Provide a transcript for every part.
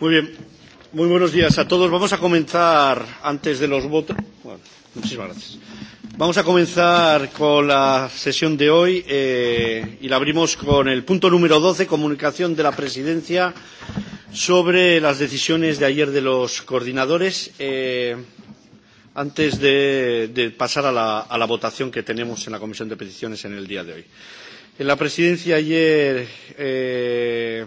Muy bien. Muy buenos días a todos. Vamos a comenzar antes de los votos. Bueno, muchísimas gracias. Vamos a comenzar con la sesión de hoy eh, y la abrimos con el punto número 12, comunicación de la presidencia sobre las decisiones de ayer de los coordinadores. Eh, antes de, de pasar a la, a la votación que tenemos en la Comisión de Peticiones en el día de hoy. En la presidencia ayer eh,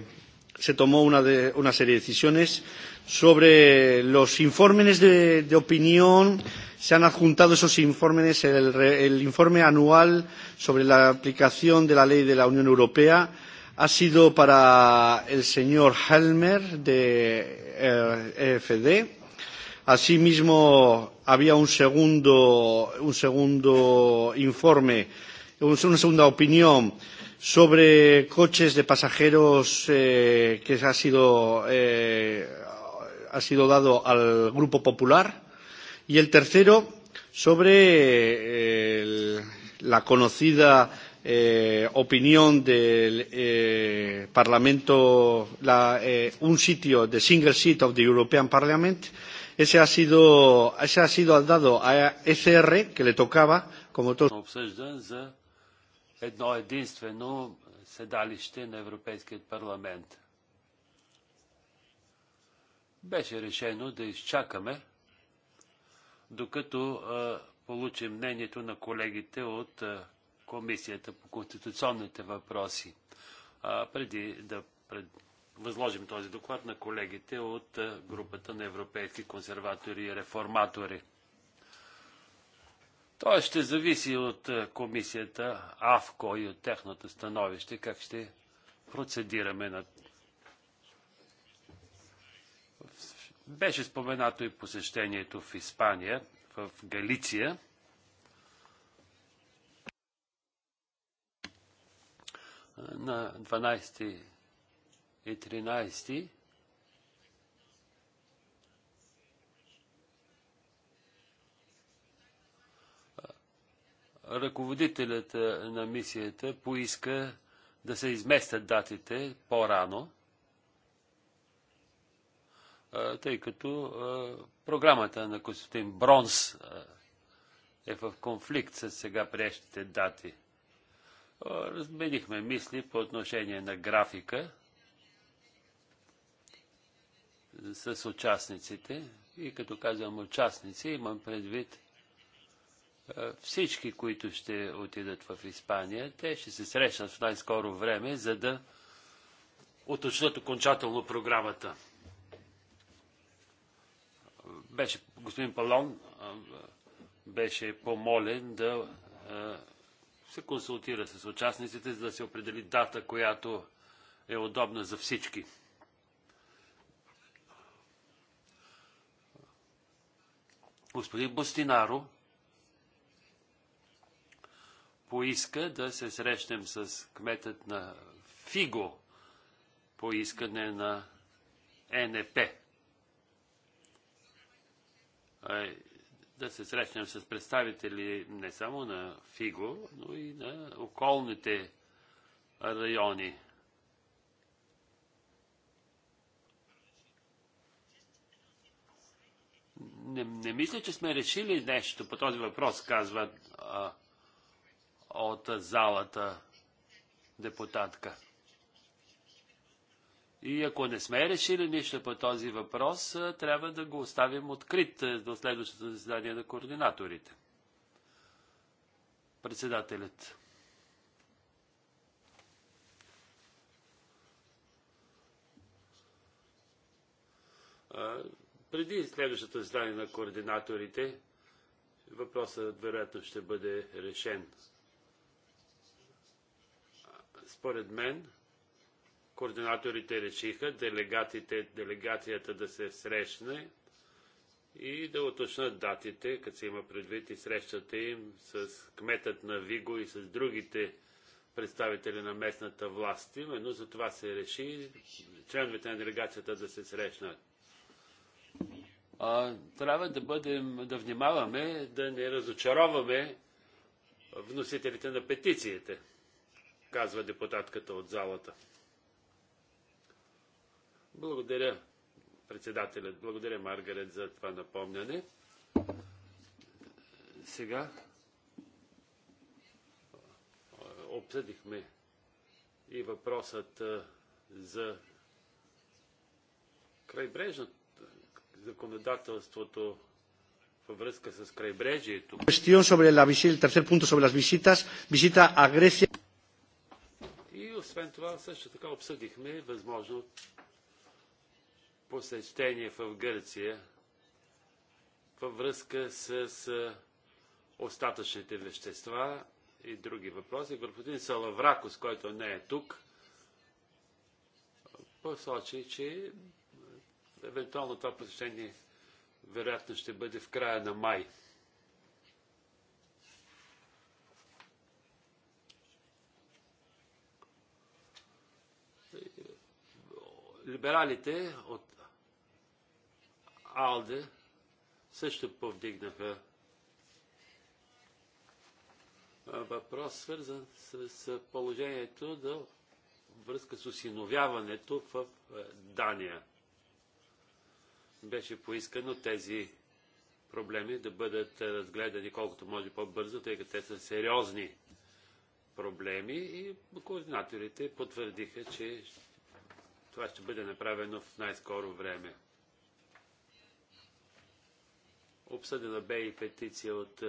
se tomó una, de, una serie de decisiones. Sobre los informes de, de opinión, se han adjuntado esos informes, el, el informe anual sobre la aplicación de la ley de la Unión Europea ha sido para el señor Helmer de EFD. Asimismo, había un segundo, un segundo informe, una segunda opinión sobre coches de pasajeros eh, que ha sido, eh, ha sido dado al Grupo Popular y el tercero sobre eh, el, la conocida eh, opinión del eh, Parlamento, la, eh, un sitio de single seat of the European Parliament. Ese ha sido, ese ha sido dado a ECR, que le tocaba, como todos едно единствено седалище на Европейският парламент. Беше решено да изчакаме, докато получим мнението на колегите от Комисията по конституционните въпроси, а, преди да пред... възложим този доклад на колегите от групата на европейски консерватори и реформатори. Той ще зависи от е, комисията АВКО и от техното становище, как ще процедираме на Беше споменато и посещението в Испания, в Галиция. На 12 и 13 ръководителят е, на мисията поиска да се изместят датите по-рано, е, тъй като е, програмата на Костин Бронс е в конфликт с сега приещите дати. Разменихме мисли по отношение на графика с участниците. И като казвам участници, имам предвид е, всички, които ще отидат в Испания, те ще се срещнат в най-скоро време, за да уточнят окончателно програмата. Беше, господин Палон е, беше помолен да е, се консултира с участниците, за да се определи дата, която е удобна за всички. Господин Бостинаро поиска да се срещнем с кметът на Фиго по искане на НП. Е, да се срещнем с представители не само на Фиго, но и на околните райони. Не, не мисля, че сме решили нещо по този въпрос, казва а, от залата депутатка. И ако не сме решили нищо по този въпрос, трябва да го оставим открит до следващото заседание на координаторите. Председателят. Преди следващото заседание на координаторите, въпросът вероятно ще бъде решен. Според мен, координаторите решиха делегатите, делегацията да се срещне и да уточнат датите, като се има предвид и срещата им с кметът на Виго и с другите представители на местната власт. Именно за това се реши членовете на делегацията да се срещнат. А, трябва да бъдем, да внимаваме, да не разочароваме вносителите на петициите казва депутатката от залата. Благодаря, председателят. Благодаря, Маргарет, за това напомняне. Сега обсъдихме и въпросът за крайбрежното законодателството във връзка с крайбрежието. Cuestión sobre la visita, el tercer punto sobre las visitas, visita a Grecia. И освен това също така обсъдихме възможно посещение в Гърция във връзка с остатъчните вещества и други въпроси. Господин Салавракос, който не е тук, посочи, че евентуално това посещение вероятно ще бъде в края на май. либералите от Алде също повдигнаха въпрос, свързан с положението да връзка с осиновяването в е, Дания. Беше поискано тези проблеми да бъдат разгледани колкото може по-бързо, тъй като те са сериозни проблеми и координаторите потвърдиха, че това ще бъде направено в най-скоро време. Обсъдена бе и петиция от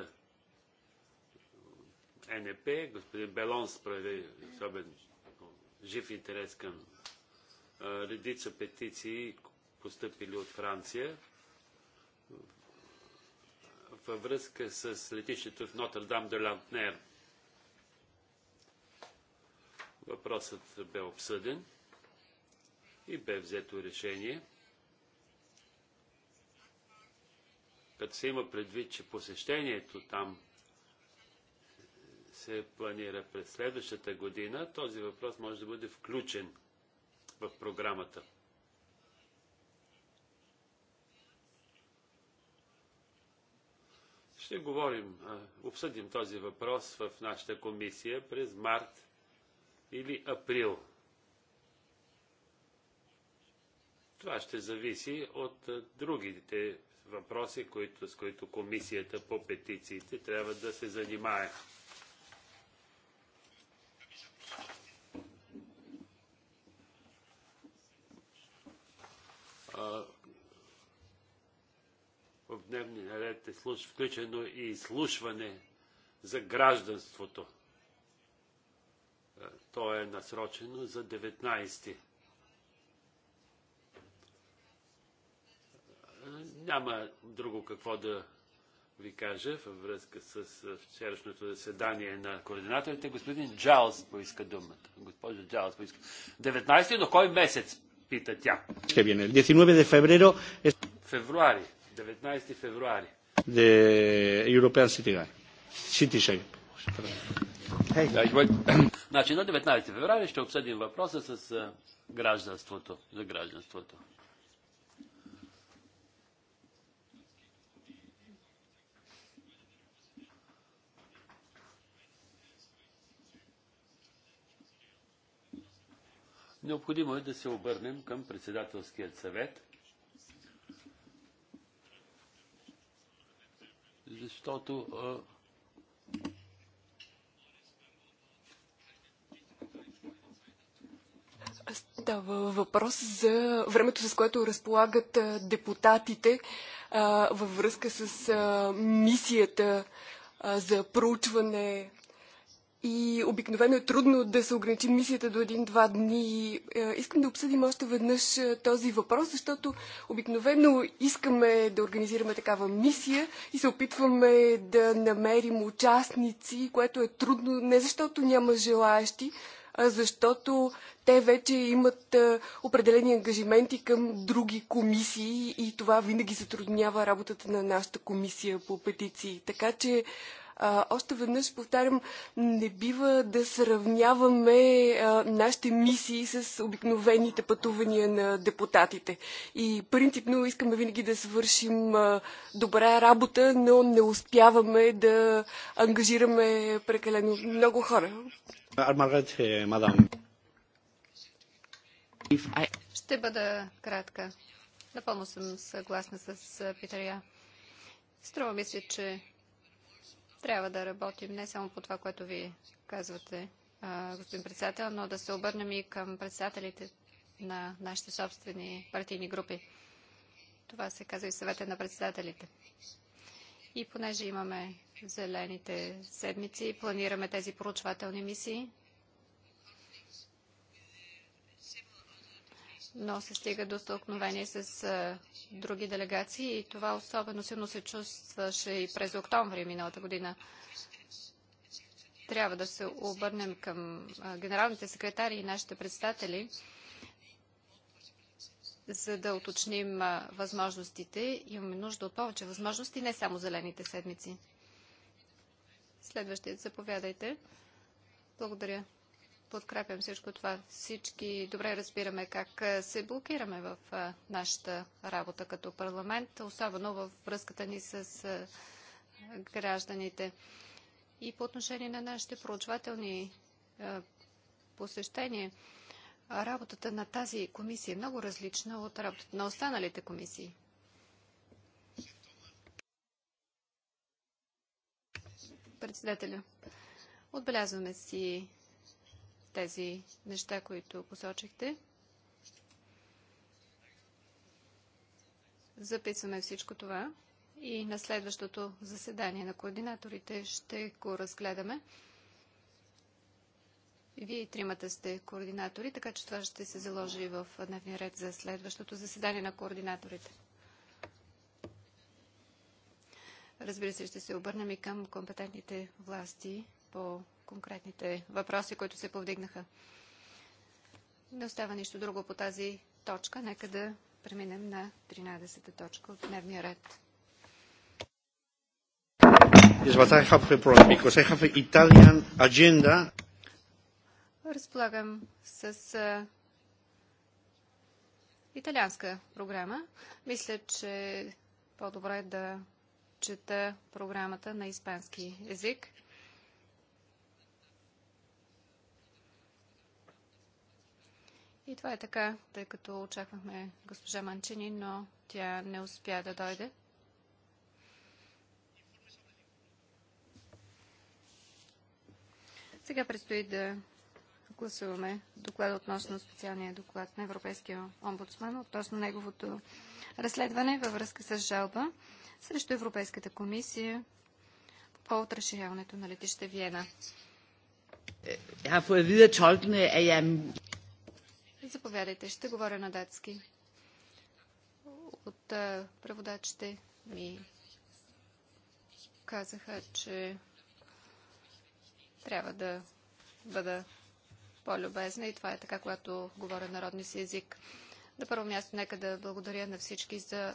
е, НП. Господин Белонс прояви особен жив интерес към е, редица петиции, поступили от Франция във връзка с летището в Нотърдам де Лантнер. Въпросът бе обсъден и бе взето решение, като се има предвид, че посещението там се планира през следващата година, този въпрос може да бъде включен в програмата. Ще говорим, обсъдим този въпрос в нашата комисия през март или април Това ще зависи от другите въпроси, които, с които комисията по петициите трябва да се занимае. В дневния ред е включено и изслушване за гражданството. То е насрочено за 19. Няма друго какво да ви кажа във връзка с вчерашното заседание на координаторите. Господин Джалс поиска думата. Госпожа Джалс поиска. 19 до кой месец? Пита тя. 19 е- Февруари. 19 февруари. De European City Guy. City Shape. Значи на 19 феврари ще обсъдим въпроса с гражданството, за гражданството. Необходимо е да се обърнем към председателският съвет, защото Става въпрос за времето, с което разполагат депутатите във връзка с мисията за проучване и обикновено е трудно да се ограничи мисията до един-два дни. Е, искам да обсъдим още веднъж е, този въпрос, защото обикновено искаме да организираме такава мисия и се опитваме да намерим участници, което е трудно не защото няма желаящи, а защото те вече имат е, определени ангажименти към други комисии и това винаги затруднява работата на нашата комисия по петиции. Така че а, още веднъж повтарям, не бива да сравняваме а, нашите мисии с обикновените пътувания на депутатите. И принципно искаме винаги да свършим а, добра работа, но не успяваме да ангажираме прекалено много хора. Е, Ще бъда кратка. Напълно съм съгласна с Питария. Струва мисля, че трябва да работим не само по това, което ви казвате, господин председател, но да се обърнем и към председателите на нашите собствени партийни групи. Това се казва и съвета на председателите. И понеже имаме зелените седмици, планираме тези поручвателни мисии – но се стига до столкновение с а, други делегации и това особено силно се чувстваше и през октомври миналата година. Трябва да се обърнем към а, генералните секретари и нашите председатели, за да уточним а, възможностите. Имаме нужда от повече възможности, не само зелените седмици. Следващият, заповядайте. Благодаря подкрепям всичко това. Всички добре разбираме как се блокираме в нашата работа като парламент, особено в връзката ни с гражданите. И по отношение на нашите проучвателни посещения, работата на тази комисия е много различна от работата на останалите комисии. Председателя, отбелязваме си тези неща, които посочихте. Записваме всичко това и на следващото заседание на координаторите ще го разгледаме. Вие тримата сте координатори, така че това ще се заложи в дневния ред за следващото заседание на координаторите. Разбира се, ще се обърнем и към компетентните власти по конкретните въпроси, които се повдигнаха. Не остава нищо друго по тази точка. Нека да преминем на 13-та точка от дневния ред. Разполагам с а, италианска програма. Мисля, че е по-добре е да чета програмата на испански език. И това е така, тъй като очаквахме госпожа Манчини, но тя не успя да дойде. Сега предстои да гласуваме доклада относно специалния доклад на Европейския омбудсман относно неговото разследване във връзка с жалба срещу Европейската комисия по повод разширяването на летище Виена. Jeg har fået videre tolkene, at jeg Заповядайте, ще говоря на датски. От преводачите ми казаха, че трябва да бъда по-любезна и това е така, когато говоря народния си език. На първо място нека да благодаря на всички за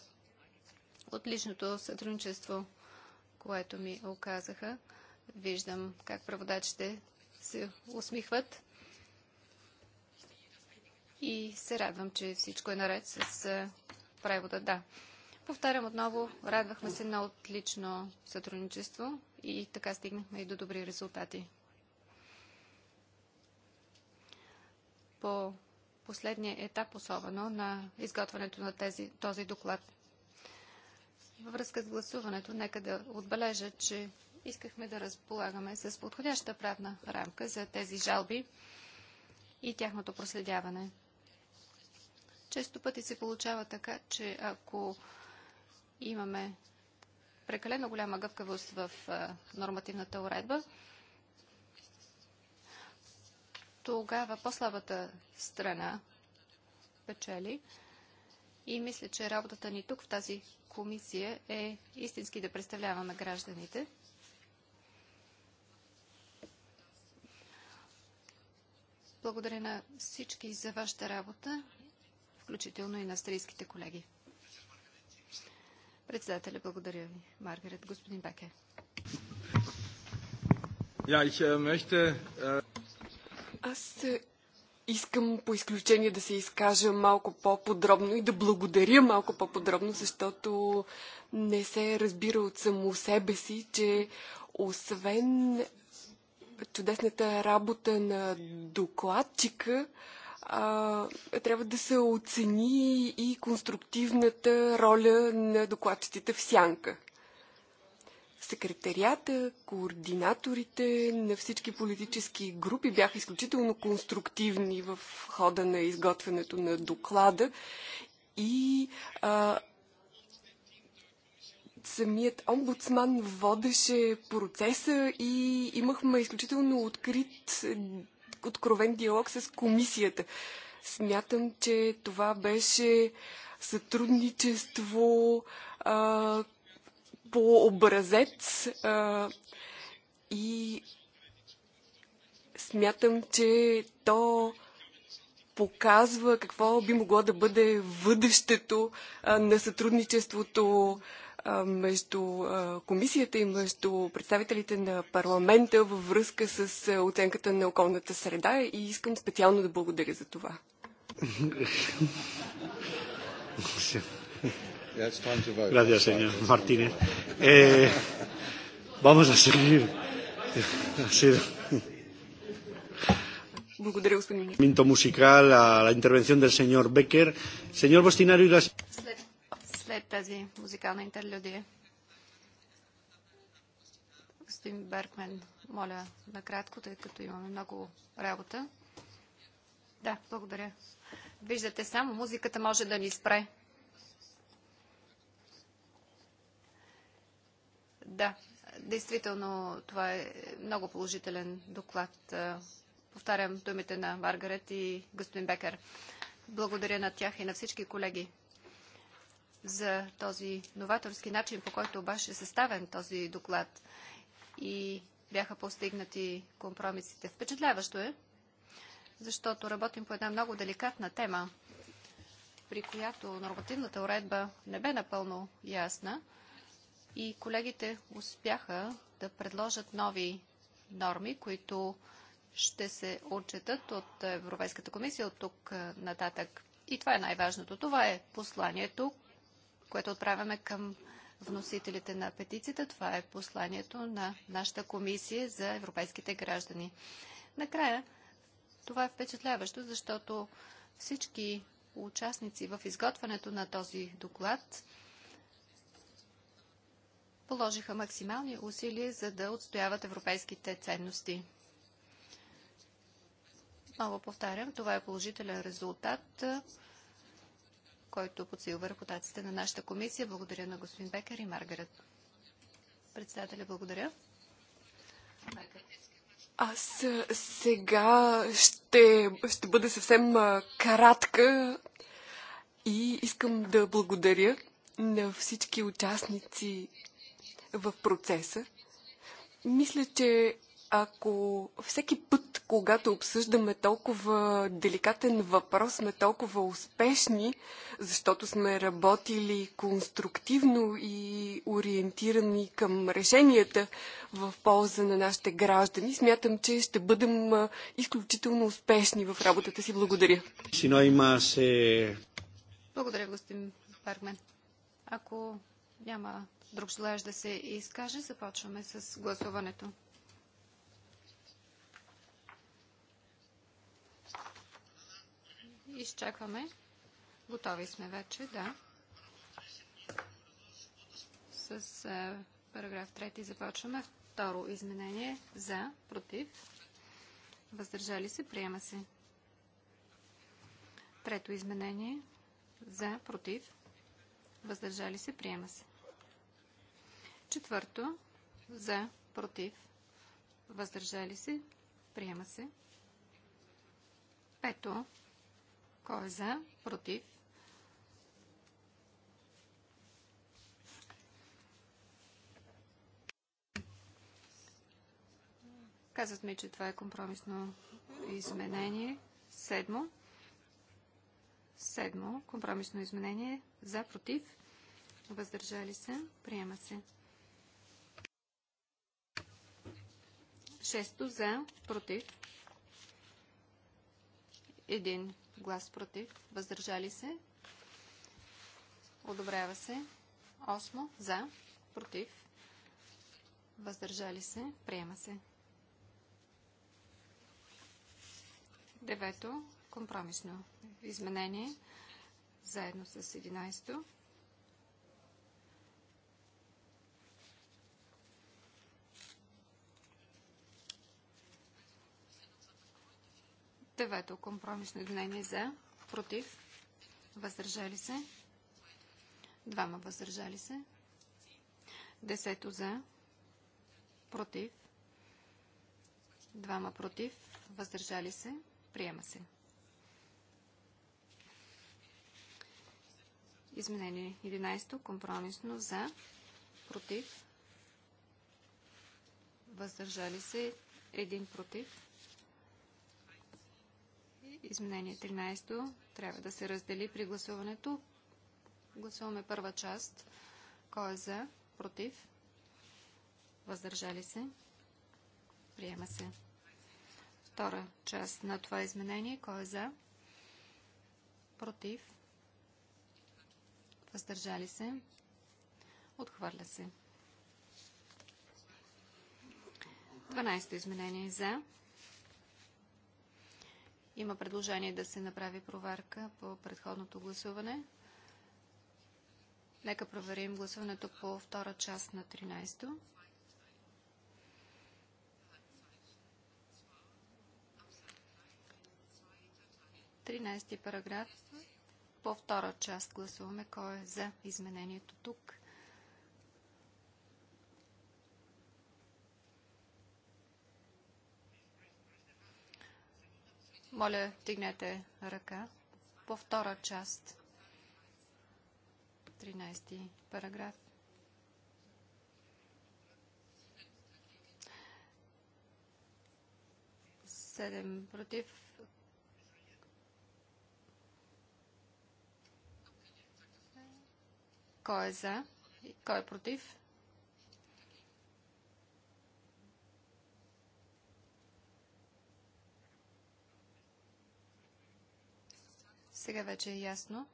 отличното сътрудничество, което ми оказаха. Виждам как преводачите се усмихват и се радвам, че всичко е наред с превода. Да. Повтарям отново, радвахме се на отлично сътрудничество и така стигнахме и до добри резултати. По последния етап, особено на изготвянето на тези, този доклад. Във връзка с гласуването, нека да отбележа, че искахме да разполагаме с подходяща правна рамка за тези жалби и тяхното проследяване. Често пъти се получава така, че ако имаме прекалено голяма гъвкавост в нормативната уредба, тогава по-слабата страна печели. И мисля, че работата ни тук в тази комисия е истински да представляваме гражданите. Благодаря на всички за вашата работа включително и на австрийските колеги. Председателя, благодаря ви. Маргарет, господин Беке. Е, е, Аз е, искам по изключение да се изкажа малко по-подробно и да благодаря малко по-подробно, защото не се разбира от само себе си, че освен чудесната работа на докладчика, а, трябва да се оцени и конструктивната роля на докладчиците в сянка. Секретарията, координаторите на всички политически групи бяха изключително конструктивни в хода на изготвянето на доклада и а, самият омбудсман водеше процеса и имахме изключително открит откровен диалог с комисията. Смятам, че това беше сътрудничество а, по образец а, и смятам, че то показва какво би могло да бъде въдещето а, на сътрудничеството между комисията и между представителите на парламента във връзка с оценката на околната среда и искам специално да благодаря за това. Gracias, señor Martínez. Eh, vamos a seguir. Ha sido... Благодаря, господин Министр. ...musical la intervención del señor Becker. Señor Bostinario y las след тази музикална интерлюдия. Господин Беркмен, моля накратко, тъй като имаме много работа. Да, благодаря. Виждате само, музиката може да ни спре. Да, действително това е много положителен доклад. Повтарям думите на Маргарет и господин Бекер. Благодаря на тях и на всички колеги за този новаторски начин, по който обаче съставен този доклад и бяха постигнати компромисите. Впечатляващо е, защото работим по една много деликатна тема, при която нормативната уредба не бе напълно ясна и колегите успяха да предложат нови норми, които ще се отчетат от Европейската комисия от тук нататък. И това е най-важното. Това е посланието, което отправяме към вносителите на петицията. Това е посланието на нашата комисия за европейските граждани. Накрая, това е впечатляващо, защото всички участници в изготвянето на този доклад положиха максимални усилия, за да отстояват европейските ценности. Много повтарям, това е положителен резултат който подсилва репутацията на нашата комисия. Благодаря на господин Бекер и Маргарет. Председателя, благодаря. Аз сега ще, ще бъда съвсем кратка и искам да благодаря на всички участници в процеса. Мисля, че ако всеки път, когато обсъждаме толкова деликатен въпрос, сме толкова успешни, защото сме работили конструктивно и ориентирани към решенията в полза на нашите граждани, смятам, че ще бъдем изключително успешни в работата си. Благодаря. Благодаря, господин Бармен. Ако няма друг желаящ да се изкаже, започваме с гласуването. Изчакваме. Готови сме вече, да. С а, е, параграф 3 започваме. Второ изменение за, против, въздържали се, приема се. Трето изменение за, против, въздържали се, приема се. Четвърто за, против, въздържали се, приема се. Пето кой е за? Против? Казват ми, че това е компромисно изменение. Седмо. Седмо. Компромисно изменение. За, против. Въздържали се. Приема се. Шесто за, против. Един глас против, въздържали се. Одобрява се. Осмо за, против, въздържали се, приема се. Девето компромисно изменение заедно с 11-то Девето компромисно изменение за, против, въздържали се. Двама въздържали се. Десето за, против, двама против, въздържали се. Приема се. Изменение 11. Компромисно за, против, въздържали се, един против. Изменение 13 трябва да се раздели при гласуването. Гласуваме първа част. Кой е за? Против? Въздържали се? Приема се. Втора част на това изменение. Кой е за? Против? Въздържали се? Отхвърля се. 12 изменение за. Има предложение да се направи проверка по предходното гласуване. Нека проверим гласуването по втора част на 13-то. Тринайсти параграф. По втора част гласуваме кой е за изменението тук. Моля, тигнете ръка по втора част. 13 параграф. Седем против. Кой е за? Кой е против? Сега вече е ясно.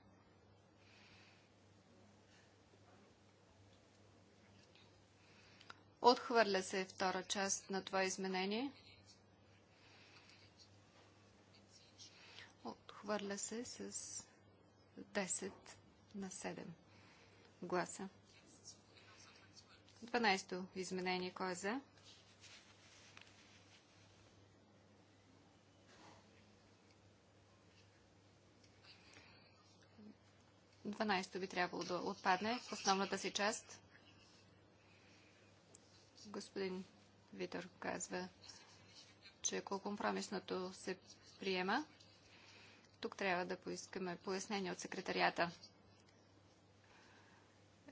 Отхвърля се втора част на това изменение. Отхвърля се с 10 на 7 гласа. 12-то изменение. Кой е за? 12 би трябвало да отпадне в основната си част. Господин Витър казва, че ако компромисното се приема, тук трябва да поискаме пояснение от секретарията.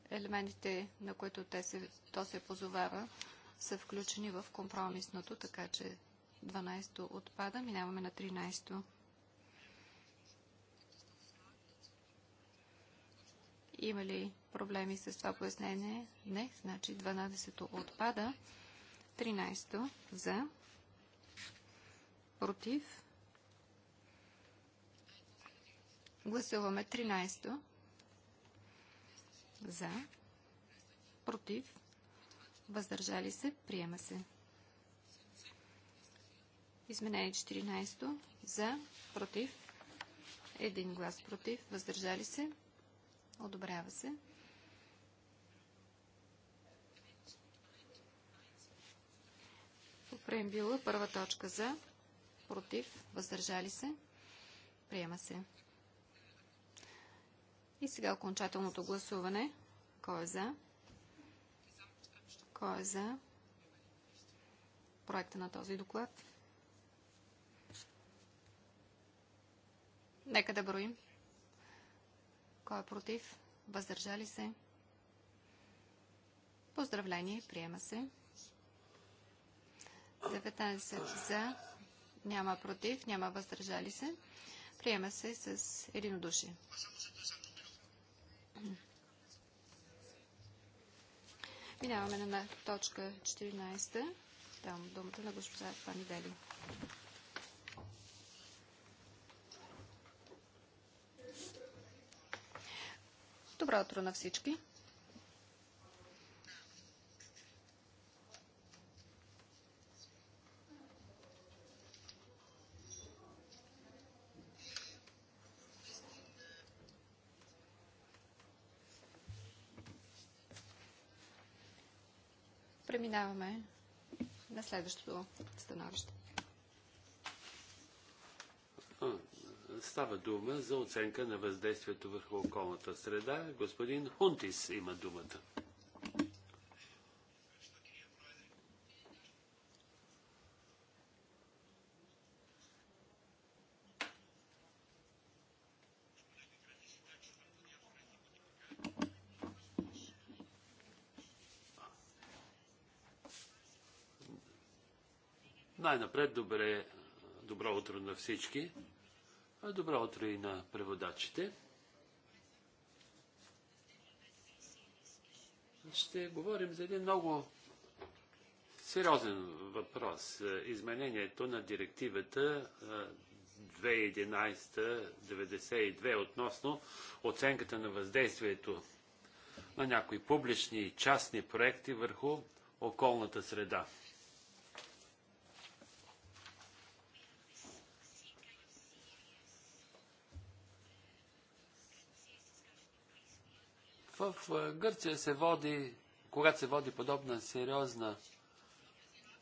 Елементите, на които те се, то се позовава, са включени в компромисното, така че 12 отпада, минаваме на 13. -то. Има ли проблеми с това пояснение? Не. Значи 12-то отпада. 13-то за. Против. Гласуваме 13-то. За. Против. Въздържали се. Приема се. Изменение 14. За. Против. Един глас против. Въздържали се. Одобрява се. По била първа точка за, против, въздържали се. Приема се. И сега окончателното гласуване. Кой е за? Кой е за проекта на този доклад? Нека да броим. Кой е против? Въздържали се? Поздравление, приема се. 19 за, няма против, няма въздържали се. Приема се с единодушие. Минаваме на точка 14. Дам думата на госпожа Панидели. Добро утро на всички! Преминаваме на следващото становище. Става дума за оценка на въздействието върху околната среда. Господин Хунтис има думата. Най-напред добре, добро утро на всички. Добро утро и на преводачите. Ще говорим за един много сериозен въпрос. Изменението на директивата 2011-92 относно оценката на въздействието на някои публични и частни проекти върху околната среда. В Гърция се води, когато се води подобна сериозна,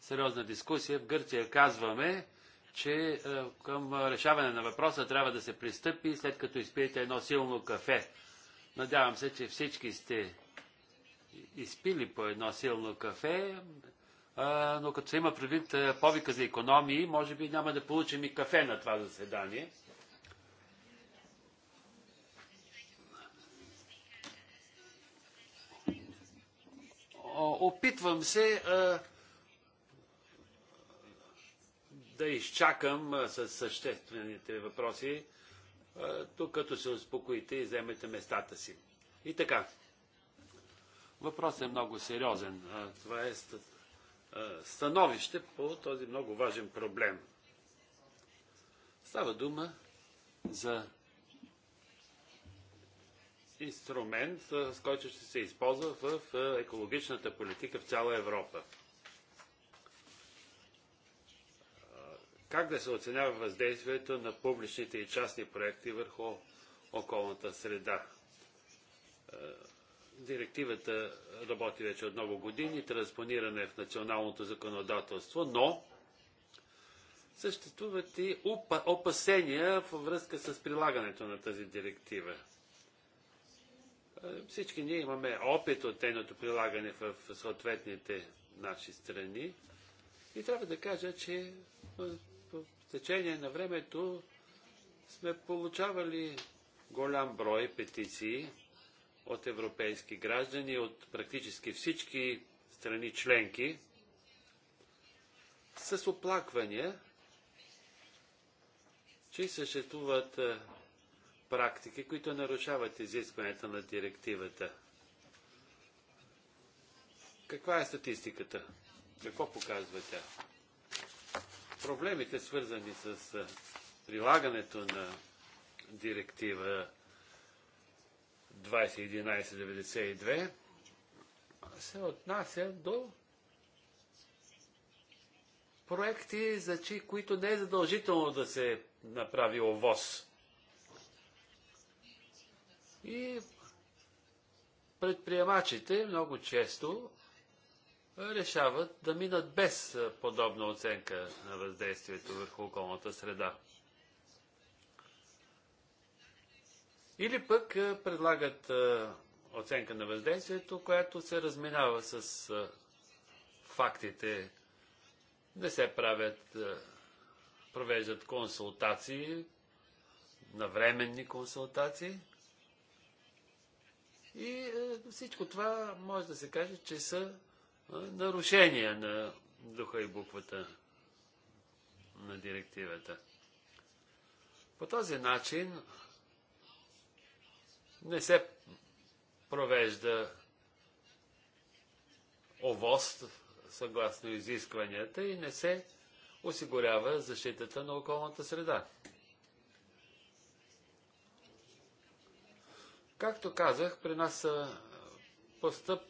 сериозна дискусия, в Гърция казваме, че към решаване на въпроса трябва да се пристъпи след като изпиете едно силно кафе. Надявам се, че всички сте изпили по едно силно кафе, но като се има предвид повика за економии, може би няма да получим и кафе на това заседание. опитвам се да изчакам с съществените въпроси, като се успокоите и вземете местата си. И така. Въпросът е много сериозен. а Това е становище по този много важен проблем. Става дума за инструмент, с който ще се използва в екологичната политика в цяла Европа. Как да се оценява въздействието на публичните и частни проекти върху околната среда? Директивата работи вече от много години, транспонирана е в националното законодателство, но съществуват и опасения във връзка с прилагането на тази директива. Всички ние имаме опит от тейното прилагане в съответните наши страни и трябва да кажа, че в течение на времето сме получавали голям брой петиции от европейски граждани, от практически всички страни членки, с оплаквания, че съществуват практики, които нарушават изискването на директивата. Каква е статистиката? Какво показва тя? Проблемите, свързани с прилагането на директива 2011-92, се отнася до проекти, за чи, които не е задължително да се направи овоз. И предприемачите много често решават да минат без подобна оценка на въздействието върху околната среда. Или пък предлагат оценка на въздействието, която се разминава с фактите. Не се правят, провеждат консултации, навременни консултации – и е, всичко това може да се каже, че са е, нарушения на духа и буквата на директивата. По този начин не се провежда овоз съгласно изискванията и не се осигурява защитата на околната среда. Както казах, при нас са е, постъп,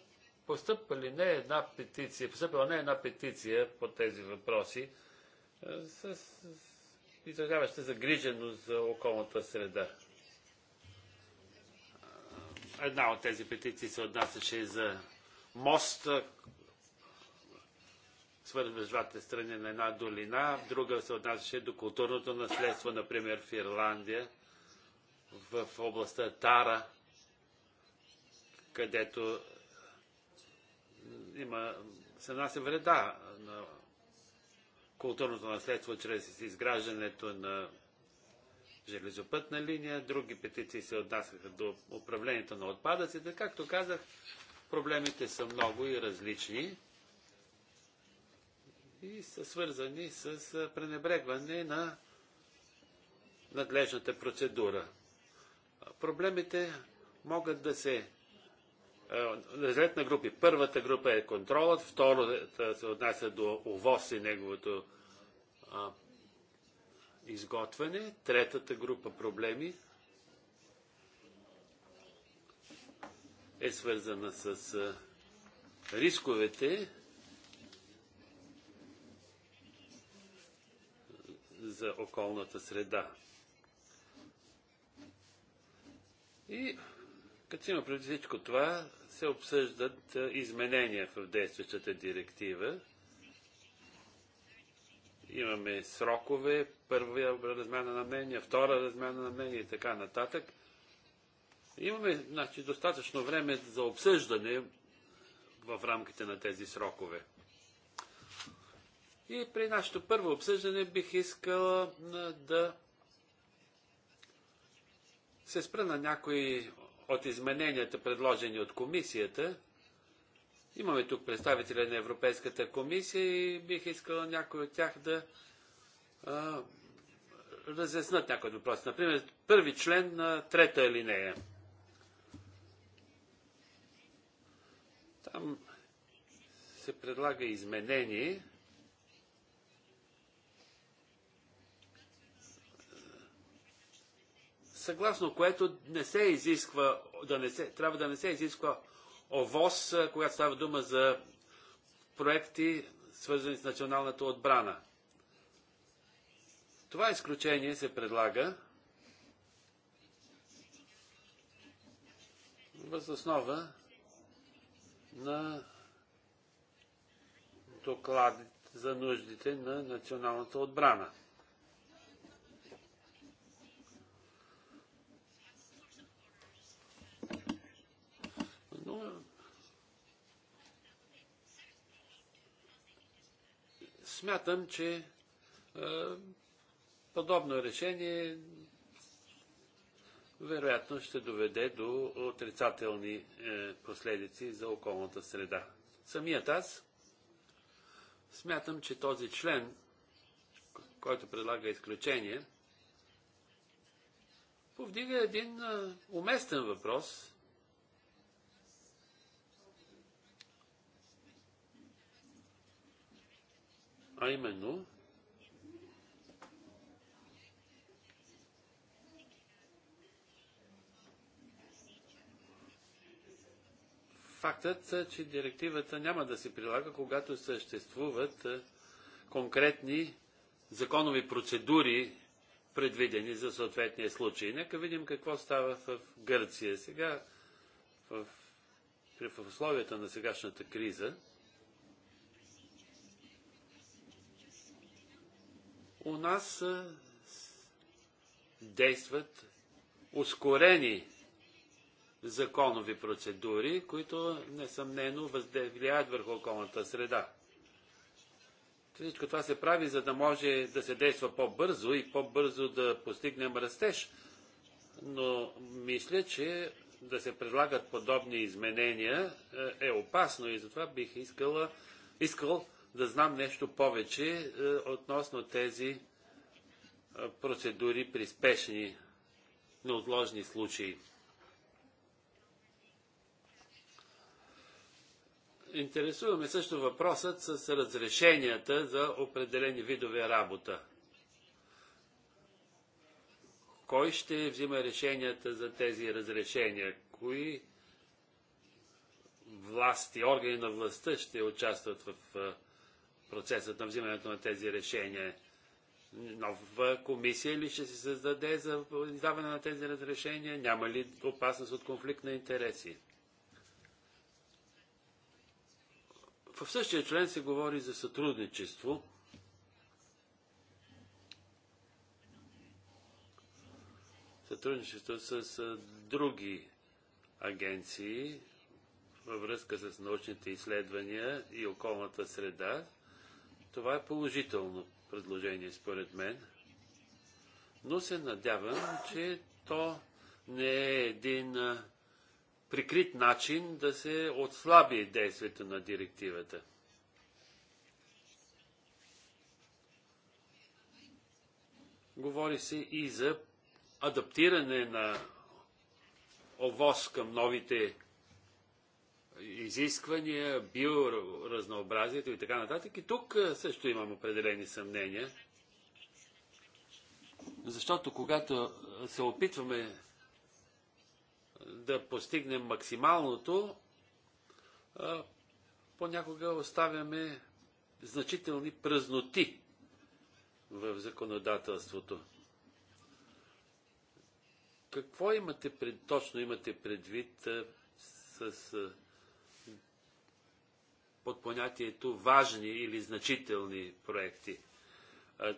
постъпали не една петиция, постъпила не една петиция по тези въпроси е, с изразяваща загриженост за околната среда. Е, една от тези петиции се отнасяше и за мост, свързващ двата страни на една долина, друга се отнасяше до културното наследство, например в Ирландия, в областта Тара – където е, има, се нася вреда на културното наследство чрез изграждането на железопътна линия, други петиции се отнасяха до управлението на отпадъците. Както казах, проблемите са много и различни и са свързани с е, пренебрегване на надлежната процедура. Проблемите могат да се разред е, на групи. Първата група е контролът, втората се отнася до овоз и неговото а, изготвяне, третата група проблеми е свързана с а, рисковете за околната среда. И като има преди всичко това, се обсъждат изменения в действащата директива. Имаме срокове, първа размяна на мнения, втора размяна на мнения и така нататък. Имаме значи, достатъчно време за обсъждане в рамките на тези срокове. И при нашето първо обсъждане бих искала да се спра на някои от измененията, предложени от комисията. Имаме тук представителя на Европейската комисия и бих искал някой от тях да а, разяснат някои въпроси. Например, първи член на трета линия. Там се предлага изменение съгласно което не се изисква, да не се, трябва да не се изисква ОВОС, когато става дума за проекти, свързани с националната отбрана. Това изключение се предлага въз основа на доклад за нуждите на националната отбрана. Смятам, че е, подобно решение вероятно ще доведе до отрицателни е, последици за околната среда. Самият аз смятам, че този член, който предлага изключение, повдига един е, уместен въпрос а именно фактът, е, че директивата няма да се прилага, когато съществуват е, конкретни законови процедури, предвидени за съответния случай. Нека видим какво става в Гърция. Сега, в, в условията на сегашната криза, у нас действат ускорени законови процедури, които несъмнено влияят върху околната среда. Всичко това се прави, за да може да се действа по-бързо и по-бързо да постигнем растеж. Но мисля, че да се предлагат подобни изменения е, е опасно и затова бих искала, искал да знам нещо повече е, относно тези е, процедури при спешни, неотложни случаи. Интересуваме също въпросът с разрешенията за определени видове работа. Кой ще взима решенията за тези разрешения? Кои власти, органи на властта ще участват в е, процесът на взимането на тези решения? Нова комисия ли ще се създаде за издаване на тези разрешения? Няма ли опасност от конфликт на интереси? В същия член се говори за сътрудничество. Сътрудничество с други агенции във връзка с научните изследвания и околната среда, това е положително предложение, според мен. Но се надявам, че то не е един прикрит начин да се отслаби действието на директивата. Говори се и за адаптиране на овоз към новите изисквания, биоразнообразието и така нататък. И тук също имам определени съмнения. Защото когато се опитваме да постигнем максималното, понякога оставяме значителни празноти в законодателството. Какво имате пред, точно имате предвид с под понятието важни или значителни проекти.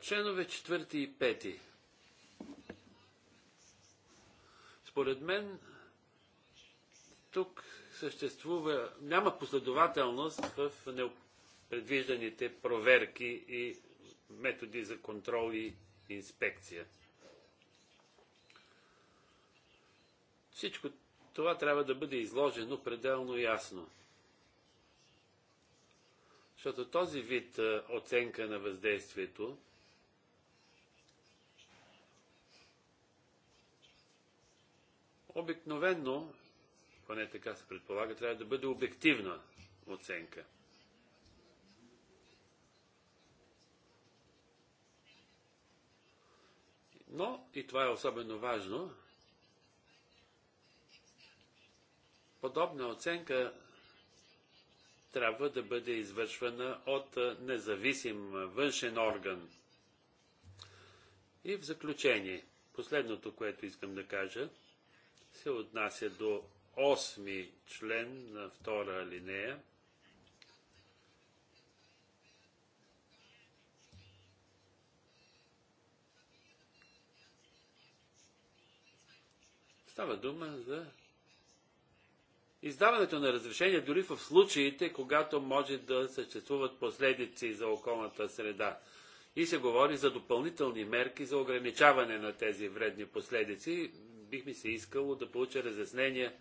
Членове 4 и 5. Според мен тук съществува, няма последователност в предвижданите проверки и методи за контрол и инспекция. Всичко това трябва да бъде изложено пределно ясно. Защото този вид оценка на въздействието обикновенно, поне така се предполага, трябва да бъде обективна оценка. Но, и това е особено важно, подобна оценка трябва да бъде извършвана от независим външен орган. И в заключение, последното, което искам да кажа, се отнася до 8 член на втора алинея. Става дума за Издаването на разрешение дори в случаите, когато може да съществуват последици за околната среда. И се говори за допълнителни мерки за ограничаване на тези вредни последици. Бих ми се искало да получа разяснение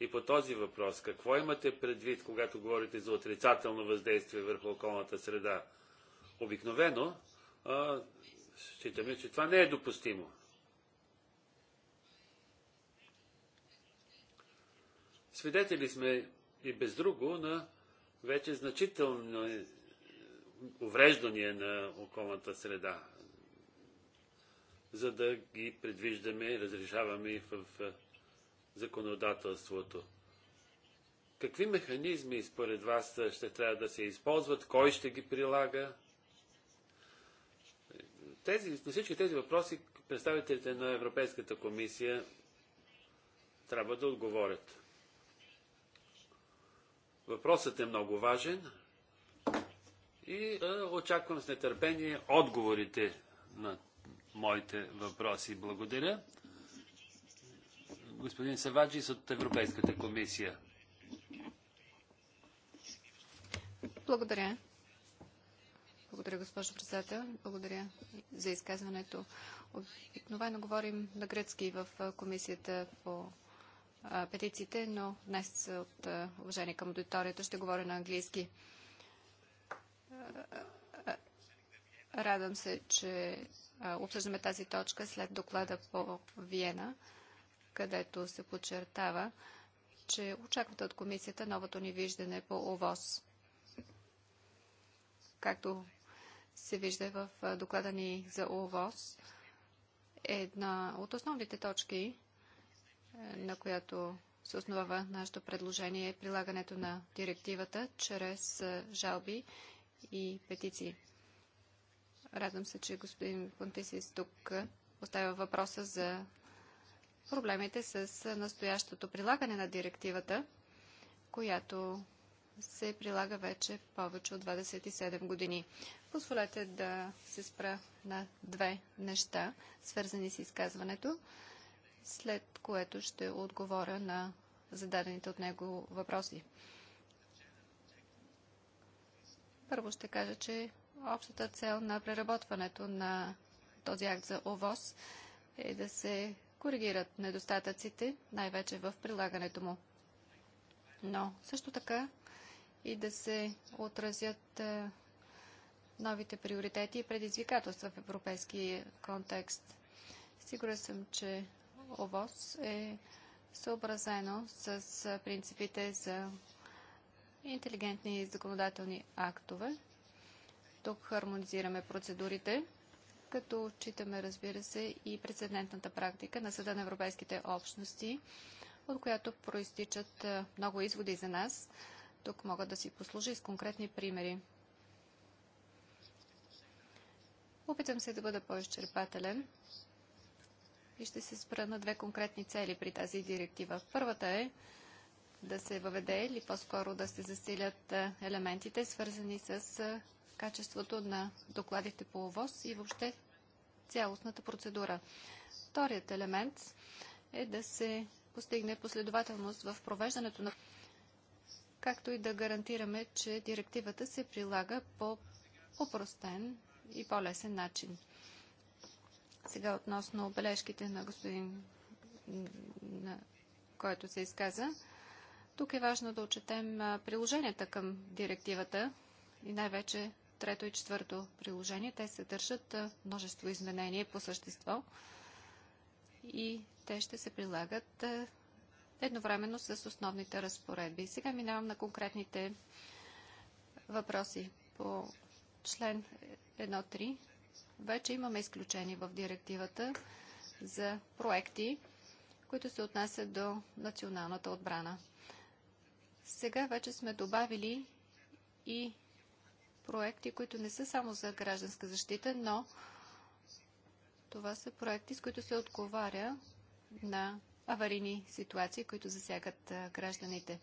и по този въпрос. Какво имате предвид, когато говорите за отрицателно въздействие върху околната среда? Обикновено, считаме, че това не е допустимо. Свидетели сме и без друго на вече значително е, увреждания на околната среда, за да ги предвиждаме и разрешаваме в законодателството. Какви механизми според вас ще трябва да се използват? Кой ще ги прилага? Тези, на всички тези въпроси представителите на Европейската комисия трябва да отговорят. Въпросът е много важен и очаквам с нетърпение отговорите на моите въпроси. Благодаря. Господин Саваджис от Европейската комисия. Благодаря. Благодаря, госпожо председател. Благодаря за изказването. Обикновено говорим на гръцки в комисията по петициите, но днес от уважение към аудиторията ще говоря на английски. Радвам се, че обсъждаме тази точка след доклада по Виена, където се подчертава, че очаквате от комисията новото ни виждане по ОВОС. Както се вижда в доклада ни за ОВОС, една от основните точки на която се основава нашето предложение е прилагането на директивата чрез жалби и петиции. Радвам се, че господин Понтисис тук поставя въпроса за проблемите с настоящото прилагане на директивата, която се прилага вече повече от 27 години. Позволете да се спра на две неща, свързани с изказването след което ще отговоря на зададените от него въпроси. Първо ще кажа, че общата цел на преработването на този акт за ОВОС е да се коригират недостатъците, най-вече в прилагането му. Но също така и да се отразят е, новите приоритети и предизвикателства в европейски контекст. Сигурен съм, че ОВОС е съобразено с принципите за интелигентни и законодателни актове. Тук хармонизираме процедурите, като отчитаме, разбира се, и прецедентната практика на Съда на Европейските общности, от която проистичат много изводи за нас. Тук мога да си послужа и с конкретни примери. Опитам се да бъда по-изчерпателен, и ще се спра на две конкретни цели при тази директива. Първата е да се въведе или по-скоро да се засилят е, елементите, свързани с е, качеството на докладите по ОВОз и въобще цялостната процедура. Вторият елемент е да се постигне последователност в провеждането на както и да гарантираме, че директивата се прилага по упростен и по-лесен начин. Сега относно обележките на господин, на който се изказа. Тук е важно да отчетем приложенията към директивата и най-вече трето и четвърто приложение. Те съдържат множество изменения по същество и те ще се прилагат едновременно с основните разпоредби. Сега минавам на конкретните въпроси по член вече имаме изключение в директивата за проекти, които се отнасят до националната отбрана. Сега вече сме добавили и проекти, които не са само за гражданска защита, но това са проекти, с които се отговаря на аварийни ситуации, които засягат гражданите.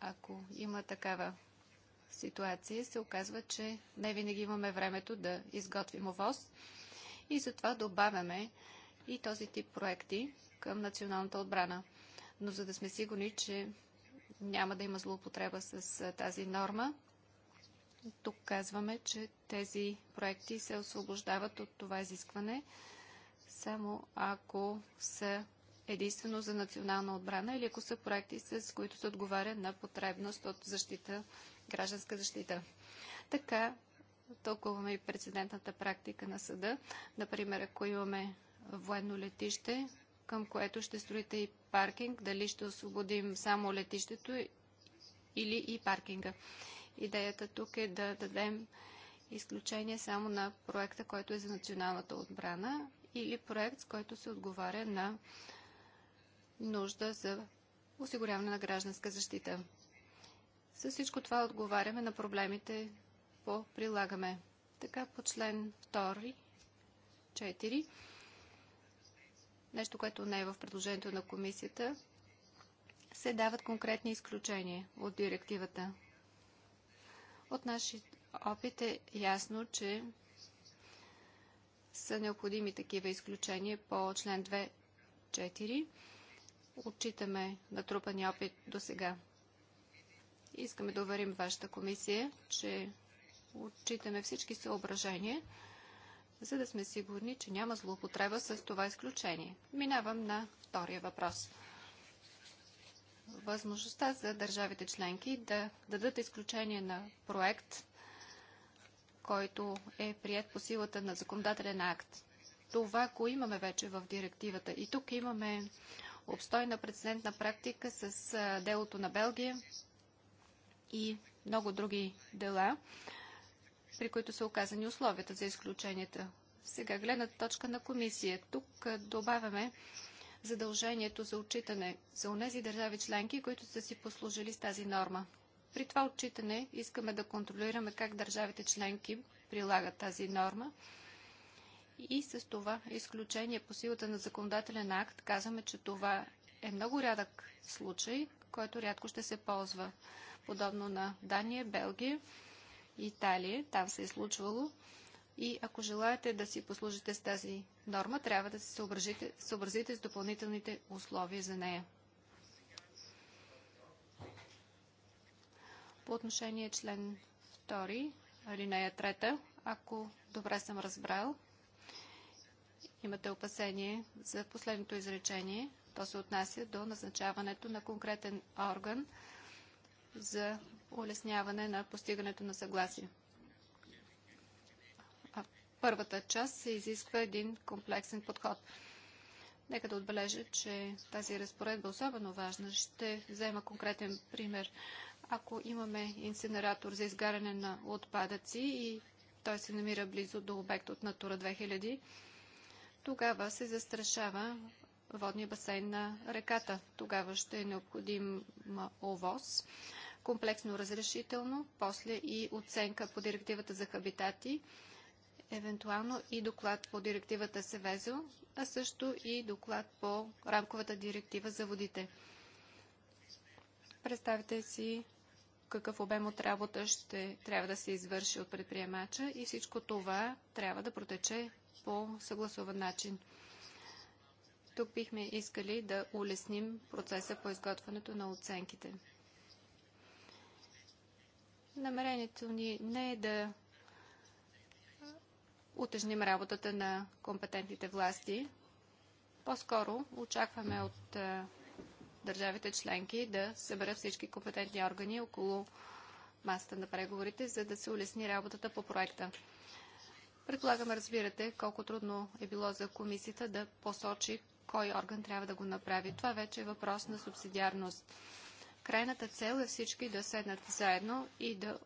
Ако има такава ситуация се оказва, че не винаги имаме времето да изготвим ОВОз и затова добавяме и този тип проекти към националната отбрана. Но за да сме сигурни, че няма да има злоупотреба с тази норма, тук казваме, че тези проекти се освобождават от това изискване, само ако са единствено за национална отбрана или ако са проекти, с които се отговаря на потребност от защита, гражданска защита. Така тълкуваме и прецедентната практика на съда. Например, ако имаме военно летище, към което ще строите и паркинг, дали ще освободим само летището или и паркинга. Идеята тук е да дадем изключение само на проекта, който е за националната отбрана или проект, с който се отговаря на нужда за осигуряване на гражданска защита. С всичко това отговаряме на проблемите по прилагаме. Така по член 2, 4, нещо, което не е в предложението на комисията, се дават конкретни изключения от директивата. От нашите опит е ясно, че са необходими такива изключения по член 2.4 отчитаме натрупания опит до сега. Искаме да уверим вашата комисия, че отчитаме всички съображения, за да сме сигурни, че няма злоупотреба с това изключение. Минавам на втория въпрос. Възможността за държавите членки да дадат изключение на проект, който е прият по силата на законодателен акт. Това ако имаме вече в директивата. И тук имаме обстойна прецедентна практика с делото на Белгия и много други дела, при които са оказани условията за изключенията. Сега гледна точка на комисия. Тук добавяме задължението за отчитане за онези държави членки, които са си послужили с тази норма. При това отчитане искаме да контролираме как държавите членки прилагат тази норма и с това изключение по силата на законодателен акт казваме, че това е много рядък случай, който рядко ще се ползва. Подобно на Дания, Белгия, Италия, там се е случвало. И ако желаете да си послужите с тази норма, трябва да се съобразите, съобразите с допълнителните условия за нея. По отношение член 2, алинея 3, ако добре съм разбрал, имате опасение за последното изречение. То се отнася до назначаването на конкретен орган за улесняване на постигането на съгласие. А първата част се изисква един комплексен подход. Нека да отбележа, че тази разпоредба е особено важна. Ще взема конкретен пример. Ако имаме инсинератор за изгаряне на отпадъци и той се намира близо до обект от Натура 2000, тогава се застрашава водния басейн на реката. Тогава ще е необходим овоз, комплексно разрешително, после и оценка по директивата за хабитати, евентуално и доклад по директивата Севезо, а също и доклад по рамковата директива за водите. Представете си какъв обем от работа ще трябва да се извърши от предприемача и всичко това трябва да протече по съгласуван начин. Тук бихме искали да улесним процеса по изготвянето на оценките. Намерението ни не е да утежним работата на компетентните власти. По-скоро очакваме от държавите членки да съберат всички компетентни органи около масата на преговорите, за да се улесни работата по проекта. Предполагам, разбирате колко трудно е било за комисията да посочи кой орган трябва да го направи. Това вече е въпрос на субсидиарност. Крайната цел е всички да седнат заедно и да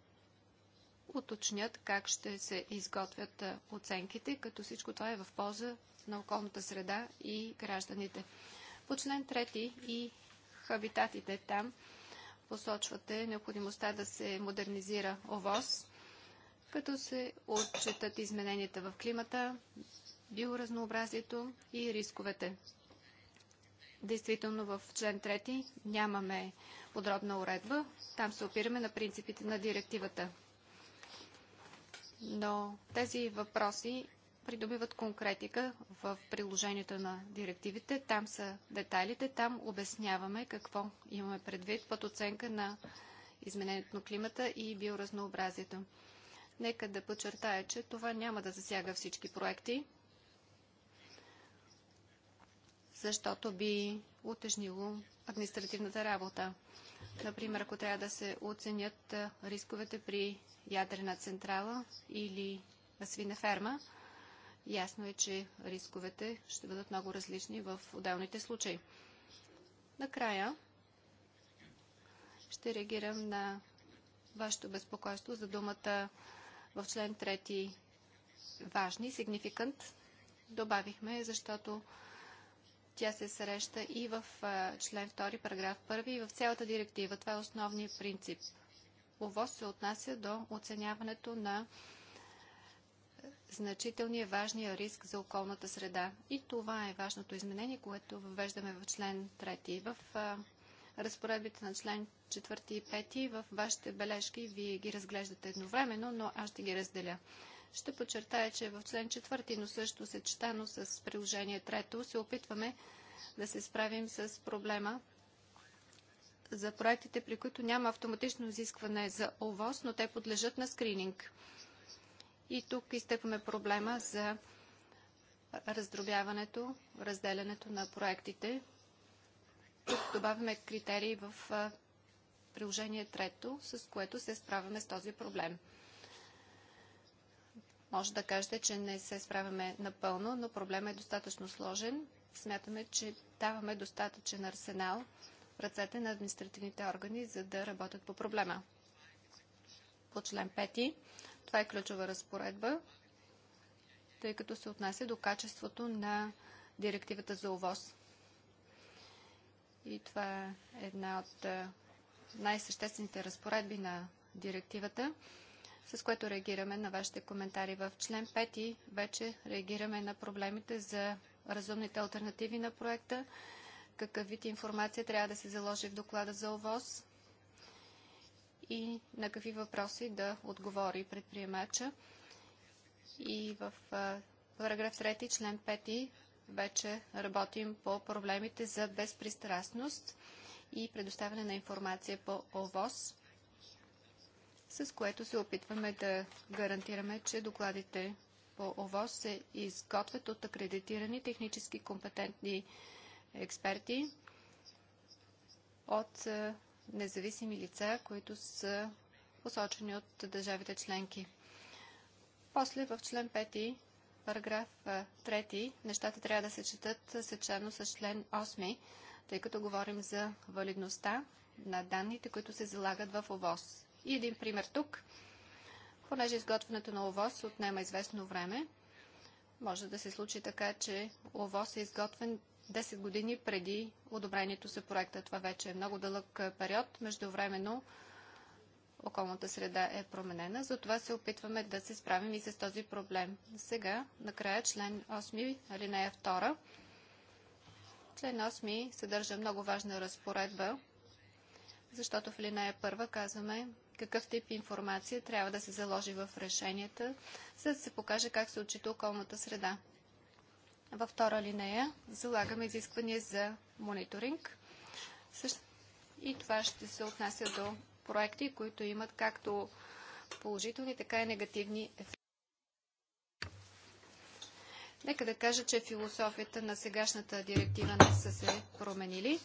уточнят как ще се изготвят оценките, като всичко това е в полза на околната среда и гражданите. По член 3 и хабитатите там посочвате необходимостта да се модернизира ОВОз като се отчитат измененията в климата, биоразнообразието и рисковете. Действително в член 3 нямаме подробна уредба. Там се опираме на принципите на директивата. Но тези въпроси придобиват конкретика в приложението на директивите. Там са детайлите, там обясняваме какво имаме предвид под оценка на изменението на климата и биоразнообразието. Нека да подчертая, че това няма да засяга всички проекти, защото би утежнило административната работа. Например, ако трябва да се оценят рисковете при ядрена централа или свинеферма, ясно е, че рисковете ще бъдат много различни в отделните случаи. Накрая ще реагирам на вашето безпокойство за думата в член 3 важни, сигнификант. добавихме, защото тя се среща и в член 2, параграф 1 и в цялата директива. Това е основният принцип. ОВОС се отнася до оценяването на значителния важния риск за околната среда. И това е важното изменение, което въвеждаме в член 3. В разпоредбите на член 4 и 5 в вашите бележки. Вие ги разглеждате едновременно, но аз ще ги разделя. Ще подчертая, че в член 4, но също съчетано с приложение 3, се опитваме да се справим с проблема за проектите, при които няма автоматично изискване за ОВОС, но те подлежат на скрининг. И тук изтъкваме проблема за раздробяването, разделянето на проектите, тук добавяме критерии в приложение трето, с което се справяме с този проблем. Може да кажете, че не се справяме напълно, но проблемът е достатъчно сложен. Смятаме, че даваме достатъчен арсенал в ръцете на административните органи, за да работят по проблема. По член 5 това е ключова разпоредба, тъй като се отнася до качеството на директивата за овоз. И това е една от най-съществените разпоредби на директивата, с което реагираме на вашите коментари. В член 5 вече реагираме на проблемите за разумните альтернативи на проекта, какъв вид информация трябва да се заложи в доклада за ОВОз и на какви въпроси да отговори предприемача. И в параграф 3, член 5 вече работим по проблемите за безпристрастност и предоставяне на информация по ОВОС, с което се опитваме да гарантираме, че докладите по ОВОС се изготвят от акредитирани технически компетентни експерти от е, независими лица, които са посочени от държавите членки. После в член 5 параграф 3 нещата трябва да се четат съчетано с член 8, тъй като говорим за валидността на данните, които се залагат в ОВОС. И един пример тук. Понеже изготвянето на ОВОС отнема известно време, може да се случи така, че ОВОС е изготвен 10 години преди одобрението за проекта. Това вече е много дълъг период. Междувременно околната среда е променена. Затова се опитваме да се справим и с този проблем. Сега, накрая, член 8, алинея 2. Член 8 съдържа много важна разпоредба, защото в алинея 1 казваме какъв тип информация трябва да се заложи в решенията, за да се покаже как се отчита околната среда. Във втора линея залагаме изисквания за мониторинг. И това ще се отнася до проекти, които имат както положителни, така и негативни ефекти. Нека да кажа, че философията на сегашната директива не са се променили.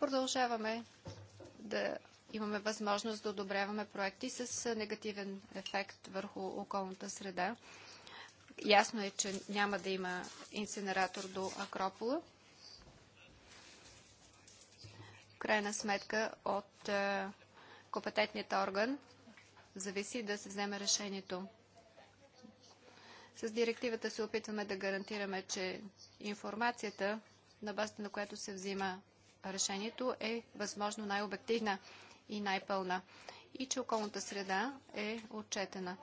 Продължаваме да имаме възможност да одобряваме проекти с негативен ефект върху околната среда. Ясно е, че няма да има инсенератор до Акропола крайна сметка от е, компетентният орган зависи да се вземе решението. С директивата се опитваме да гарантираме, че информацията, на базата на която се взима решението, е възможно най-обективна и най-пълна и че околната среда е отчетена.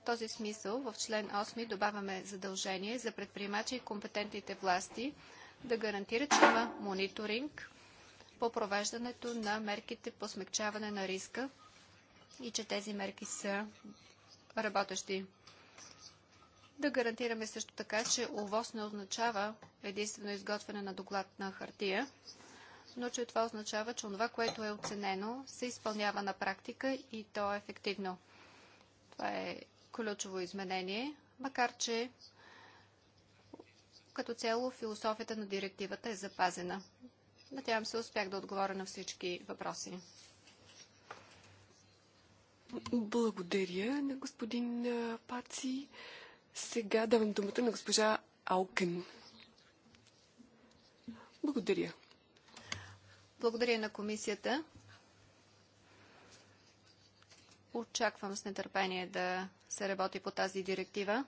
В този смисъл в член 8 добавяме задължение за предприемачи и компетентните власти да гарантират, че има мониторинг по провеждането на мерките по смягчаване на риска и че тези мерки са работещи. Да гарантираме също така, че ОВОС не означава единствено изготвяне на доклад на хартия, но че това означава, че това, което е оценено, се изпълнява на практика и то е ефективно. Това е ключово изменение, макар че като цяло философията на директивата е запазена. Надявам се, успях да отговоря на всички въпроси. Благодаря на господин Паци. Сега давам думата на госпожа Алкен. Благодаря. Благодаря на комисията. Очаквам с нетърпение да се работи по тази директива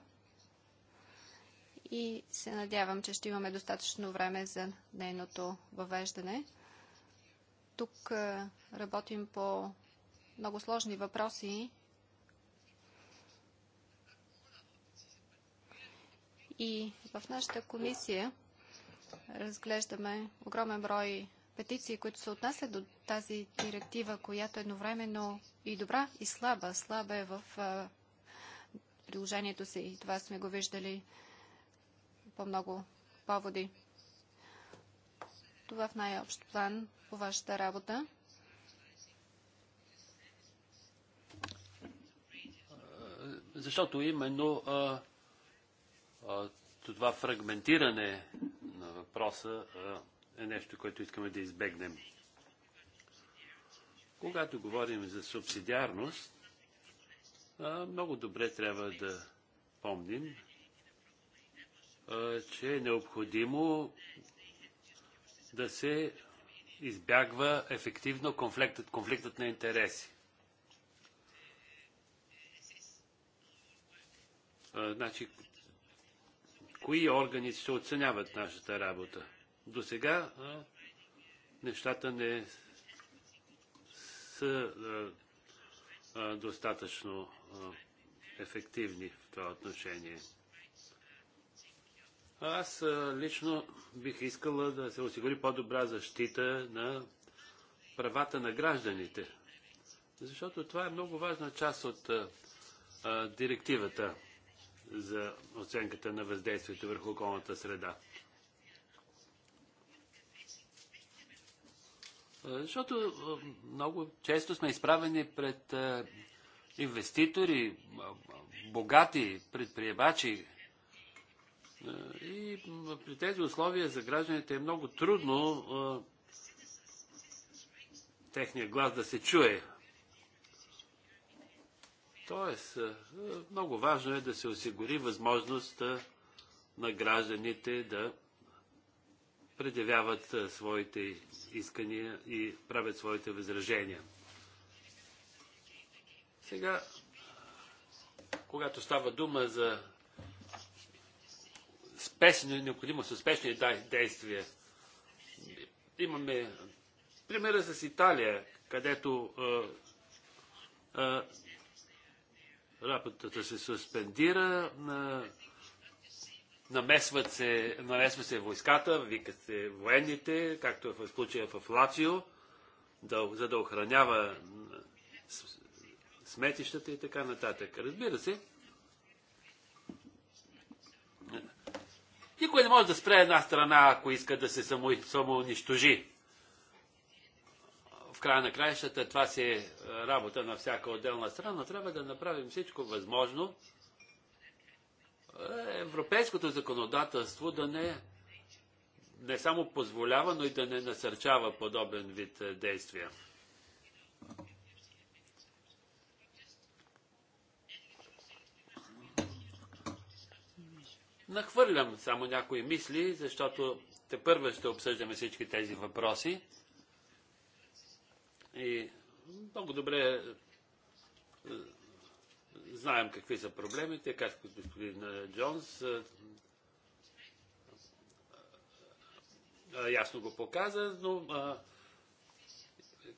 и се надявам, че ще имаме достатъчно време за нейното въвеждане. Тук е, работим по много сложни въпроси и в нашата комисия разглеждаме огромен брой петиции, които се отнасят до тази директива, която едновременно и добра, и слаба. Слаба е в е, приложението си и това сме го виждали по много поводи. Това в най-общ план по вашата работа. Защото именно а, а, това фрагментиране на въпроса а, е нещо, което искаме да избегнем. Когато говорим за субсидиарност, а, много добре трябва да помним, че е необходимо да се избягва ефективно конфликтът, конфликтът на интереси. Значи, кои органи ще оценяват нашата работа? До сега нещата не са достатъчно ефективни в това отношение. Аз лично бих искала да се осигури по-добра защита на правата на гражданите, защото това е много важна част от а, директивата за оценката на въздействието върху околната среда. Защото много често сме изправени пред инвеститори, богати предприемачи, е, и при тези условия за гражданите е много трудно е, техният техния глас да се чуе. Тоест, е, много важно е да се осигури възможност на гражданите да предявяват своите искания и правят своите възражения. Сега, когато става дума за спешни, необходимост от спешни действия. Имаме примера с Италия, където а, а, работата се суспендира, на, намесват се, намесва се войската, викат се военните, както е в случая в Лацио, да, за да охранява сметищата и така нататък. Разбира се, Никой не може да спре една страна, ако иска да се само, самоунищожи. В края на краищата това си е работа на всяка отделна страна, но трябва да направим всичко възможно европейското законодателство да не, не само позволява, но и да не насърчава подобен вид действия. Нахвърлям само някои мисли, защото те първо ще обсъждаме всички тези въпроси. И много добре е, знаем какви са проблемите, както господин е, Джонс е, ясно го показа, но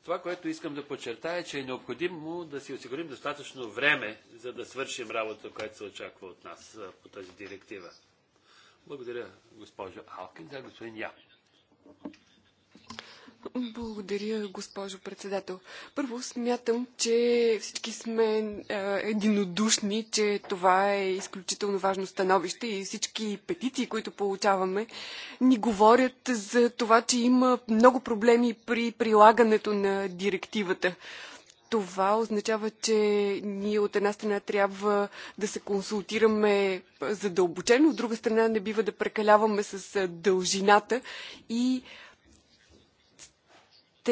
това, което искам да подчертая, е, че е необходимо да си осигурим достатъчно време, за да свършим работа, която се очаква от нас по тази директива. Благодаря, госпожо Алкин. Да, господин Я. Благодаря, госпожо председател. Първо, смятам, че всички сме е, единодушни, че това е изключително важно становище и всички петиции, които получаваме, ни говорят за това, че има много проблеми при прилагането на директивата. Това означава, че ние от една страна трябва да се консултираме задълбочено, от друга страна не бива да прекаляваме с е, дължината и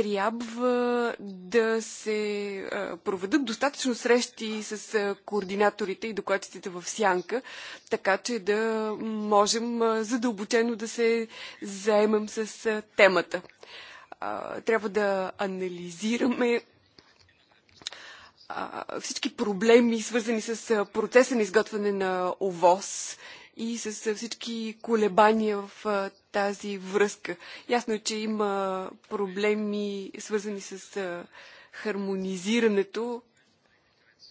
трябва да се проведат достатъчно срещи с координаторите и докладчиците в Сянка, така че да можем задълбочено да се заемем с темата. Трябва да анализираме всички проблеми, свързани с процеса на изготвяне на ОВОС и с всички колебания в тази връзка. Ясно е, че има проблеми, свързани с хармонизирането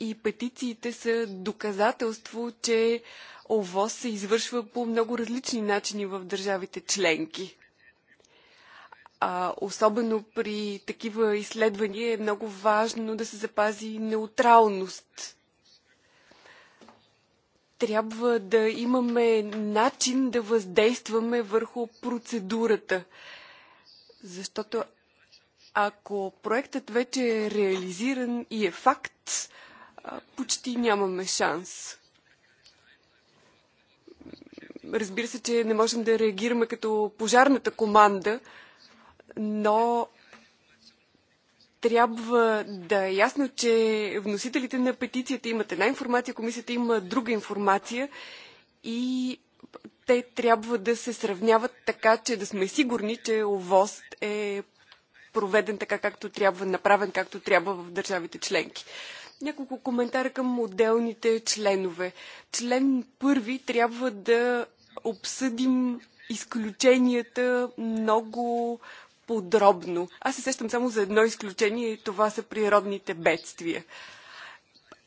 и петициите са доказателство, че ОВОз се извършва по много различни начини в държавите членки. А, особено при такива изследвания е много важно да се запази неутралност трябва да имаме начин да въздействаме върху процедурата. Защото ако проектът вече е реализиран и е факт, почти нямаме шанс. Разбира се, че не можем да реагираме като пожарната команда, но трябва да е ясно, че вносителите на петицията имат една информация, комисията има друга информация и те трябва да се сравняват така, че да сме сигурни, че ОВОС е проведен така, както трябва, направен както трябва в държавите членки. Няколко коментара към отделните членове. Член първи трябва да обсъдим изключенията много подробно. Аз се сещам само за едно изключение и това са природните бедствия.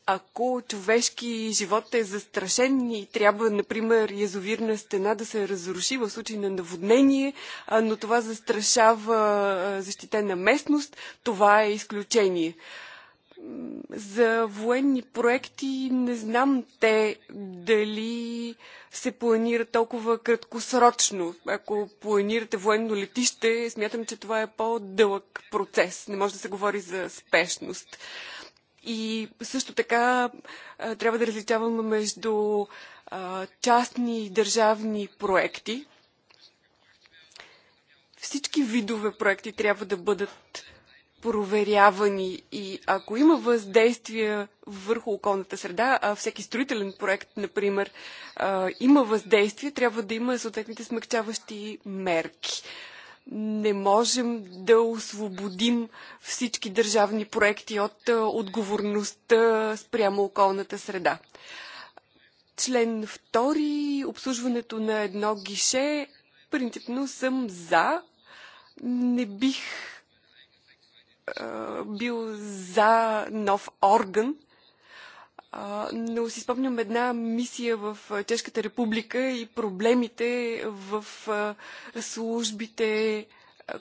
Ако човешки живот е застрашен и трябва, например, язовирна стена да се разруши в случай на наводнение, но това застрашава защитена местност, това е изключение. За военни проекти не знам те дали се планира толкова краткосрочно. Ако планирате военно летище, смятам, че това е по-дълъг процес. Не може да се говори за спешност. И също така трябва да различаваме между частни и държавни проекти. Всички видове проекти трябва да бъдат проверявани и ако има въздействие върху околната среда, а всеки строителен проект, например, има въздействие, трябва да има съответните смягчаващи мерки. Не можем да освободим всички държавни проекти от отговорността спрямо околната среда. Член 2. Обслужването на едно гише. Принципно съм за. Не бих бил за нов орган, но си спомням една мисия в Чешката република и проблемите в службите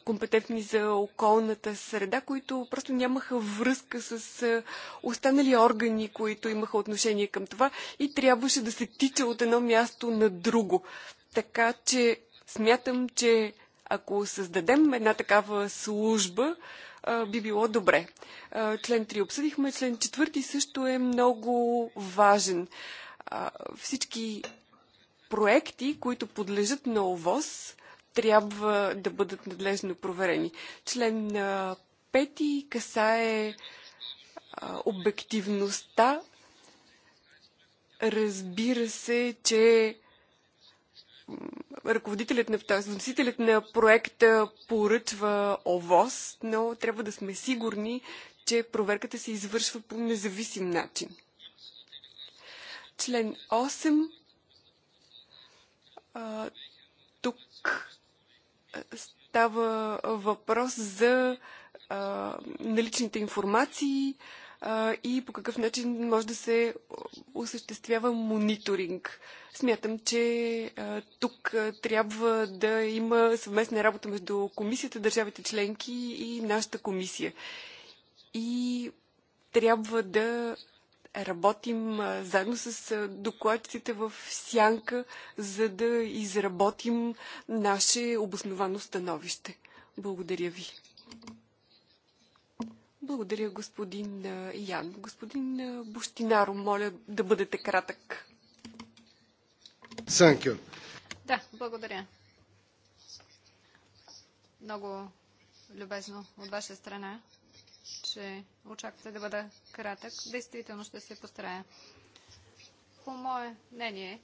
компетентни за околната среда, които просто нямаха връзка с останали органи, които имаха отношение към това и трябваше да се тича от едно място на друго. Така че смятам, че ако създадем една такава служба, би било добре. Член 3 обсъдихме, член 4 също е много важен. Всички проекти, които подлежат на ОВОз, трябва да бъдат надлежно проверени. Член 5 касае обективността. Разбира се, че ръководителят на, т.е. вносителят на проекта поръчва ОВОС, но трябва да сме сигурни, че проверката се извършва по независим начин. Член 8. А, тук става въпрос за а, наличните информации, а, и по какъв начин може да се осъществява мониторинг. Смятам, че тук трябва да има съвместна работа между комисията, държавите членки и нашата комисия. И трябва да работим заедно с докладците в сянка, за да изработим наше обосновано становище. Благодаря ви. Благодаря, господин Ян. Господин Буштинаро, моля да бъдете кратък. Санкю. Да, благодаря. Много любезно от ваша страна, че очаквате да бъда кратък. Действително ще се постарая. По мое мнение,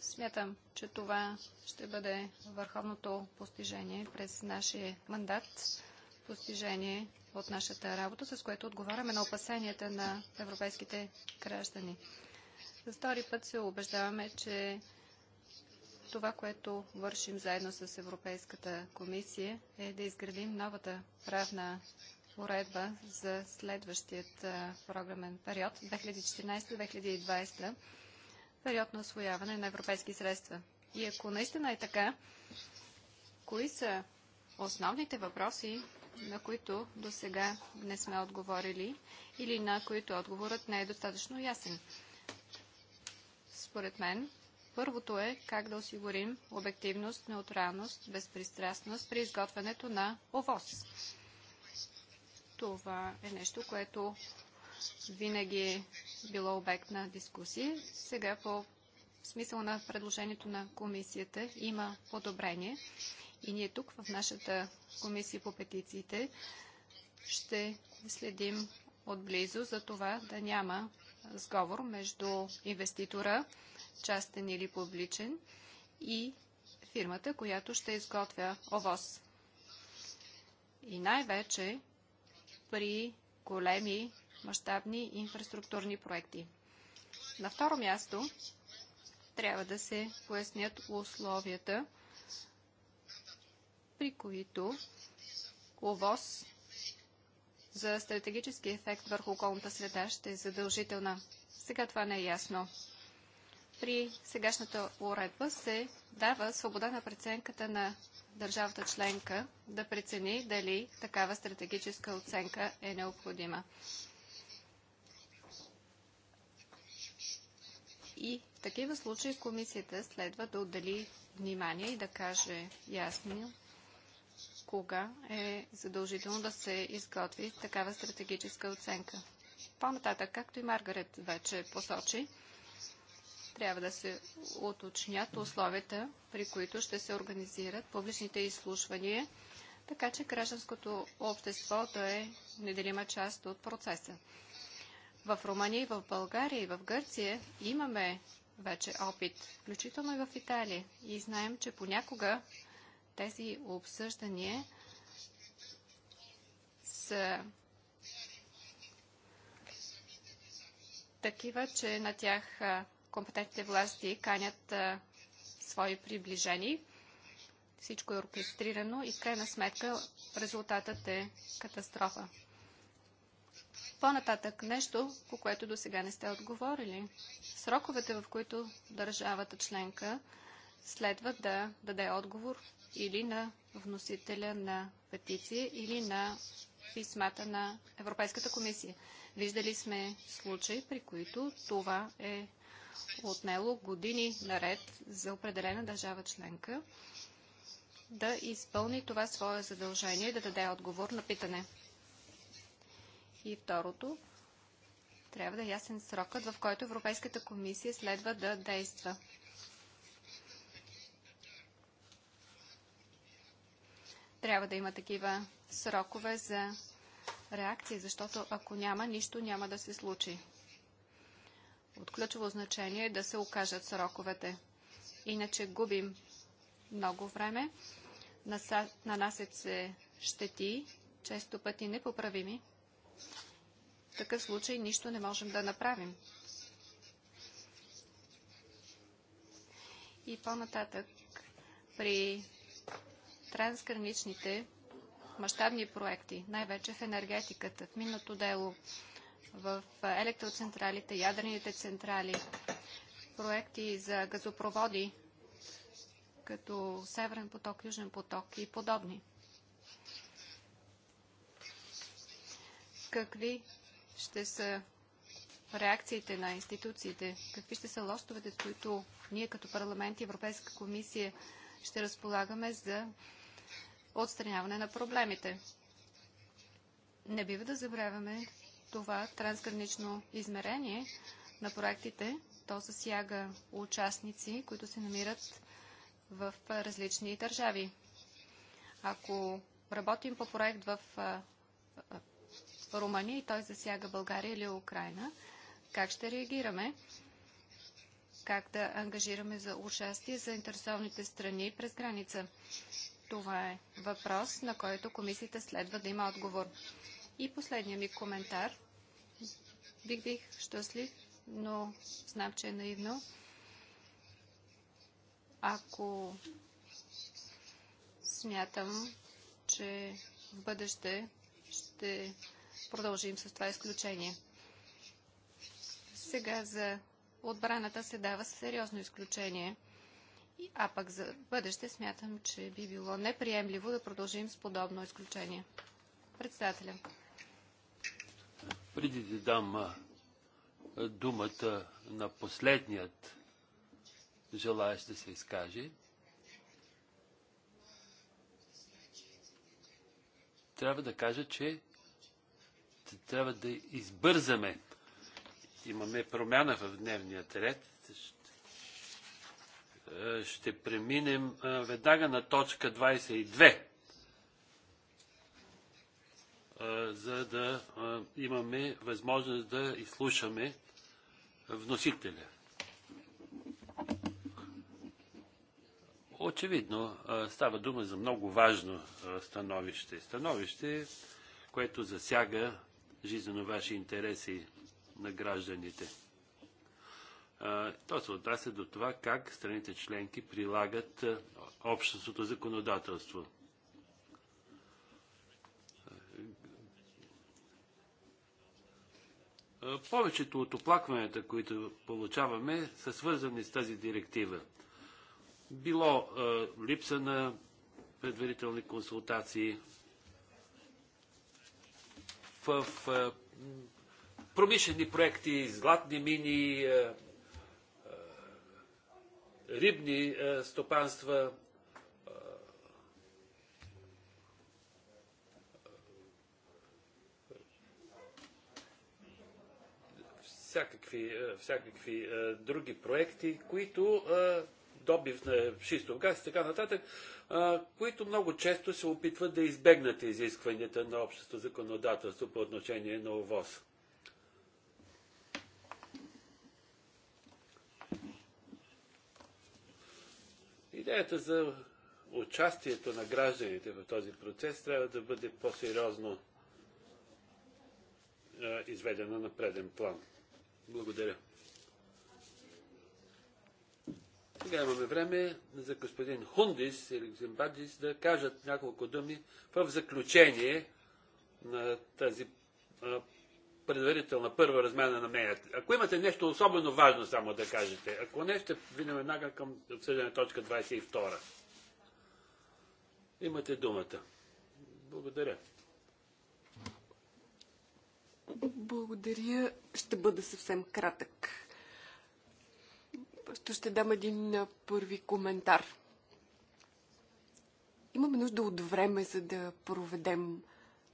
смятам, че това ще бъде върховното постижение през нашия мандат постижение от нашата работа, с което отговаряме на опасенията на европейските граждани. За втори път се убеждаваме, че това, което вършим заедно с Европейската комисия е да изградим новата правна уредба за следващият програмен период 2014-2020, период на освояване на европейски средства. И ако наистина е така, кои са основните въпроси, на които до сега не сме отговорили или на които отговорът не е достатъчно ясен. Според мен, първото е как да осигурим обективност, неутралност, безпристрастност при изготвянето на ОВОС. Това е нещо, което винаги е било обект на дискусии. Сега по смисъл на предложението на комисията има подобрение и ние тук в нашата комисия по петициите ще следим отблизо за това да няма сговор между инвеститора, частен или публичен, и фирмата, която ще изготвя ОВОС. И най-вече при големи мащабни инфраструктурни проекти. На второ място трябва да се пояснят условията при които ОВОС за стратегически ефект върху околната среда ще е задължителна. Сега това не е ясно. При сегашната уредба се дава свобода на преценката на държавата членка да прецени дали такава стратегическа оценка е необходима. И в такива случаи комисията следва да отдели внимание и да каже ясно кога е задължително да се изготви такава стратегическа оценка. По-нататък, както и Маргарет вече посочи, трябва да се уточнят условията, при които ще се организират публичните изслушвания, така че гражданското общество да е неделима част от процеса. В Румъния, и в България и в Гърция имаме вече опит, включително и в Италия. И знаем, че понякога тези обсъждания са такива, че на тях компетентните власти канят свои приближени. Всичко е оркестрирано и в крайна сметка резултатът е катастрофа. По-нататък нещо, по което до сега не сте отговорили. Сроковете, в които държавата членка следва да даде отговор или на вносителя на петиция или на писмата на Европейската комисия. Виждали сме случаи, при които това е отнело години наред за определена държава членка да изпълни това свое задължение и да даде отговор на питане. И второто, трябва да е ясен срокът, в който Европейската комисия следва да действа. Трябва да има такива срокове за реакции, защото ако няма, нищо няма да се случи. От ключово значение е да се окажат сроковете. Иначе губим много време, нанасят е, се щети, често пъти непоправими. В такъв случай нищо не можем да направим. И по-нататък при трансграничните мащабни проекти, най-вече в енергетиката, в минното дело, в електроцентралите, ядрените централи, проекти за газопроводи, като Северен поток, Южен поток и подобни. Какви ще са реакциите на институциите? Какви ще са лостовете, с които ние като парламент и Европейска комисия ще разполагаме за отстраняване на проблемите. Не бива да забравяме това трансгранично измерение на проектите. То засяга участници, които се намират в различни държави. Ако работим по проект в Румъния и той засяга България или Украина, как ще реагираме? Как да ангажираме за участие заинтересованите страни през граница? Това е въпрос, на който комисията следва да има отговор. И последния ми коментар. Бих бих щастлив, но знам, че е наивно. Ако смятам, че в бъдеще ще продължим с това изключение. Сега за отбраната се дава сериозно изключение – а пък за бъдеще смятам, че би било неприемливо да продължим с подобно изключение. Председателя. Преди да дам думата на последният желаящ да се изкаже, трябва да кажа, че трябва да избързаме. Имаме промяна в дневния ред. Е, ще преминем е, веднага на точка 22, е, за да имаме възможност да изслушаме вносителя. Очевидно става дума за много важно становище. Становище, което засяга жизненно ваши интереси на гражданите. То се отнася до това как страните членки прилагат общностното законодателство. Повечето от оплакванията, които получаваме, са свързани с тази директива. Било е, липса на предварителни консултации в е, промишлени проекти, златни мини, рибни е, стопанства, е, всякакви, е, всякакви други проекти, които добив на шистов газ и така нататък, които много често се опитват да избегнат изискванията на общото законодателство по отношение на ОВОС. Идеята за участието на гражданите в този процес трябва да бъде по-сериозно е, изведена на преден план. Благодаря. Сега имаме време за господин Хундис или Зимбаджис да кажат няколко думи в заключение на тази е, предварителна първа размяна на мнението. Ако имате нещо особено важно, само да кажете. Ако не, ще видим веднага към обсъждане точка 22. Имате думата. Благодаря. Благодаря. Ще бъда съвсем кратък. Просто ще дам един първи коментар. Имаме нужда от време, за да проведем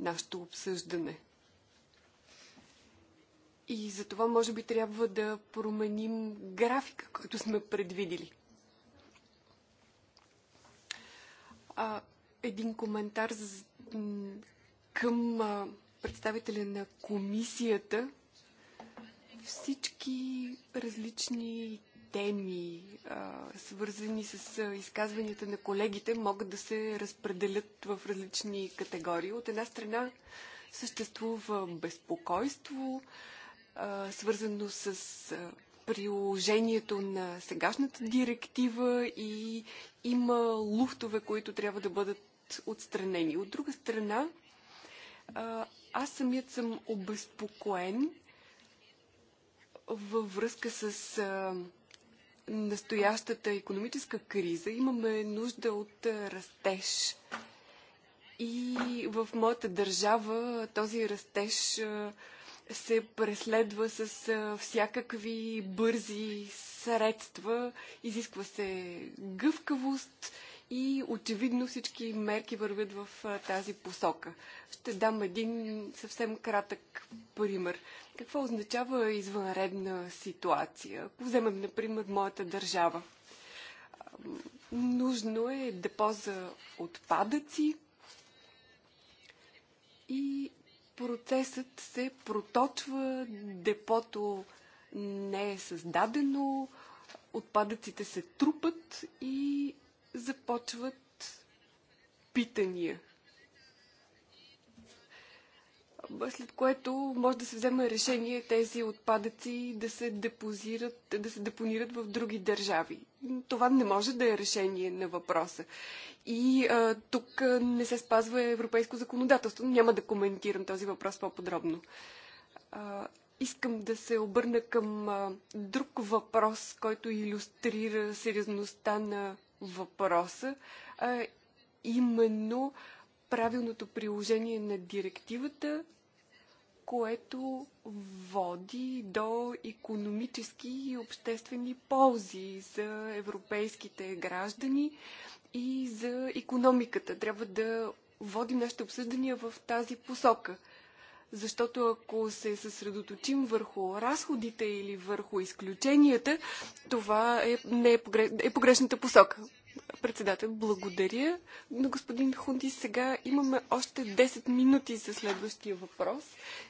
нашето обсъждане – и за това може би трябва да променим графика, който сме предвидили. А, един коментар за, към а, представителя на комисията. Всички различни теми, а, свързани с а, изказванията на колегите, могат да се разпределят в различни категории. От една страна съществува безпокойство, а, свързано с приложението на сегашната директива и има луфтове, които трябва да бъдат отстранени. От друга страна, аз самият съм обезпокоен във връзка с настоящата економическа криза. Имаме нужда от растеж. И в моята държава този растеж се преследва с всякакви бързи средства, изисква се гъвкавост и очевидно всички мерки вървят в тази посока. Ще дам един съвсем кратък пример. Какво означава извънредна ситуация? Ако вземем, например, моята държава. Нужно е депо за отпадъци и процесът се проточва, депото не е създадено, отпадъците се трупат и започват питания – след което може да се вземе решение тези отпадъци да се депозират, да се депонират в други държави. Това не може да е решение на въпроса. И а, тук не се спазва европейско законодателство. Няма да коментирам този въпрос по-подробно. искам да се обърна към а, друг въпрос, който иллюстрира сериозността на въпроса, а, именно а, правилното приложение на директивата, което води до економически и обществени ползи за европейските граждани и за економиката. Трябва да водим нашите обсъждания в тази посока. Защото ако се съсредоточим върху разходите или върху изключенията, това е, не е, погреш, е погрешната посока. Председател, благодаря Но господин Хунди. Сега имаме още 10 минути за следващия въпрос.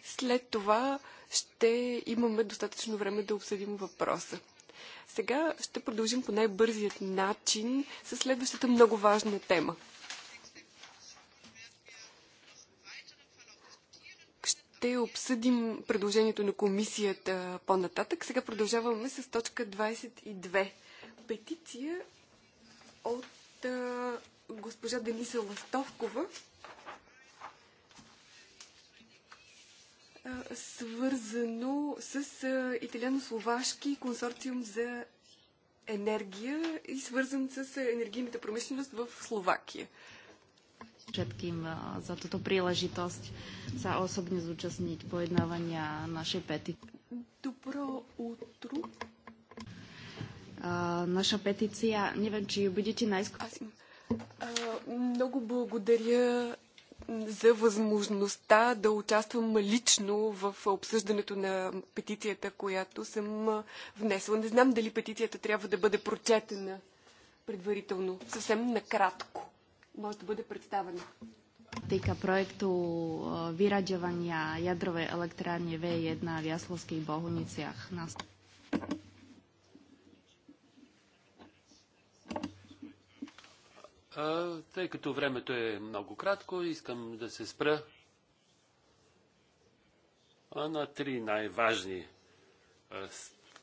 След това ще имаме достатъчно време да обсъдим въпроса. Сега ще продължим по най-бързият начин с следващата много важна тема. ще обсъдим предложението на комисията по-нататък. Сега продължаваме с точка 22. Петиция от а, госпожа Дениса Ластовкова, а, свързано с а, италиано-словашки консорциум за енергия и свързан с енергийната промишленост в Словакия. Všetkým za túto príležitosť sa osobne zúčastniť pojednávania našej pety. Добро утро! наша петиция. Не знам, че будете най-скоро. Много благодаря за възможността да участвам лично в обсъждането на петицията, която съм внесла. Не знам дали петицията трябва да бъде прочетена предварително, съвсем накратко. Може да бъде представена. Týka projektu vyraďovania jadrovej elektrárne V1 v Jaslovských Bohuniciach. Тъй като времето е много кратко, искам да се спра на три най-важни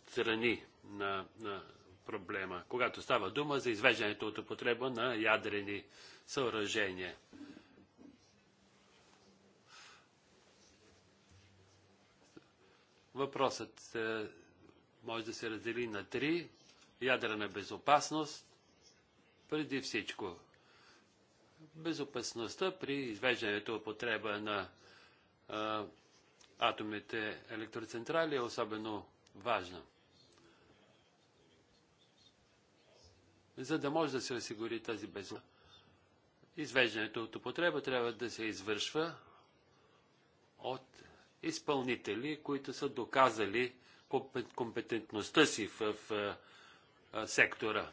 страни на, на проблема, когато става дума за извеждането от употреба на ядрени съоръжения. Въпросът е, може да се раздели на три. Ядрена безопасност, преди всичко, безопасността при извеждането употреба на а, атомните електроцентрали е особено важна. За да може да се осигури тази безопасност, извеждането от употреба трябва да се извършва от изпълнители, които са доказали компетентността си в, в, в сектора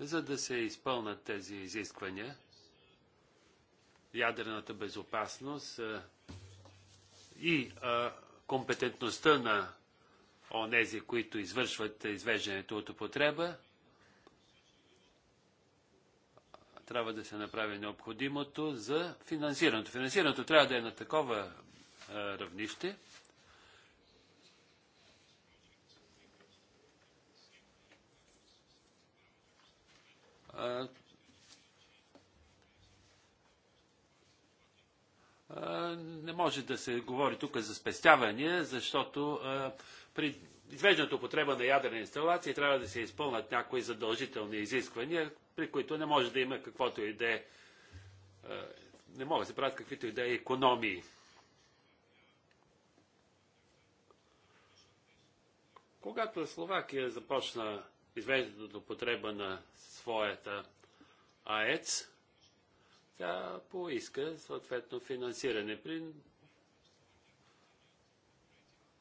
за да се изпълнат тези изисквания. Ядрената безопасност и компетентността на онези, които извършват извеждането от употреба, трябва да се направи необходимото за финансирането. Финансирането трябва да е на такова равнище, не може да се говори тук за спестявания, защото при извеждането употреба на ядрена инсталация трябва да се изпълнат някои задължителни изисквания, при които не може да има каквото и да е, не могат да се правят каквито и да е економии. Когато Словакия започна извеждат от употреба на своята АЕЦ, тя поиска съответно финансиране. При...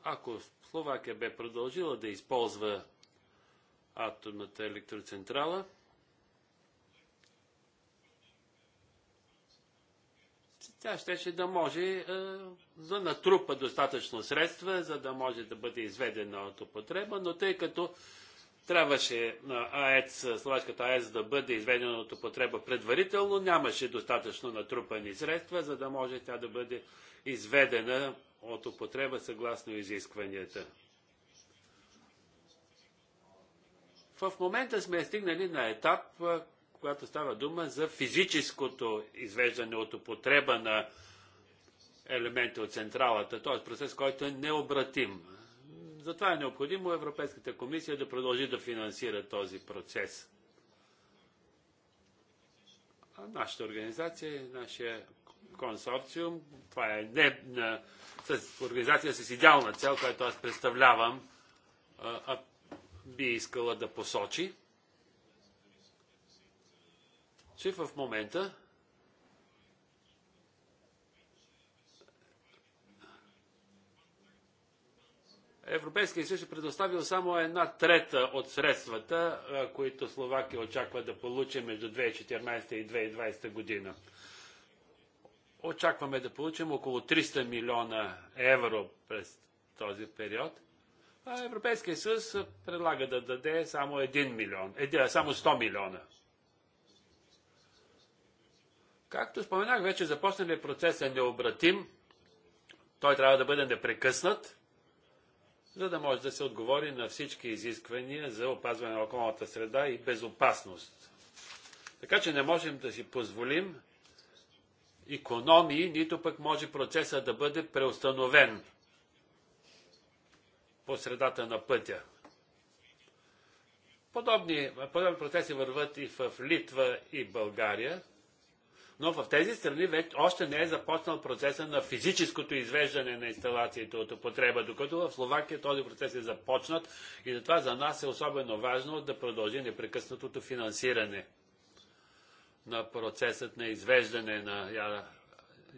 Ако Словакия бе продължила да използва атомната електроцентрала, тя щеше да може е, да натрупа достатъчно средства, за да може да бъде изведена от употреба, но тъй като Трябваше АЕЦ, словашката АЕЦ да бъде изведена от употреба предварително. Нямаше достатъчно натрупани средства, за да може тя да бъде изведена от употреба съгласно изискванията. В момента сме стигнали на етап, когато става дума за физическото извеждане от употреба на елементи от централата, т.е. процес, който е необратим. Затова е необходимо Европейската комисия да продължи да финансира този процес. А нашата организация, е нашия консорциум, това е не на, с организация с идеална цел, която аз представлявам, а, а би искала да посочи, че в момента Европейския съюз е предоставил само една трета от средствата, които Словакия очаква да получи между 2014 и 2020 година. Очакваме да получим около 300 милиона евро през този период, а Европейския съюз предлага да даде само 1 милион, само 100 милиона. Както споменах, вече започнали процесът е необратим. Той трябва да бъде непрекъснат за да може да се отговори на всички изисквания за опазване на околната среда и безопасност. Така че не можем да си позволим економии, нито пък може процеса да бъде преустановен по средата на пътя. Подобни, подобни процеси върват и в Литва и България но в тези страни вече още не е започнал процеса на физическото извеждане на инсталациите от употреба, докато в Словакия този процес е започнат и затова за нас е особено важно да продължи непрекъснатото финансиране на процесът на извеждане на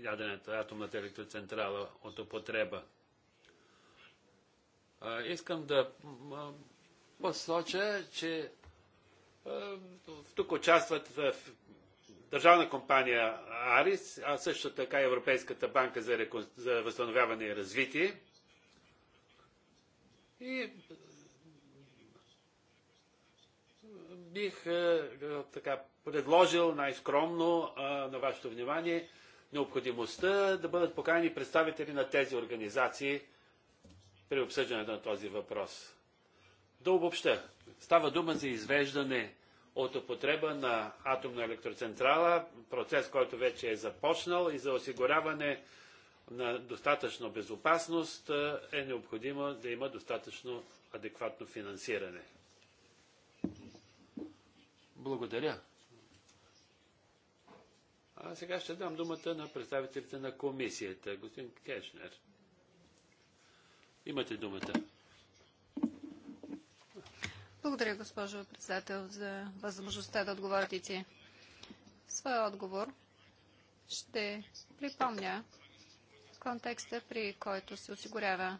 ядената атомната електроцентрала от употреба. искам да посоча, че тук участват в държавна компания Арис, а също така и Европейската банка за, реку... за възстановяване и развитие. И бих е, е, така предложил най-скромно е, на вашето внимание необходимостта да бъдат поканени представители на тези организации при обсъждането на този въпрос. Да обобща. Става дума за извеждане от употреба на атомна електроцентрала, процес, който вече е започнал и за осигуряване на достатъчно безопасност е необходимо да има достатъчно адекватно финансиране. Благодаря. А сега ще дам думата на представителите на комисията. Господин Кешнер. Имате думата. Благодаря, госпожо председател, за възможността да отговорите ти. Своя отговор ще припомня контекста, при който се осигурява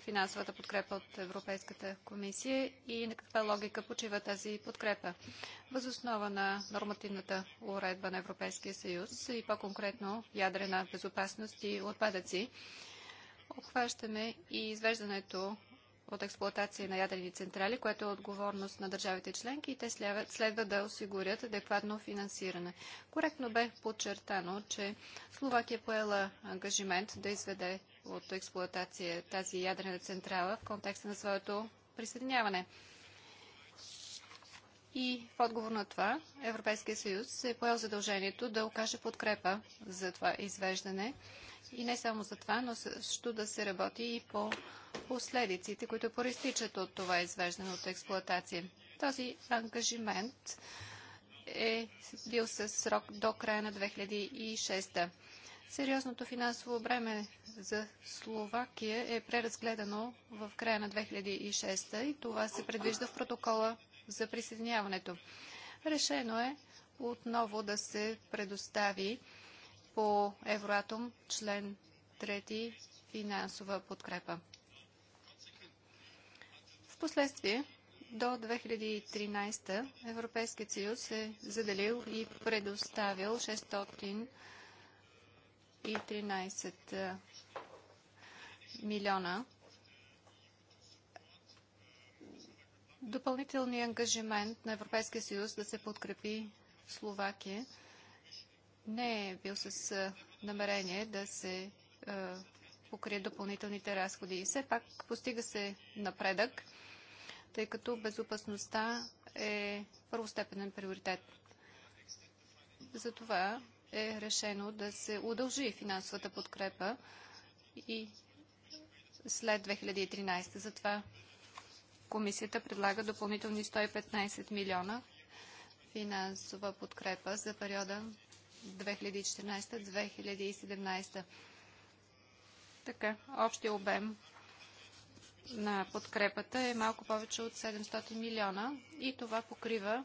финансовата подкрепа от Европейската комисия и на каква логика почива тази подкрепа. Възоснова на нормативната уредба на Европейския съюз и по-конкретно ядрена безопасност и отпадъци, обхващаме и извеждането от експлоатация на ядрени централи, което е отговорност на държавите членки и те следва да осигурят адекватно финансиране. Коректно бе подчертано, че Словакия поела ангажимент да изведе от експлоатация тази ядрена централа в контекста на своето присъединяване. И в отговор на това Европейския съюз е поел задължението да окаже подкрепа за това извеждане и не само за това, но също да се работи и по последиците, които проистичат от това извеждане от експлоатация. Този ангажимент е бил със срок до края на 2006. Сериозното финансово бреме за Словакия е преразгледано в края на 2006 и това се предвижда в протокола за присъединяването. Решено е отново да се предостави по Евроатом, член 3, финансова подкрепа. Впоследствие, до 2013 Европейският съюз е заделил и предоставил 613 милиона допълнителния ангажимент на Европейския съюз да се подкрепи Словакия – не е бил с намерение да се покрие допълнителните разходи. И все пак постига се напредък, тъй като безопасността е първостепенен приоритет. Затова е решено да се удължи финансовата подкрепа и след 2013. Затова комисията предлага допълнителни 115 милиона финансова подкрепа за периода 2014-2017. Така, общия обем на подкрепата е малко повече от 700 милиона и това покрива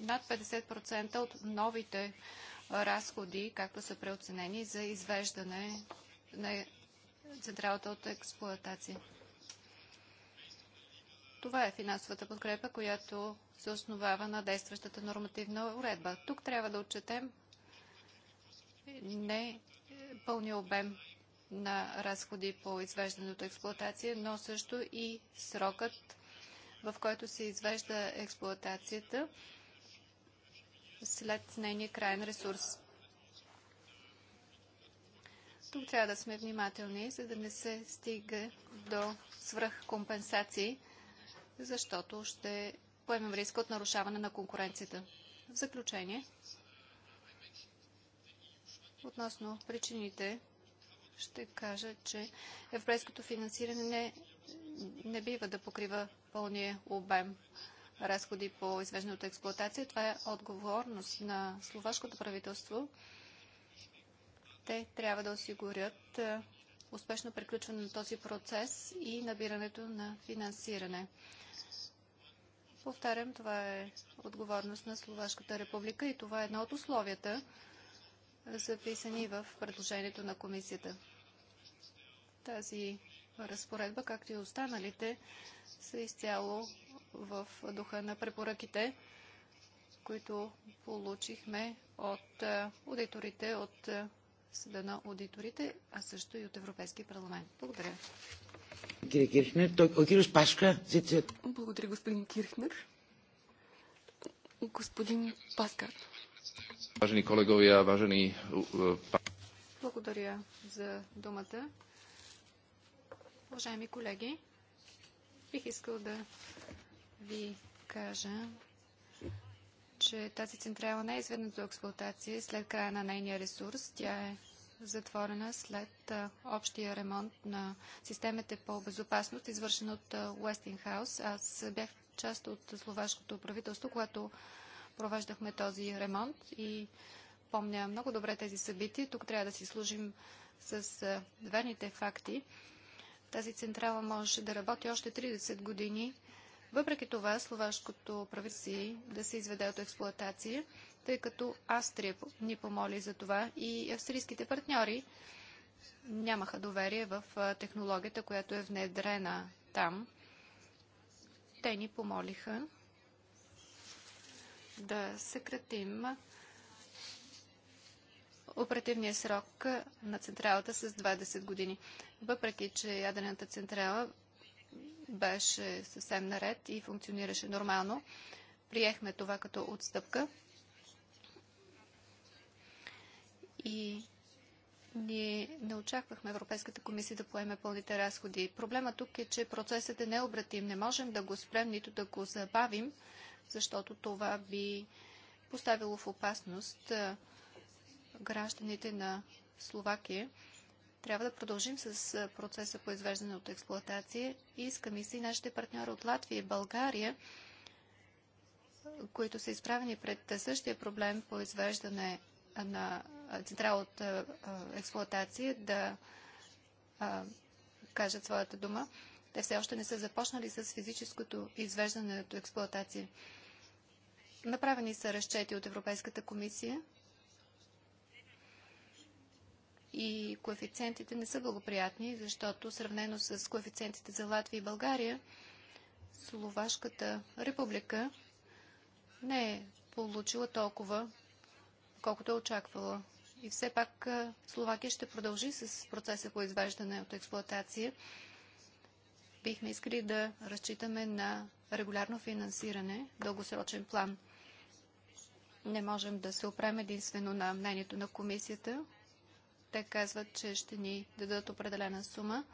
над 50% от новите разходи, както са преоценени за извеждане на централата от експлуатация. Това е финансовата подкрепа, която се основава на действащата нормативна уредба. Тук трябва да отчетем не пълния обем на разходи по извеждането експлоатация, но също и срокът, в който се извежда експлоатацията след нейния крайен ресурс. Тук трябва да сме внимателни, за да не се стига до свръхкомпенсации, защото ще поемем риска от нарушаване на конкуренцията. В заключение, Относно причините, ще кажа, че европейското финансиране не, не бива да покрива пълния обем разходи по извеждане от експлуатация. Това е отговорност на словашкото правителство. Те трябва да осигурят е, успешно приключване на този процес и набирането на финансиране. Повтарям, това е отговорност на Словашката република и това е едно от условията, записани в предложението на комисията. Тази разпоредба, както и останалите, са изцяло в духа на препоръките, които получихме от аудиторите, от Съда на аудиторите, а също и от Европейския парламент. Благодаря. Кирхнер, Пашка, Благодаря, господин Кирхнер. Господин Паскар. Важени колеговия, важени... Благодаря за думата. Уважаеми колеги, бих искал да ви кажа, че тази централа не е изведна до експлуатация след края на нейния ресурс. Тя е затворена след общия ремонт на системите по безопасност, извършен от Westinghouse. Аз бях част от словашкото правителство, когато провеждахме този ремонт и помня много добре тези събития. Тук трябва да си служим с верните факти. Тази централа можеше да работи още 30 години. Въпреки това, словашкото правителство да се изведе от експлоатация, тъй като Австрия ни помоли за това и австрийските партньори нямаха доверие в технологията, която е внедрена там. Те ни помолиха да съкратим оперативния срок на централата с 20 години. Въпреки, че ядрената централа беше съвсем наред и функционираше нормално, приехме това като отстъпка. И ние не очаквахме Европейската комисия да поеме пълните разходи. Проблема тук е, че процесът е необратим. Не можем да го спрем, нито да го забавим защото това би поставило в опасност гражданите на Словакия. Трябва да продължим с процеса по извеждане от експлоатация. Искаме си нашите партньори от Латвия и България, които са изправени пред същия проблем по извеждане на централ от експлоатация, да кажат своята дума. Те все още не са започнали с физическото извеждане от експлуатация. Направени са разчети от Европейската комисия и коефициентите не са благоприятни, защото сравнено с коефициентите за Латвия и България, Словашката република не е получила толкова, колкото е очаквала. И все пак Словакия ще продължи с процеса по извеждане от експлоатация. Бихме искали да разчитаме на регулярно финансиране, дългосрочен план – не можем да се опрем единствено на мнението на комисията. Те казват, че ще ни дадат определена сума,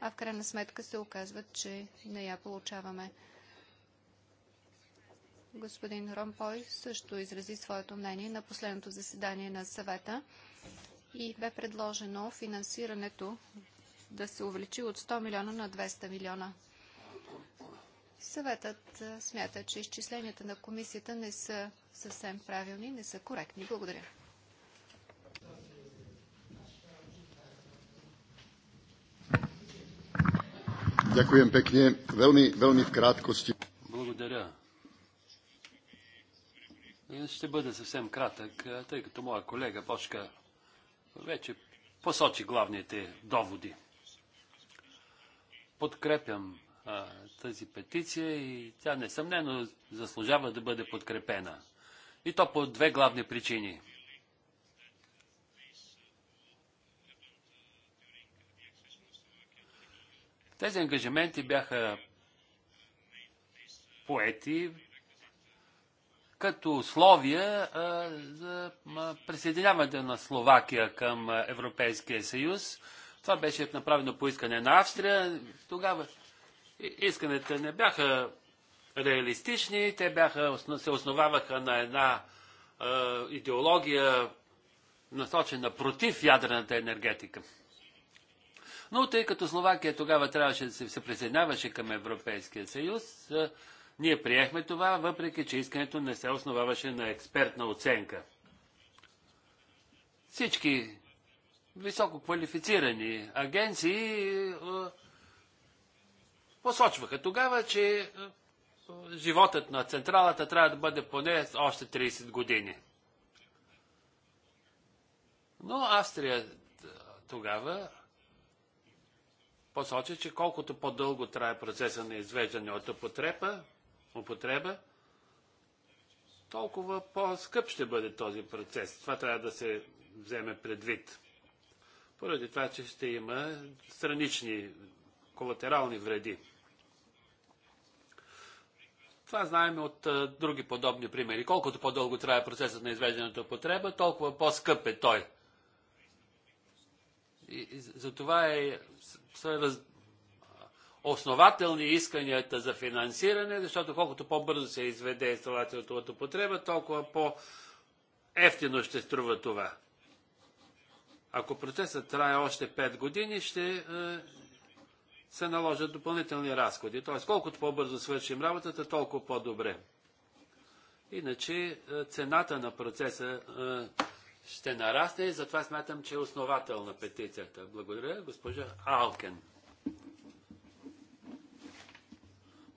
а в крайна сметка се оказват, че не я получаваме. Господин Ромпой също изрази своето мнение на последното заседание на съвета и бе предложено финансирането да се увеличи от 100 милиона на 200 милиона. Съветът смята, че изчисленията на комисията не са съвсем правилни, не са коректни. Благодаря. Ďakujem pekne. Veľmi, veľmi v krátkosti. Благодаря. Ще бъда съвсем кратък, тъй като моя колега Бошка вече посочи главните доводи. Подкрепям тази петиция и тя несъмнено заслужава да бъде подкрепена. И то по две главни причини. Тези ангажименти бяха поети като условия за присъединяване на Словакия към Европейския съюз. Това беше направено по искане на Австрия. Тогава исканите не бяха реалистични, те бяха, се основаваха на една е, идеология, насочена против ядрената енергетика. Но тъй като Словакия тогава трябваше да се, присъединяваше към Европейския съюз, е, ние приехме това, въпреки че искането не се основаваше на експертна оценка. Всички високо квалифицирани агенции е, посочваха тогава, че е, животът на централата трябва да бъде поне още 30 години. Но Австрия е, тогава посочи, че колкото по-дълго трябва процеса на извеждане от употреба, употреба толкова по-скъп ще бъде този процес. Това трябва да се вземе предвид. Поради това, че ще има странични колатерални вреди. Това знаем от а, други подобни примери. Колкото по-дълго трябва процесът на изведената употреба, толкова по-скъп е той. И, и затова е, са раз... основателни исканията за финансиране, защото колкото по-бързо се изведе инсталацията от употреба, толкова по-ефтино ще струва това. Ако процесът трае още 5 години, ще е, се наложат допълнителни разходи. Т.е. колкото по-бързо свършим работата, толкова по-добре. Иначе е, цената на процеса е, ще нарасне и затова смятам, че е основател на петицията. Благодаря, госпожа Алкен.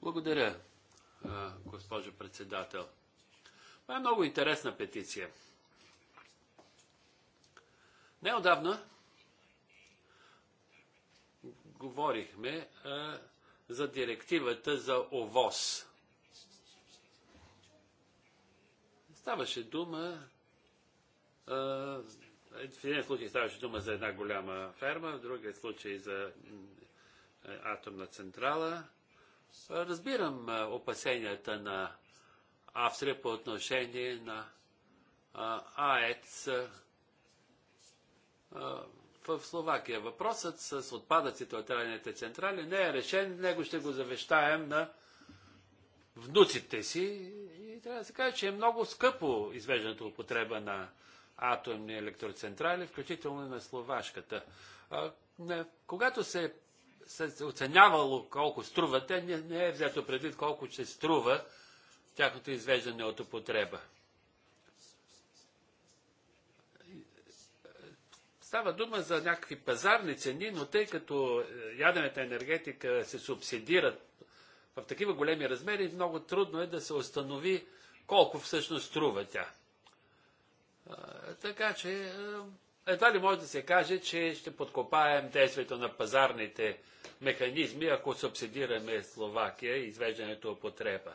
Благодаря, е, госпожо председател. Това е много интересна петиция. Неодавна говорихме а, за директивата за ОВОз. Ставаше дума, а, в един случай ставаше дума за една голяма ферма, в другия случай за атомна централа. Разбирам опасенията на Австрия по отношение на АЕЦ в Словакия. Въпросът с отпадъците от елените централи не е решен, него ще го завещаем на внуците си. И трябва да се каже, че е много скъпо извеждането употреба на атомни електроцентрали, включително и на словашката. когато се, се оценявало колко струва, те не, не е взето предвид колко ще струва тяхното извеждане от употреба. Става дума за някакви пазарни цени, но тъй като е, ядената енергетика се субсидират в такива големи размери, много трудно е да се установи колко всъщност струва тя. Така че е, едва ли може да се каже, че ще подкопаем действието на пазарните механизми, ако субсидираме Словакия и извеждането употреба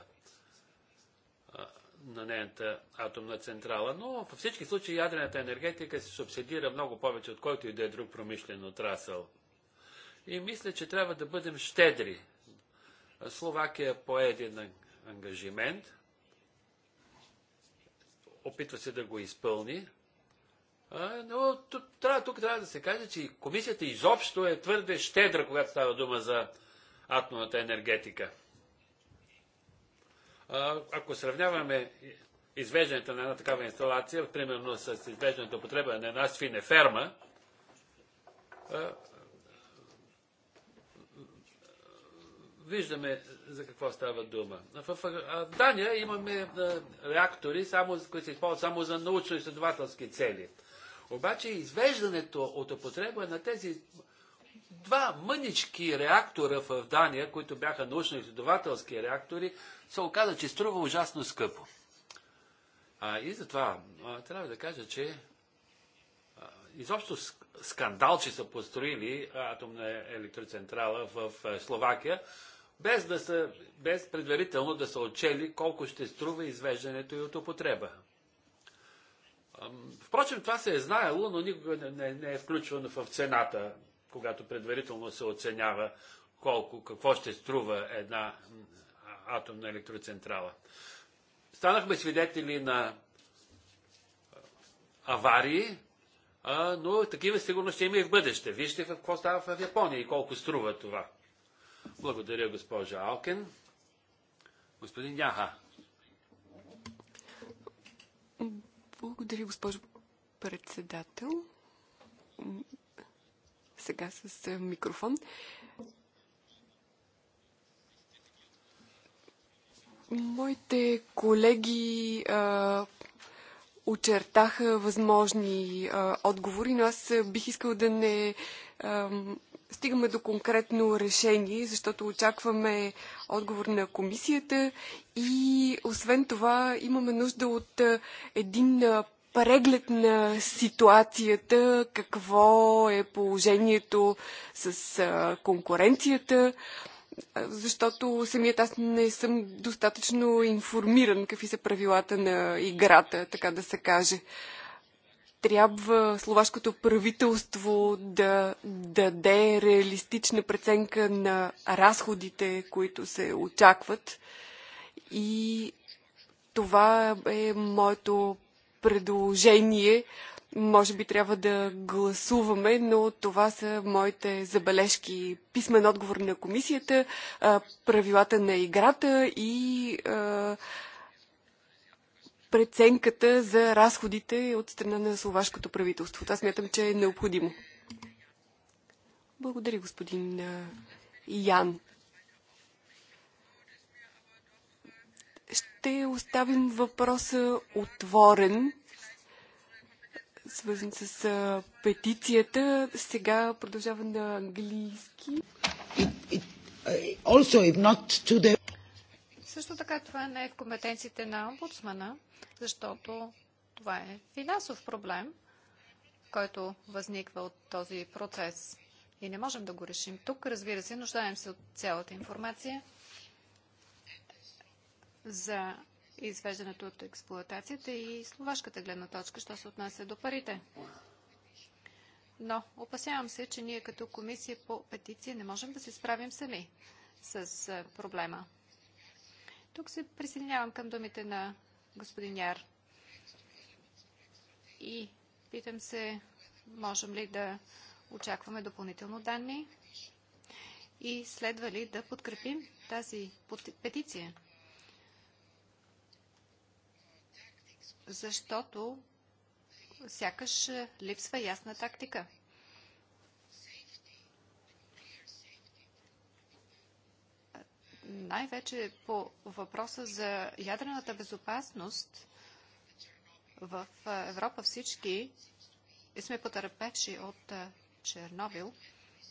на нейната атомна централа, но във всички случаи ядрената енергетика се субсидира много повече от който и да е друг промишлен отрасъл. И мисля, че трябва да бъдем щедри. Словакия пое един ангажимент, опитва се да го изпълни, но трябва, тук трябва да се каже, че комисията изобщо е твърде щедра, когато става дума за атомната енергетика. Ако сравняваме извеждането на една такава инсталация, примерно с извеждането употреба на една ферма. виждаме за какво става дума. В Дания имаме реактори, само, които се използват само за научно-изследователски цели. Обаче извеждането от употреба на тези два мънички реактора в Дания, които бяха научно-изследователски реактори, се оказа, че струва ужасно скъпо. А, и затова а, трябва да кажа, че а, изобщо скандал, че са построили атомна електроцентрала в а, Словакия, без, да са, без предварително да са отчели колко ще струва извеждането и от употреба. Впрочем, това се е знаело, но никога не, не е включвано в цената когато предварително се оценява колко, какво ще струва една атомна електроцентрала. Станахме свидетели на аварии, но такива сигурно ще има и в бъдеще. Вижте какво става в Япония и колко струва това. Благодаря, госпожа Алкен. Господин Яха. Благодаря, госпожо председател. Сега с микрофон. Моите колеги а, очертаха възможни а, отговори, но аз бих искал да не а, стигаме до конкретно решение, защото очакваме отговор на комисията и освен това имаме нужда от един преглед на ситуацията, какво е положението с конкуренцията, защото самият аз не съм достатъчно информиран какви са правилата на играта, така да се каже. Трябва словашкото правителство да даде реалистична преценка на разходите, които се очакват. И това е моето предложение. Може би трябва да гласуваме, но това са моите забележки. Писмен отговор на комисията, правилата на играта и преценката за разходите от страна на словашкото правителство. Това смятам, че е необходимо. Благодаря, господин Ян. Ще оставим въпроса отворен, свързан с петицията. Сега продължавам на английски. Uh, Също така това не е в компетенциите на омбудсмана, защото това е финансов проблем, който възниква от този процес. И не можем да го решим тук. Разбира се, нуждаем се от цялата информация за извеждането от експлуатацията и словашката гледна точка, що се отнася до парите. Но опасявам се, че ние като комисия по петиции не можем да се справим сами с проблема. Тук се присъединявам към думите на господин Яр. И питам се, можем ли да очакваме допълнително данни и следва ли да подкрепим тази петиция. защото сякаш е, липсва ясна тактика. Най-вече по въпроса за ядрената безопасност в е, Европа всички сме потърпевши от е, Чернобил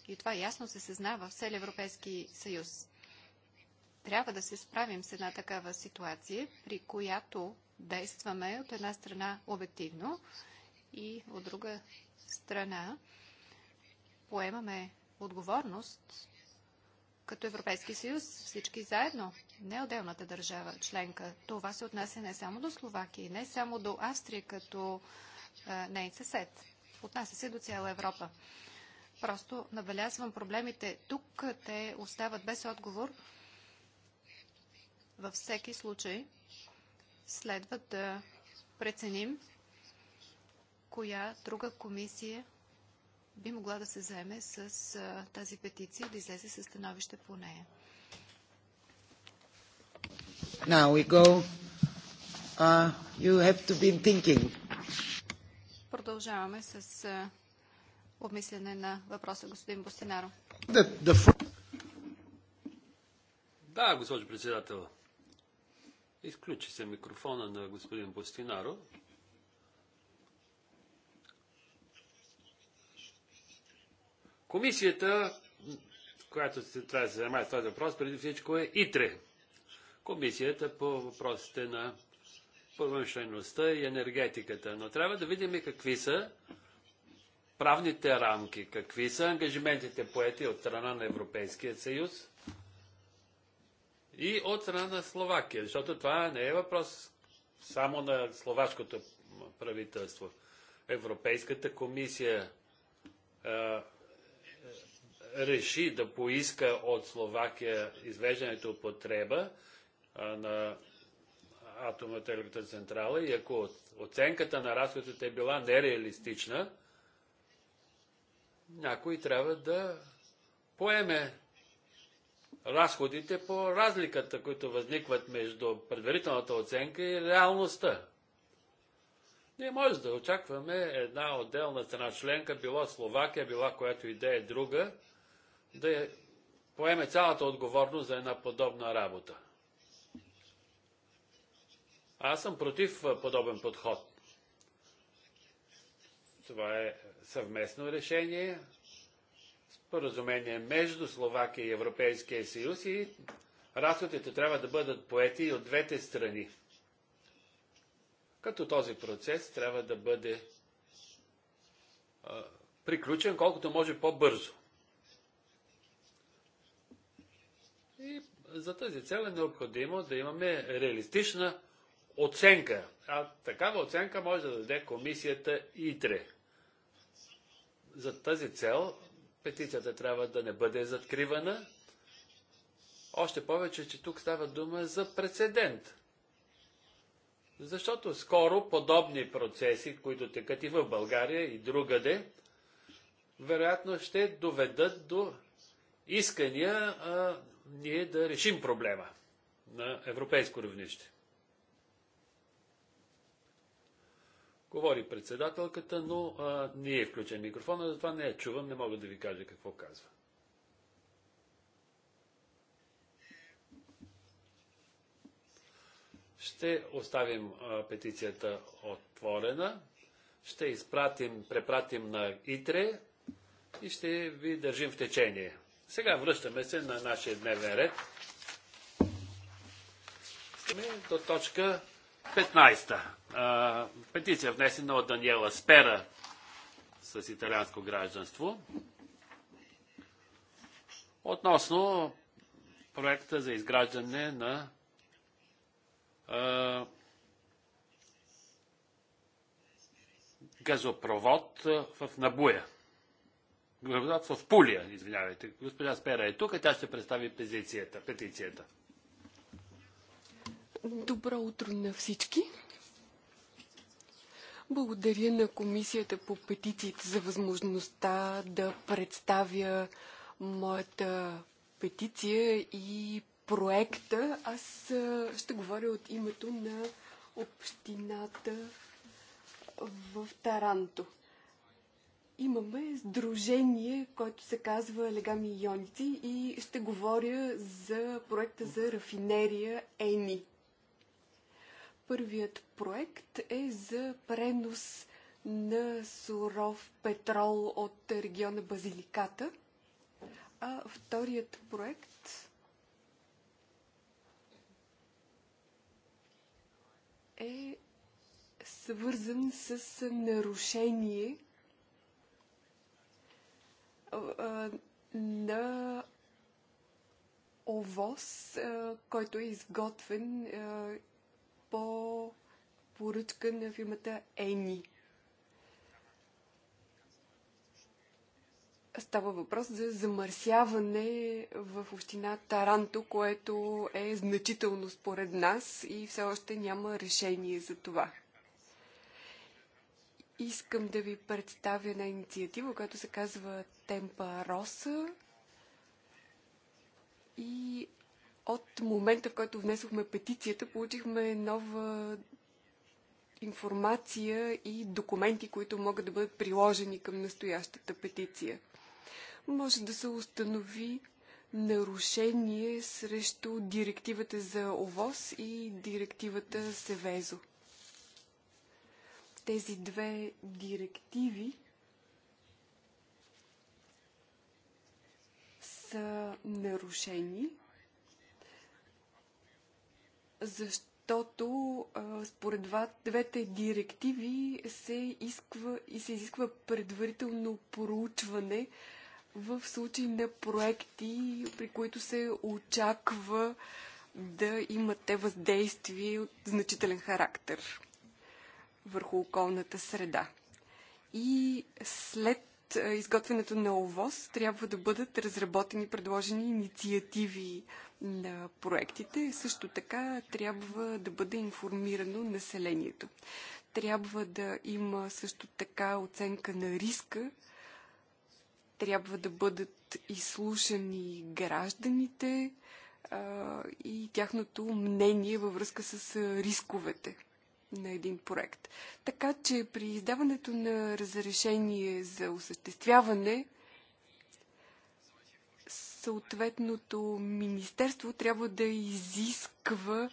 и това ясно се съзнава в цели Европейски съюз. Трябва да се справим с една такава ситуация, при която действаме от една страна обективно и от друга страна поемаме отговорност като Европейски съюз, всички заедно, не отделната държава членка. Това се отнася не само до Словакия, не само до Австрия като нейн съсед. Отнася се до цяла Европа. Просто набелязвам проблемите. Тук те остават без отговор. Във всеки случай следва да преценим коя друга комисия би могла да се заеме с а, тази петиция и да излезе със становище по нея. Now we go. Uh, you have to be thinking. Продължаваме с uh, обмислене на въпроса, господин Бостинаро. The, the... Да, госпожо председател. Изключи се микрофона на господин Бостинаро. Комисията, която се трябва да се занимава с този въпрос, преди всичко е ИТРЕ. Комисията по въпросите на промишлеността и енергетиката. Но трябва да видим какви са правните рамки, какви са ангажиментите поети от страна на Европейския съюз и от страна на Словакия, защото това не е въпрос само на словашкото правителство. Европейската комисия а, е, реши да поиска от Словакия извеждането от потреба а, на атомната електроцентрала и ако оценката на разходите е била нереалистична, някой трябва да поеме разходите по разликата, които възникват между предварителната оценка и реалността. Ние може да очакваме една отделна страна членка, било Словакия, била която идея друга, да поеме цялата отговорност за една подобна работа. Аз съм против подобен подход. Това е съвместно решение, споразумение между Словакия и Европейския съюз и разходите трябва да бъдат поети и от двете страни. Като този процес трябва да бъде а, приключен колкото може по-бързо. И за тази цел е необходимо да имаме реалистична оценка. А такава оценка може да даде комисията ИТРЕ. За тази цел петицията трябва да не бъде закривана. Още повече, че тук става дума за прецедент. Защото скоро подобни процеси, които текат и в България и другаде, вероятно ще доведат до искания а, ние да решим проблема на европейско равнище. Говори председателката, но а, не е включен микрофона, затова не я чувам, не мога да ви кажа какво казва. Ще оставим а, петицията отворена, ще изпратим, препратим на ИТРЕ и ще ви държим в течение. Сега връщаме се на нашия дневен ред. Сме до точка 15-та. Петиция внесена от Даниела Спера с италианско гражданство относно проекта за изграждане на а, газопровод в Набуя. Газопровод в Пулия, извинявайте. Госпожа Спера е тук, тя ще представи петицията. Добро утро на всички! Благодаря на Комисията по петициите за възможността да представя моята петиция и проекта. Аз ще говоря от името на общината в Таранто. Имаме сдружение, което се казва Легами Йоници и ще говоря за проекта за рафинерия Ени. Първият проект е за пренос на суров петрол от региона Базиликата, а вторият проект е свързан с нарушение на овоз, който е изготвен по поръчка на фирмата Ени. Става въпрос за замърсяване в община Таранто, което е значително според нас и все още няма решение за това. Искам да ви представя една инициатива, която се казва Темпа Роса и от момента, в който внесохме петицията, получихме нова информация и документи, които могат да бъдат приложени към настоящата петиция. Може да се установи нарушение срещу директивата за ОВОС и директивата Севезо. Тези две директиви са нарушени защото според двете директиви се, изисква, и се изисква предварително проучване в случай на проекти, при които се очаква да имате въздействие от значителен характер върху околната среда. И след изготвянето на ОВОз трябва да бъдат разработени предложени инициативи на проектите, също така трябва да бъде информирано населението. Трябва да има също така оценка на риска, трябва да бъдат изслушани гражданите а, и тяхното мнение във връзка с рисковете на един проект. Така че при издаването на разрешение за осъществяване съответното министерство трябва да изисква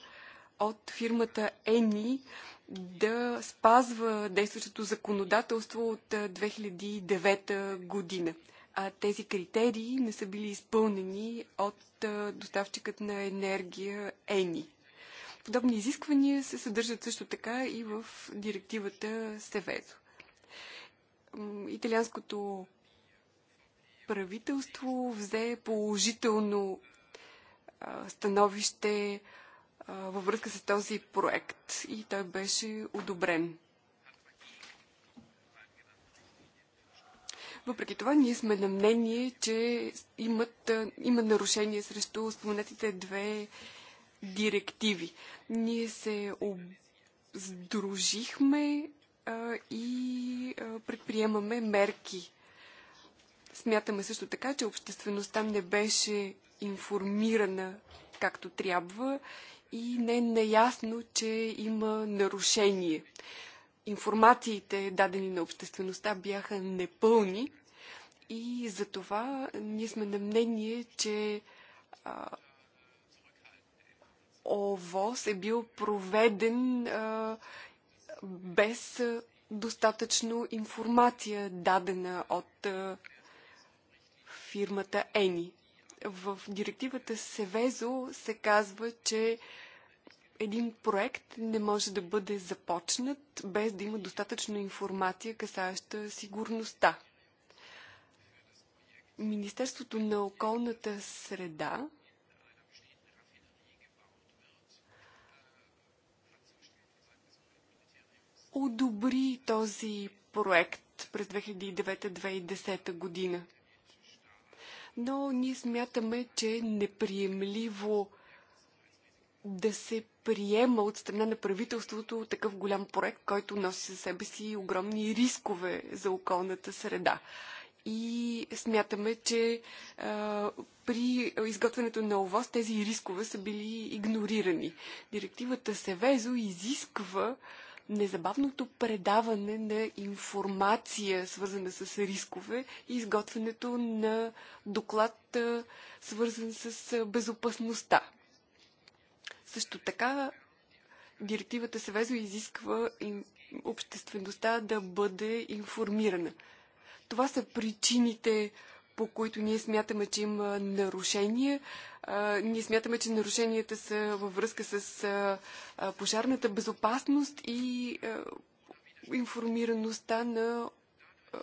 от фирмата ЕНИ да спазва действащото законодателство от 2009 година. А тези критерии не са били изпълнени от доставчикът на енергия ЕНИ. Подобни изисквания се съдържат също така и в директивата Севезо. Италианското правителство взе положително становище във връзка с този проект и той беше одобрен. Въпреки това, ние сме на мнение, че имат, има нарушение срещу споменатите две директиви. Ние се сдружихме и предприемаме мерки Смятаме също така, че обществеността не беше информирана както трябва и не е наясно, че има нарушение. Информациите, дадени на обществеността, бяха непълни и за това ние сме на мнение, че а, ОВОС е бил проведен а, без достатъчно информация, дадена от а, фирмата Ени. В директивата Севезо се казва, че един проект не може да бъде започнат без да има достатъчно информация, касаеща сигурността. Министерството на околната среда одобри този проект през 2009-2010 година но ние смятаме, че е неприемливо да се приема от страна на правителството такъв голям проект, който носи със себе си огромни рискове за околната среда. И смятаме, че а, при изготвянето на ОВОС тези рискове са били игнорирани. Директивата Севезо изисква незабавното предаване на информация, свързана с рискове и изготвянето на доклад, свързан с безопасността. Също така, директивата Севезо изисква обществеността да бъде информирана. Това са причините, по които ние смятаме, че има нарушения. Ние смятаме, че нарушенията са във връзка с пожарната безопасност и информираността на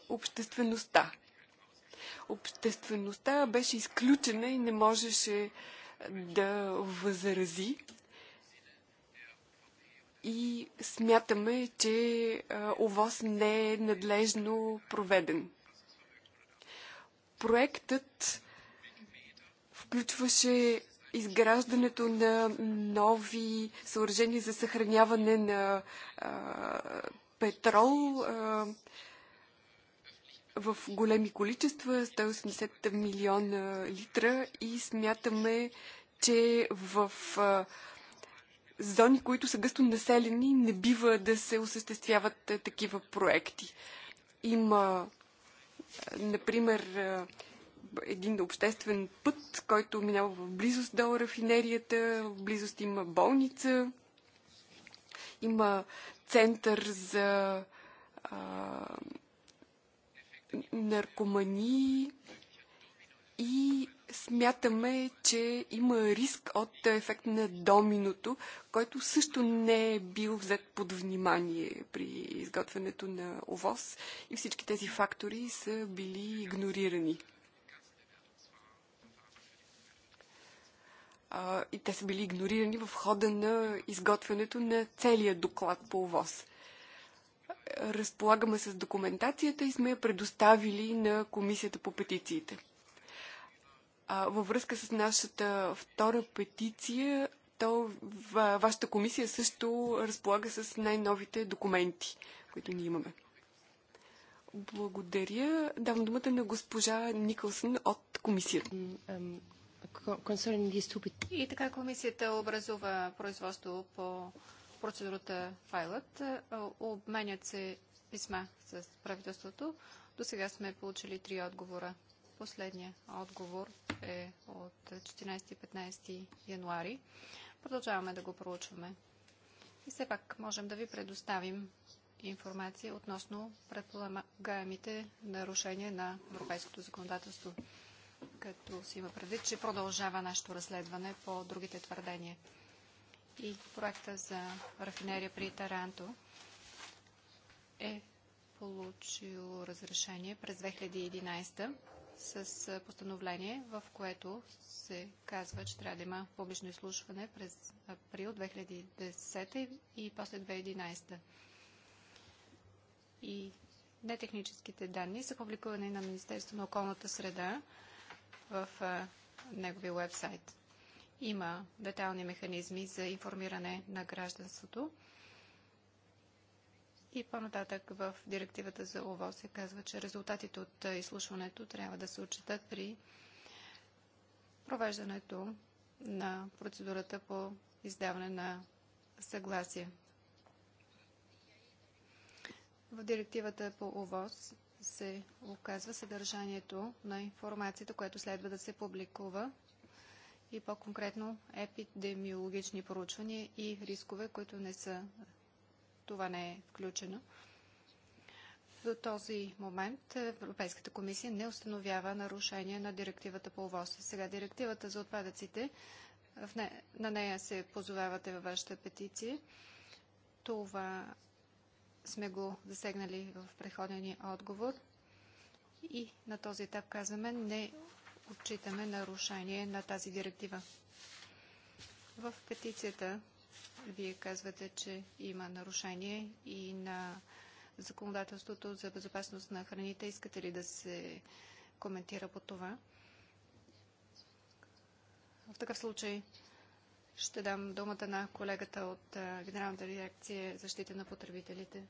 обществеността. Обществеността беше изключена и не можеше да възрази. И смятаме, че ОВОС не е надлежно проведен проектът включваше изграждането на нови съоръжения за съхраняване на а, петрол а, в големи количества, 180 милиона литра и смятаме, че в а, зони, които са гъсто населени, не бива да се осъществяват а, такива проекти. Има Например, един обществен път, който минава в близост до рафинерията, в близост има болница, има център за а, наркомании и смятаме, че има риск от ефект на доминото, който също не е бил взет под внимание при изготвянето на ОВОз и всички тези фактори са били игнорирани. и те са били игнорирани в хода на изготвянето на целия доклад по ОВОз. Разполагаме с документацията и сме я предоставили на Комисията по петициите. А, във връзка с нашата втора петиция, то вашата комисия също разполага с най-новите документи, които ние имаме. Благодаря. Давам думата на госпожа Никълсън от комисията. И така комисията образува производство по процедурата файлът. Е, обменят се писма с правителството. До сега сме получили три отговора Последния отговор е от 14-15 януари. Продължаваме да го проучваме. И все пак можем да ви предоставим информация относно предполагаемите нарушения на европейското законодателство, като си има предвид, че продължава нашето разследване по другите твърдения. И проекта за рафинерия при Таранто е получил разрешение през 2011 с постановление, в което се казва, че трябва да има публично изслушване през април 2010 и после 2011. И нетехническите данни са публикувани на Министерство на околната среда в неговия вебсайт. Има детални механизми за информиране на гражданството. И по-нататък в директивата за ОВО се казва, че резултатите от изслушването трябва да се отчитат при провеждането на процедурата по издаване на съгласие. В директивата по ОВОС се оказва съдържанието на информацията, което следва да се публикува и по-конкретно епидемиологични проучвания и рискове, които не са това не е включено. До този момент Европейската комисия не установява нарушение на директивата по ОВОС. Сега директивата за отпадъците, не, на нея се позовавате във вашата петиция. Това сме го засегнали в преходния отговор. И на този етап казваме, не отчитаме нарушение на тази директива. В петицията вие казвате, че има нарушение и на законодателството за безопасност на храните. Искате ли да се коментира по това? В такъв случай ще дам думата на колегата от Генералната дирекция защита на потребителите.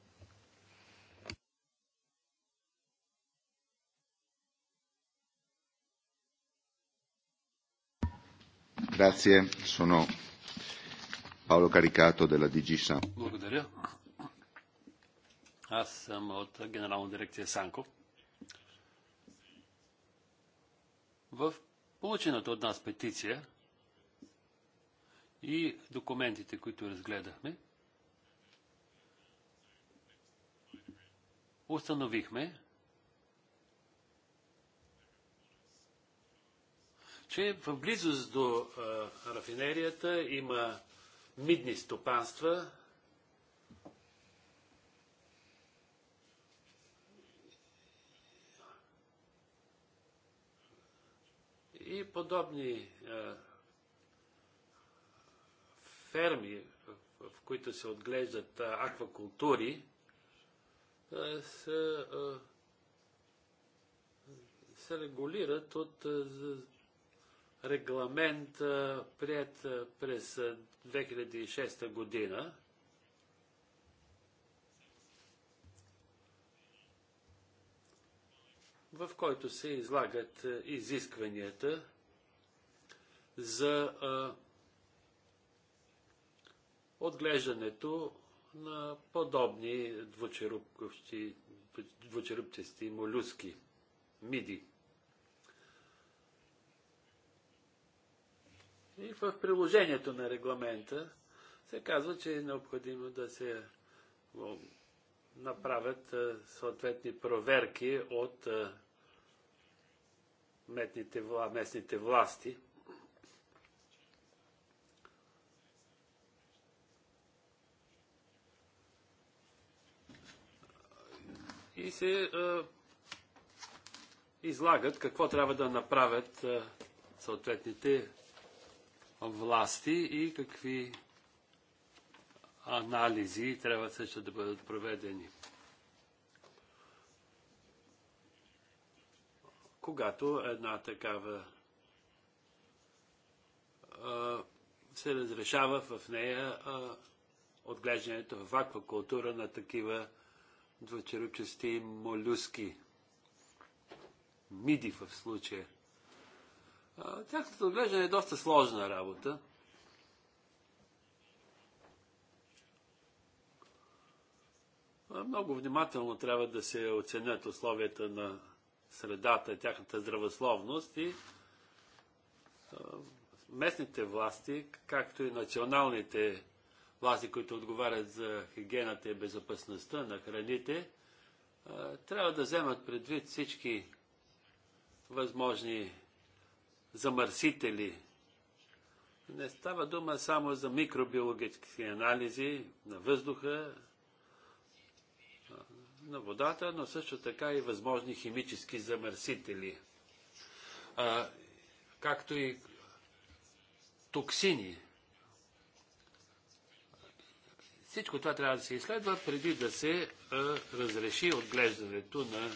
Grazie, sono Пауло Карикато дела Диджи Сан. Благодаря. Аз съм от Генерална дирекция Санко. В получената от нас петиция и документите, които разгледахме, установихме, че в близост до а, рафинерията има мидни стопанства. И подобни е, ферми, в, които се отглеждат е, аквакултури, е, се, се регулират от регламент, прият през 2006 година в който се излагат е, изискванията за а, е, отглеждането на подобни двучерупчести молюски, миди. И в приложението на регламента се казва, че е необходимо да се направят е, съответни проверки от е, местните власти. И се е, излагат какво трябва да направят съответните власти и какви анализи трябва също да бъдат проведени. Когато една такава се разрешава в нея отглеждането в аквакултура на такива двучерупчести молюски. Миди в случая. Тяхното отглеждане е доста сложна работа. Много внимателно трябва да се оценят условията на средата, тяхната здравословност и местните власти, както и националните власти, които отговарят за хигиената и безопасността на храните, трябва да вземат предвид всички възможни замърсители. Не става дума само за микробиологически анализи на въздуха, на водата, но също така и възможни химически замърсители, а, както и токсини. Всичко това трябва да се изследва преди да се а, разреши отглеждането на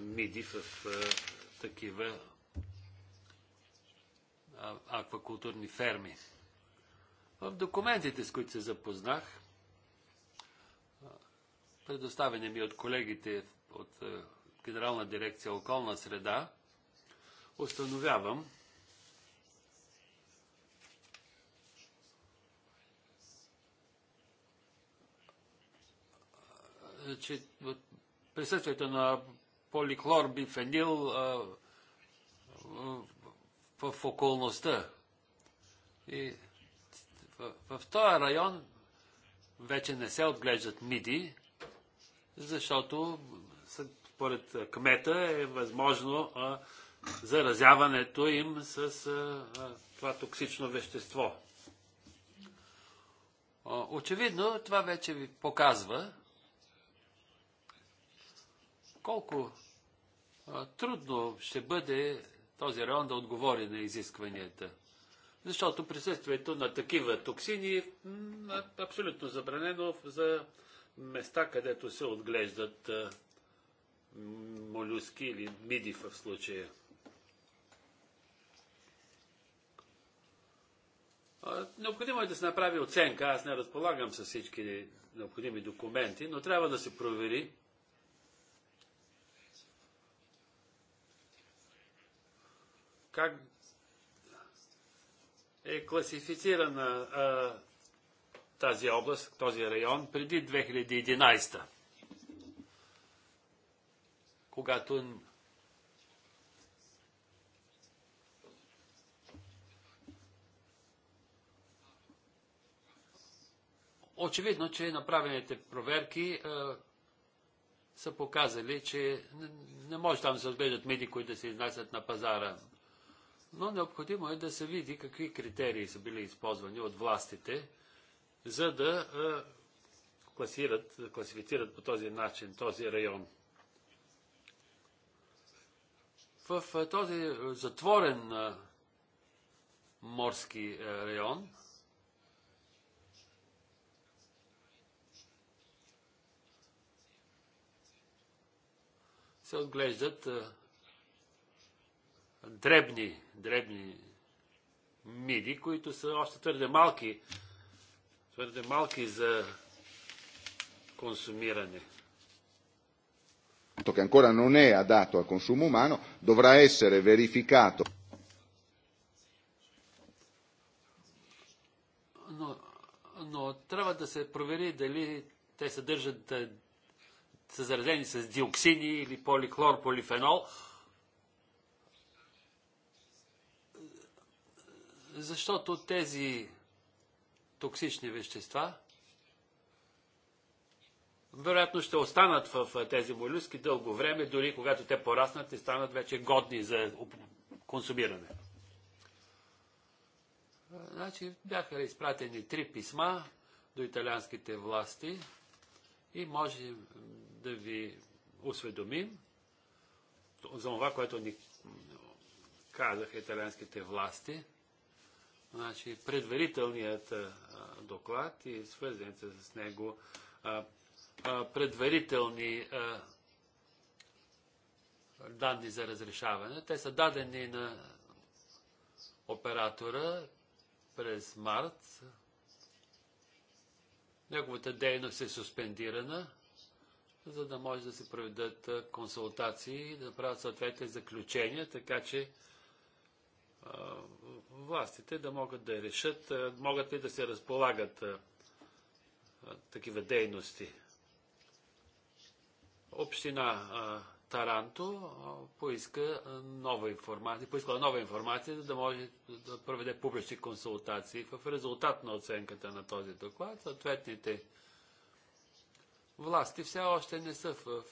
миди в а, такива аквакултурни ферми. В документите, с които се запознах, предоставени ми от колегите от Генерална дирекция околна среда, установявам, че присъствието на поликлорбифенил в околността. И в, в този район вече не се отглеждат миди, защото според кмета е възможно а, заразяването им с а, това токсично вещество. Очевидно, това вече ви показва колко трудно ще бъде този район да отговори на изискванията. Защото присъствието на такива токсини е абсолютно забранено за места, където се отглеждат е, молюски или миди в случая. Необходимо е да се направи оценка. Аз не разполагам с всички необходими документи, но трябва да се провери как е класифицирана а, тази област, този район преди 2011, когато Очевидно, че направените проверки а, са показали, че не, не може там да се отглеждат миди, които да се изнасят на пазара но необходимо е да се види какви критерии са били използвани от властите, за да класират, класифицират по този начин този район. В този затворен морски район се отглеждат дребни, дребни миди, които са още твърде малки, твърде малки за консумиране. che ancora non è adatto al consumo umano dovrà essere verificato. Но, но трябва да се провери дали те съдържат да, е, са заразени с диоксини или поликлор, полифенол, Защото тези токсични вещества вероятно ще останат в тези молюски дълго време, дори когато те пораснат и станат вече годни за консумиране. Значи бяха изпратени три писма до италианските власти и може да ви осведомим за това, което ни казаха италианските власти – Значи, предварителният доклад и свързаните с него предварителни данни за разрешаване. Те са дадени на оператора през март. Неговата дейност е суспендирана, за да може да се проведат консултации и да правят съответните заключения, така че властите да могат да решат, могат ли да се разполагат такива дейности. Община Таранто поиска нова информация, поиска нова информация, за да може да проведе публични консултации. В резултат на оценката на този доклад, съответните власти все още не са в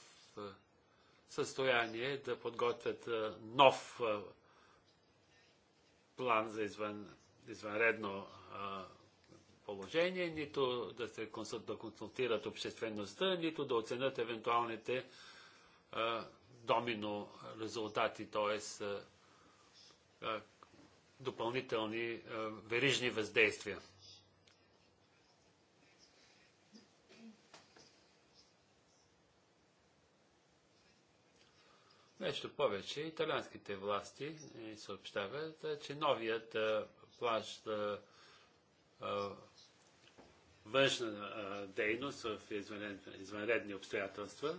състояние да подготвят нов план за извън, извънредно а, положение, нито да се консул, да консултират обществеността, нито да оценят евентуалните а, домино резултати, т.е. допълнителни а, верижни въздействия. Нещо повече, италианските власти е, съобщават, е, че новият е, плащ външна дейност в извънредни обстоятелства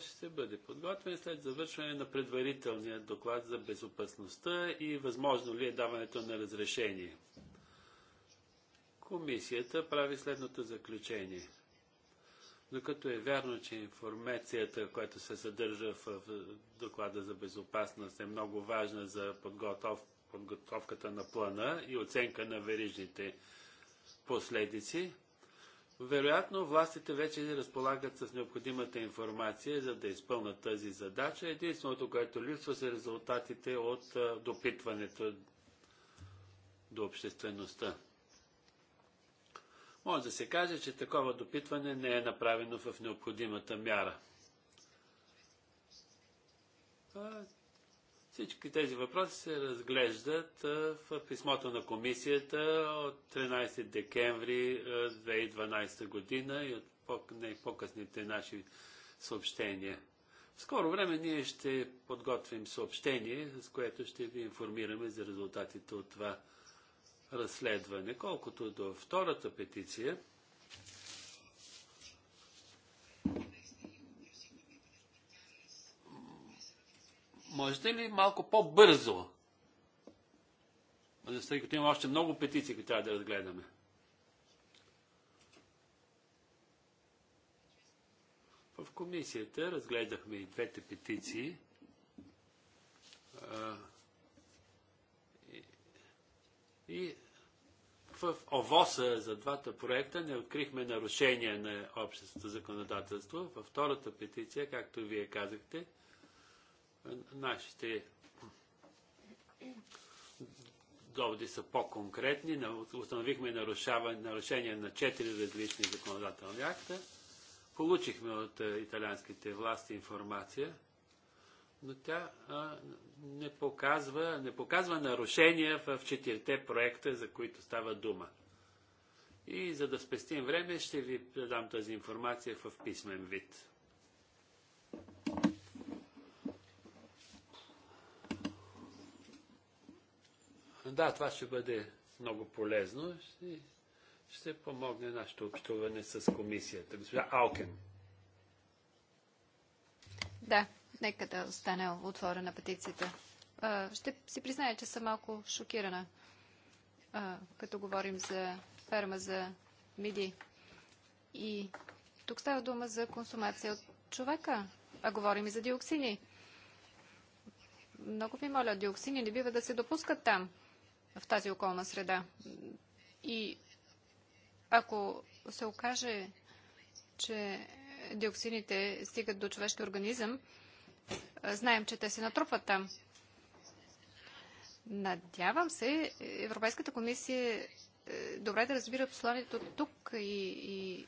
ще бъде подготвен след завършване на предварителния доклад за безопасността и възможно ли е даването на разрешение. Комисията прави следното заключение. Докато е вярно, че информацията, която се съдържа в доклада за безопасност е много важна за подготов, подготовката на плана и оценка на верижните последици, вероятно властите вече разполагат с необходимата информация, за да изпълнат тази задача. Единственото, което липсва, са резултатите от допитването до обществеността. Може да се каже, че такова допитване не е направено в необходимата мяра. Всички тези въпроси се разглеждат в писмото на комисията от 13 декември 2012 година и от по-късните наши съобщения. В скоро време ние ще подготвим съобщение, с което ще ви информираме за резултатите от това разследване. Колкото до втората петиция, можете ли малко по-бързо? Тъй като има още много петиции, които трябва да разгледаме. В комисията разгледахме и двете петиции. И в ОВОСа за двата проекта не открихме нарушение на обществото законодателство. Във втората петиция, както вие казахте, нашите доводи са по-конкретни. Установихме нарушение на четири различни законодателни акта. Получихме от е, италианските власти информация, но тя не показва, не показва нарушения в четирите проекта, за които става дума. И за да спестим време, ще ви предам тази информация в писмен вид. Да, това ще бъде много полезно. Ще, ще помогне нашето общуване с комисията. Госпожа Алкен. Да, Нека да остане отворена петицията. Ще си призная, че съм малко шокирана, като говорим за ферма за миди. И тук става дума за консумация от човека, а говорим и за диоксини. Много ви моля, диоксини не бива да се допускат там, в тази околна среда. И ако се окаже, че диоксините стигат до човешки организъм, Знаем, че те се натрупват там. Надявам се Европейската комисия е, добре да разбира посланието тук и, и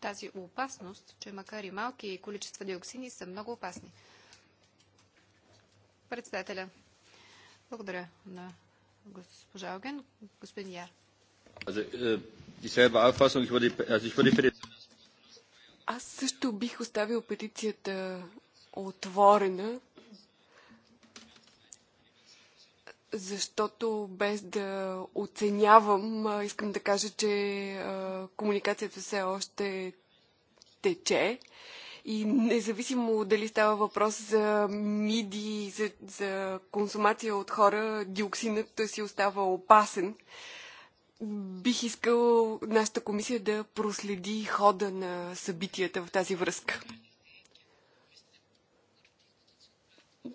тази опасност, че макар и малки количества диоксини са много опасни. Председателя. Благодаря на госпожа Оген. Господин Яр. Äh, Аз също бих оставил петицията отворена, защото без да оценявам, искам да кажа, че комуникацията все още тече. И независимо дали става въпрос за миди, за, за консумация от хора, диоксинът си остава опасен. Бих искал нашата комисия да проследи хода на събитията в тази връзка.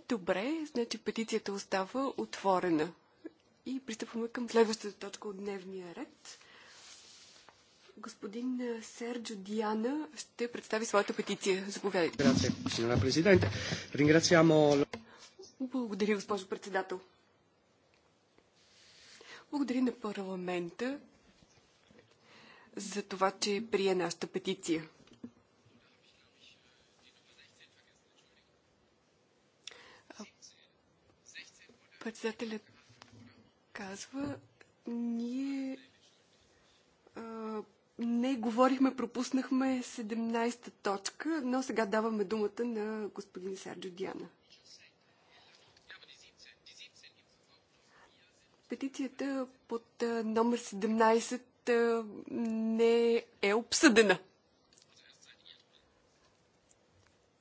Добре, значи петицията остава отворена. И пристъпваме към следващата точка от дневния ред. Господин Серджо Диана ще представи своята петиция. Заповядайте. Благодаря, госпожо председател. Благодаря на парламента за това, че прие нашата петиция. Председателят казва, ние а, не говорихме, пропуснахме 17-та точка, но сега даваме думата на господин Сарджо Диана. Петицията под номер 17 не е обсъдена.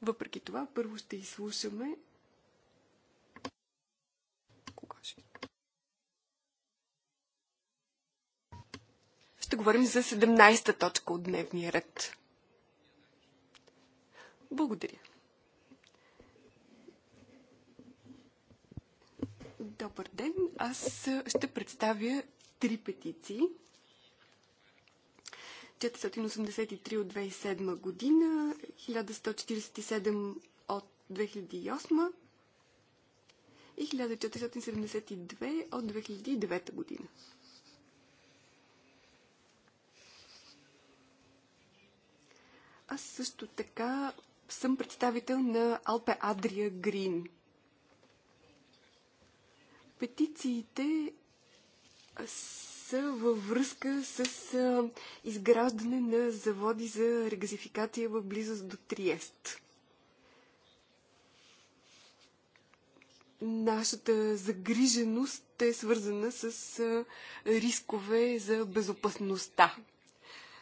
Въпреки това, първо ще изслушаме ще говорим за 17-та точка от дневния ред. Благодаря. Добър ден! Аз ще представя три петиции. 483 от 2007 година, 1147 от 2008 и 1472 от 2009 година. Аз също така съм представител на Алпе Адрия Грин. Петициите са във връзка с изграждане на заводи за регазификация в близост до Триест. Нашата загриженост е свързана с рискове за безопасността.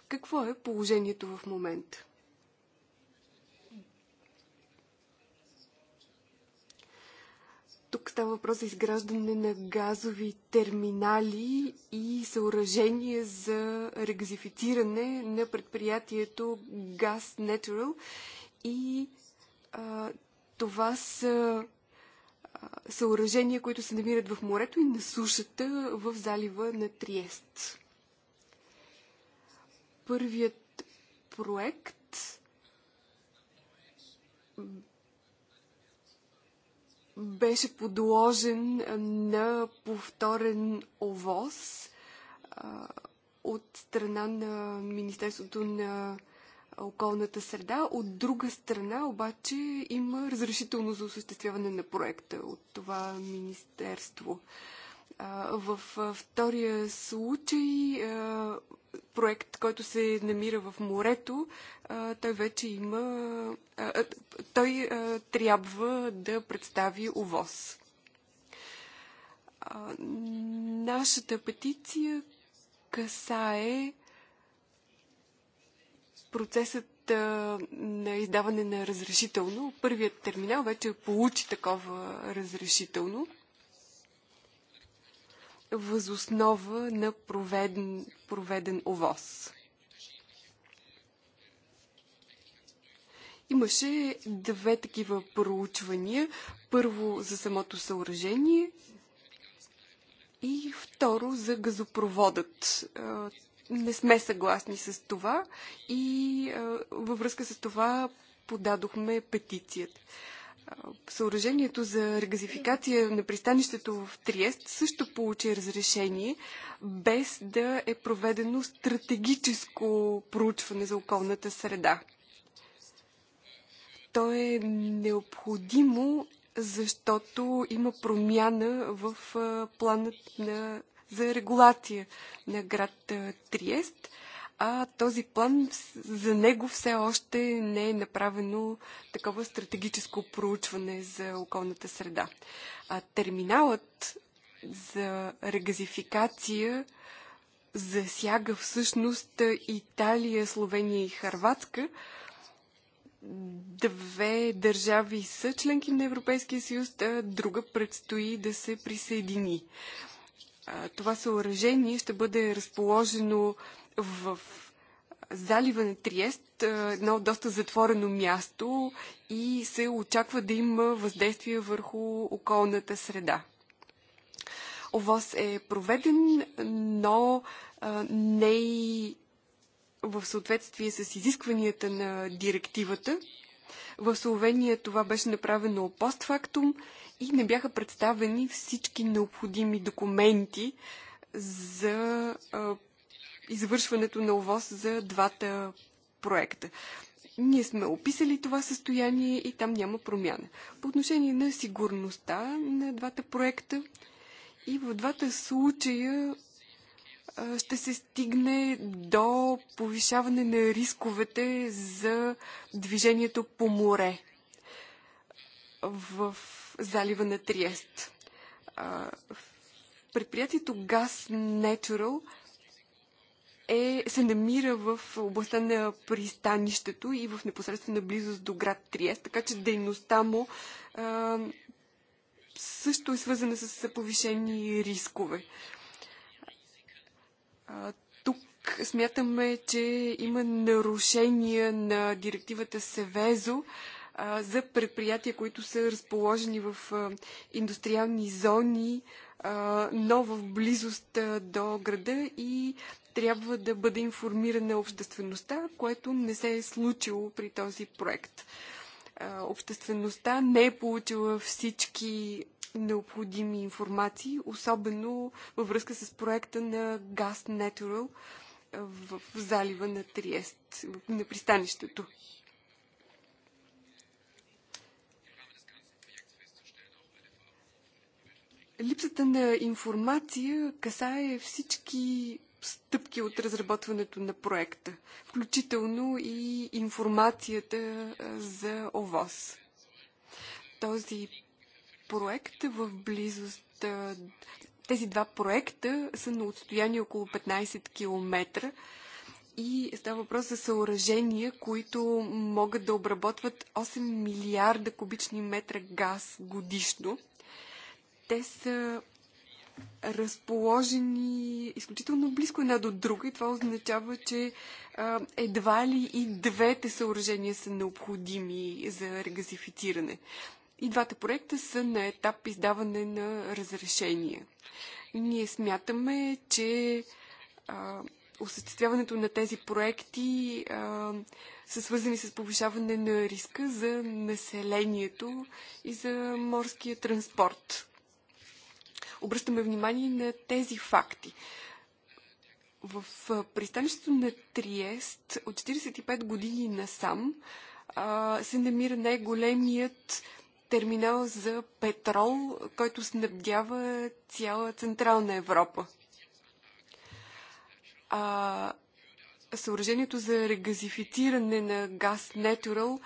Какво е положението в момента? Тук става въпрос за изграждане на газови терминали и съоръжение за регазифициране на предприятието Gas Natural. И а, това са а, съоръжения, които се намират в морето и на сушата в залива на Триест. Първият проект беше подложен на повторен овоз от страна на Министерството на околната среда. От друга страна обаче има разрешително за осъществяване на проекта от това министерство. Във втория случай проект, който се намира в морето, той вече има. Той трябва да представи ОВОз. Нашата петиция касае процесът на издаване на разрешително. Първият терминал вече получи такова разрешително възоснова на проведен, проведен овоз. Имаше две такива проучвания. Първо за самото съоръжение и второ за газопроводът. Не сме съгласни с това и във връзка с това подадохме петицията. Съоръжението за регазификация на пристанището в Триест също получи разрешение, без да е проведено стратегическо проучване за околната среда. То е необходимо, защото има промяна в планът на, за регулация на град Триест – а този план, за него все още не е направено такова стратегическо проучване за околната среда. А терминалът за регазификация засяга всъщност Италия, Словения и Харватска. Две държави са членки на Европейския съюз, а друга предстои да се присъедини. Това съоръжение ще бъде разположено в залива на Триест, е, едно доста затворено място и се очаква да има въздействие върху околната среда. ОВОС е проведен, но е, не и в съответствие с изискванията на директивата. В Словения това беше направено постфактум и не бяха представени всички необходими документи за е, извършването на ОВОС за двата проекта. Ние сме описали това състояние и там няма промяна. По отношение на сигурността на двата проекта и в двата случая ще се стигне до повишаване на рисковете за движението по море в залива на Триест. Предприятието Gas Natural е, се намира в областта на пристанището и в непосредствена близост до град Триест, така че дейността му а, също е свързана с повишени рискове. А, тук смятаме, че има нарушения на директивата Севезо а, за предприятия, които са разположени в а, индустриални зони, а, но в близост до града и трябва да бъде информирана обществеността, което не се е случило при този проект. Обществеността не е получила всички необходими информации, особено във връзка с проекта на Gas Natural в залива на Триест, на пристанището. Липсата на информация касае всички стъпки от разработването на проекта, включително и информацията за ОВОС. Този проект в близост. Тези два проекта са на отстояние около 15 км и става въпрос за съоръжения, които могат да обработват 8 милиарда кубични метра газ годишно те са разположени изключително близко една до друга и това означава, че едва ли и двете съоръжения са необходими за регазифициране. И двата проекта са на етап издаване на разрешение. Ние смятаме, че а, осъществяването на тези проекти а, са свързани с повишаване на риска за населението и за морския транспорт обръщаме внимание на тези факти. В пристанището на Триест от 45 години насам се намира най-големият терминал за петрол, който снабдява цяла Централна Европа. А, съоръжението за регазифициране на газ Natural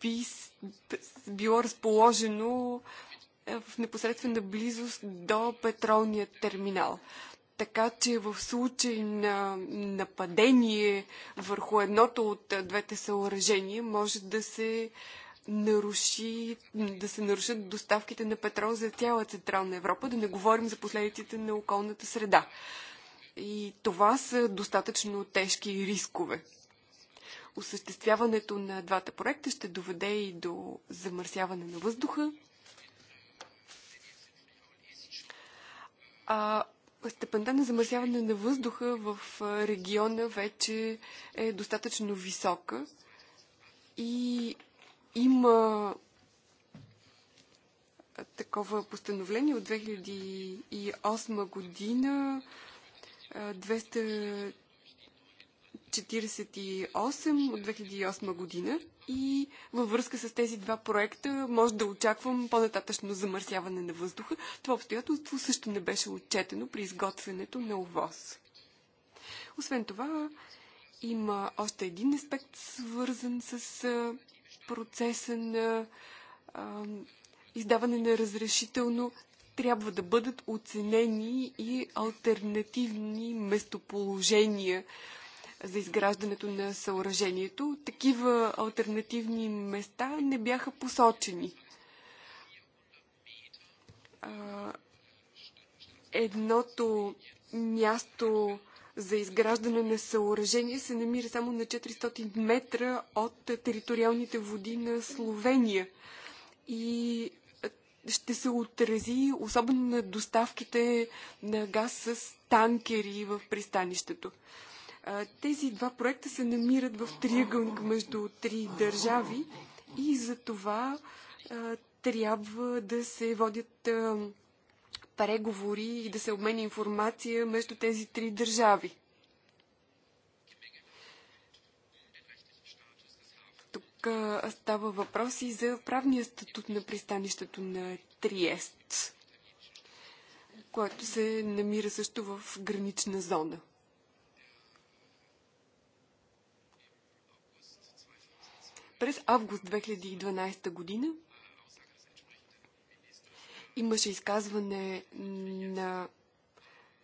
би било разположено е в непосредствена близост до петролния терминал. Така че в случай на нападение върху едното от е, двете съоръжения може да се наруши, да се нарушат доставките на петрол за цяла Централна Европа, да не говорим за последиците на околната среда. И това са достатъчно тежки рискове. Осъществяването на двата проекта ще доведе и до замърсяване на въздуха, а степента на замърсяване на въздуха в региона вече е достатъчно висока и има такова постановление от 2008 година 248 от 2008 година и във връзка с тези два проекта може да очаквам по-нататъчно замърсяване на въздуха. Това обстоятелство също не беше отчетено при изготвянето на ОВОз. Освен това, има още един аспект, свързан с процеса на а, издаване на разрешително. Трябва да бъдат оценени и альтернативни местоположения за изграждането на съоръжението. Такива альтернативни места не бяха посочени. Едното място за изграждане на съоръжение се намира само на 400 метра от териториалните води на Словения. И ще се отрази особено на доставките на газ с танкери в пристанището. Тези два проекта се намират в триъгълник между три държави и за това трябва да се водят преговори и да се обменя информация между тези три държави. Тук става въпрос и за правния статут на пристанището на Триест, което се намира също в гранична зона. През август 2012 година имаше изказване на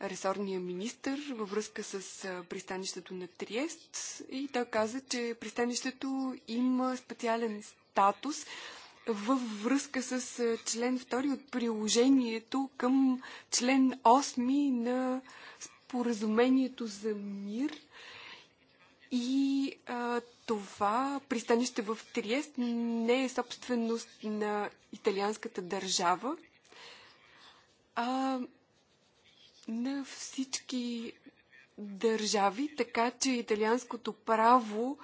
ресорния министр във връзка с пристанището на Триест и той каза, че пристанището има специален статус във връзка с член 2 от приложението към член 8 на споразумението за мир и а, това пристанище в Триест не е собственост на италианската държава, а на всички държави, така че италианското право,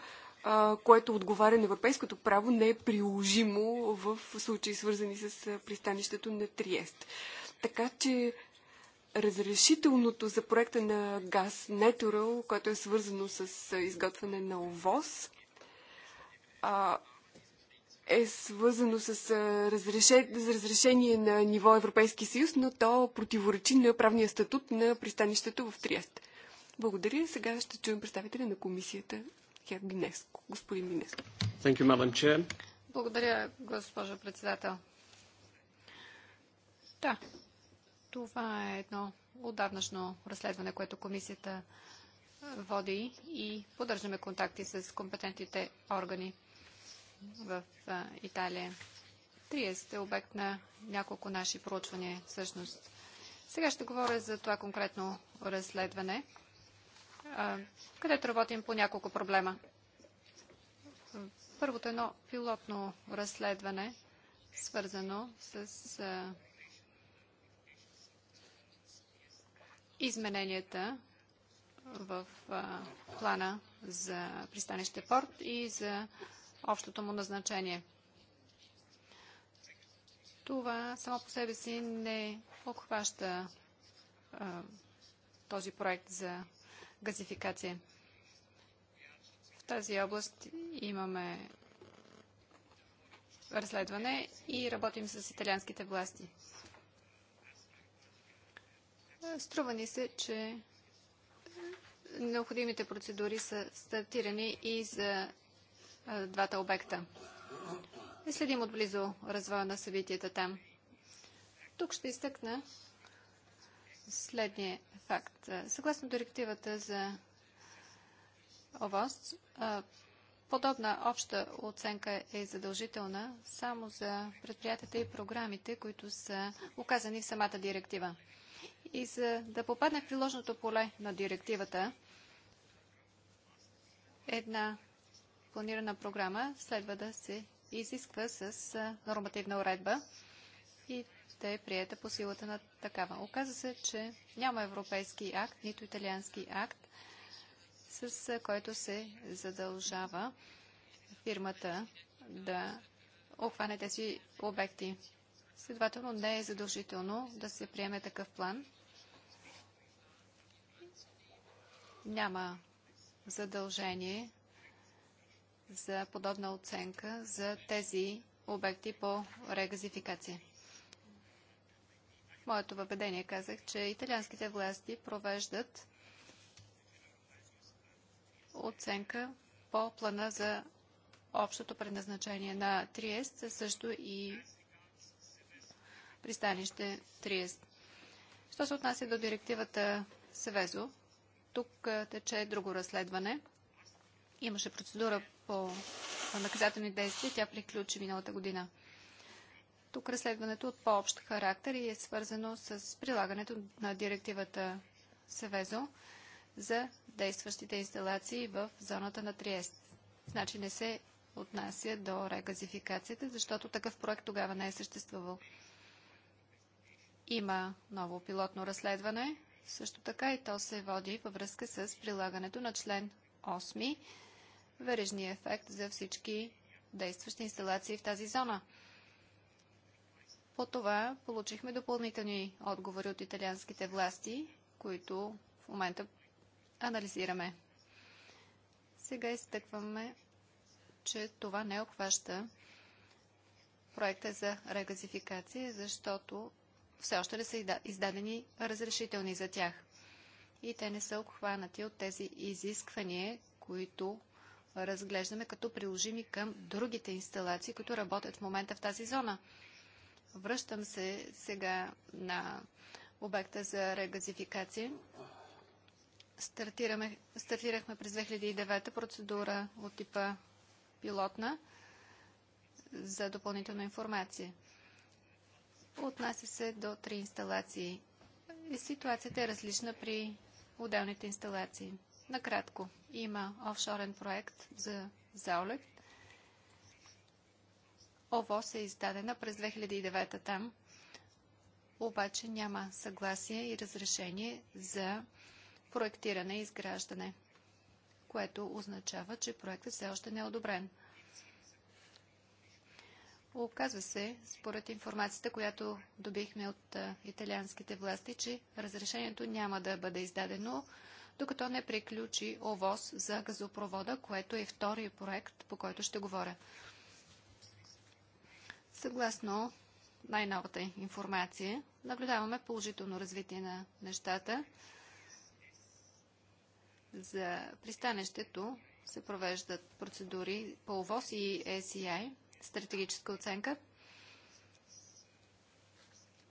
а, което отговаря на европейското право, не е приложимо в случаи свързани с пристанището на Триест. Така че разрешителното за проекта на газ Нетурал, което е свързано с изготвяне на ОВОз, е свързано с разрешение на ниво Европейски съюз, но то противоречи на правния статут на пристанището в Триест. Благодаря. Сега ще чуем представителя на комисията Хер Гинеско. Господин Гинеско. You, Благодаря, госпожо председател. Да, това е едно отдавнашно разследване, което комисията води и поддържаме контакти с компетентните органи в Италия. Триест е обект на няколко наши проучвания всъщност. Сега ще говоря за това конкретно разследване, където работим по няколко проблема. Първото е едно пилотно разследване, свързано с измененията в плана за пристанище порт и за общото му назначение. Това само по себе си не обхваща този проект за газификация. В тази област имаме разследване и работим с италианските власти. Струва ни се, че е, необходимите процедури са стартирани и за е, двата обекта. И е, следим отблизо развоя на събитията там. Тук ще изтъкна следния факт. Съгласно директивата за ОВОС, подобна обща оценка е задължителна само за предприятията и програмите, които са указани в самата директива. И за да попадне в приложното поле на директивата, една планирана програма следва да се изисква с нормативна уредба и да е приета по силата на такава. Оказва се, че няма европейски акт, нито италиански акт, с който се задължава фирмата да обхване тези обекти. Следователно не е задължително да се приеме такъв план няма задължение за подобна оценка за тези обекти по регазификация. В моето въведение казах, че италианските власти провеждат оценка по плана за общото предназначение на Триест, също и пристанище Триест. Що се отнася до директивата Севезо, тук тече друго разследване. Имаше процедура по наказателни действия. Тя приключи миналата година. Тук разследването от по-общ характер и е свързано с прилагането на директивата Севезо за действащите инсталации в зоната на Триест. Значи не се отнася до регазификацията, защото такъв проект тогава не е съществувал. Има ново пилотно разследване също така и то се води във връзка с прилагането на член 8, верижния ефект за всички действащи инсталации в тази зона. По това получихме допълнителни отговори от италианските власти, които в момента анализираме. Сега изтъкваме, че това не обхваща проекта за регазификация, защото все още не са издадени разрешителни за тях. И те не са обхванати от тези изисквания, които разглеждаме като приложими към другите инсталации, които работят в момента в тази зона. Връщам се сега на обекта за регазификация. Стартираме, стартирахме през 2009 процедура от типа пилотна за допълнителна информация. Отнася се до три инсталации. И ситуацията е различна при отделните инсталации. Накратко, има офшорен проект за ОВО ОВОС е издадена през 2009 там, обаче няма съгласие и разрешение за проектиране и изграждане, което означава, че проектът все още не е одобрен. Оказва се, според информацията, която добихме от италианските власти, че разрешението няма да бъде издадено, докато не приключи ОВОз за газопровода, което е втори проект, по който ще говоря. Съгласно най-новата информация, наблюдаваме положително развитие на нещата. За пристанището се провеждат процедури по ОВОз и SEI е стратегическа оценка.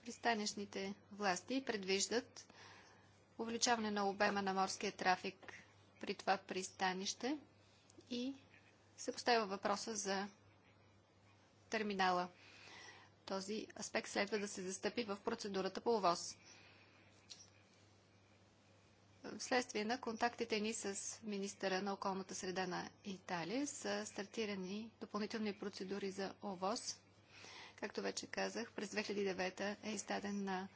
Пристанищните власти предвиждат увеличаване на обема на морския трафик при това пристанище и се поставя въпроса за терминала. Този аспект следва да се застъпи в процедурата по ОВОз вследствие на контактите ни с министъра на околната среда на Италия са стартирани допълнителни процедури за ОВОз. Както вече казах, през 2009 е издадена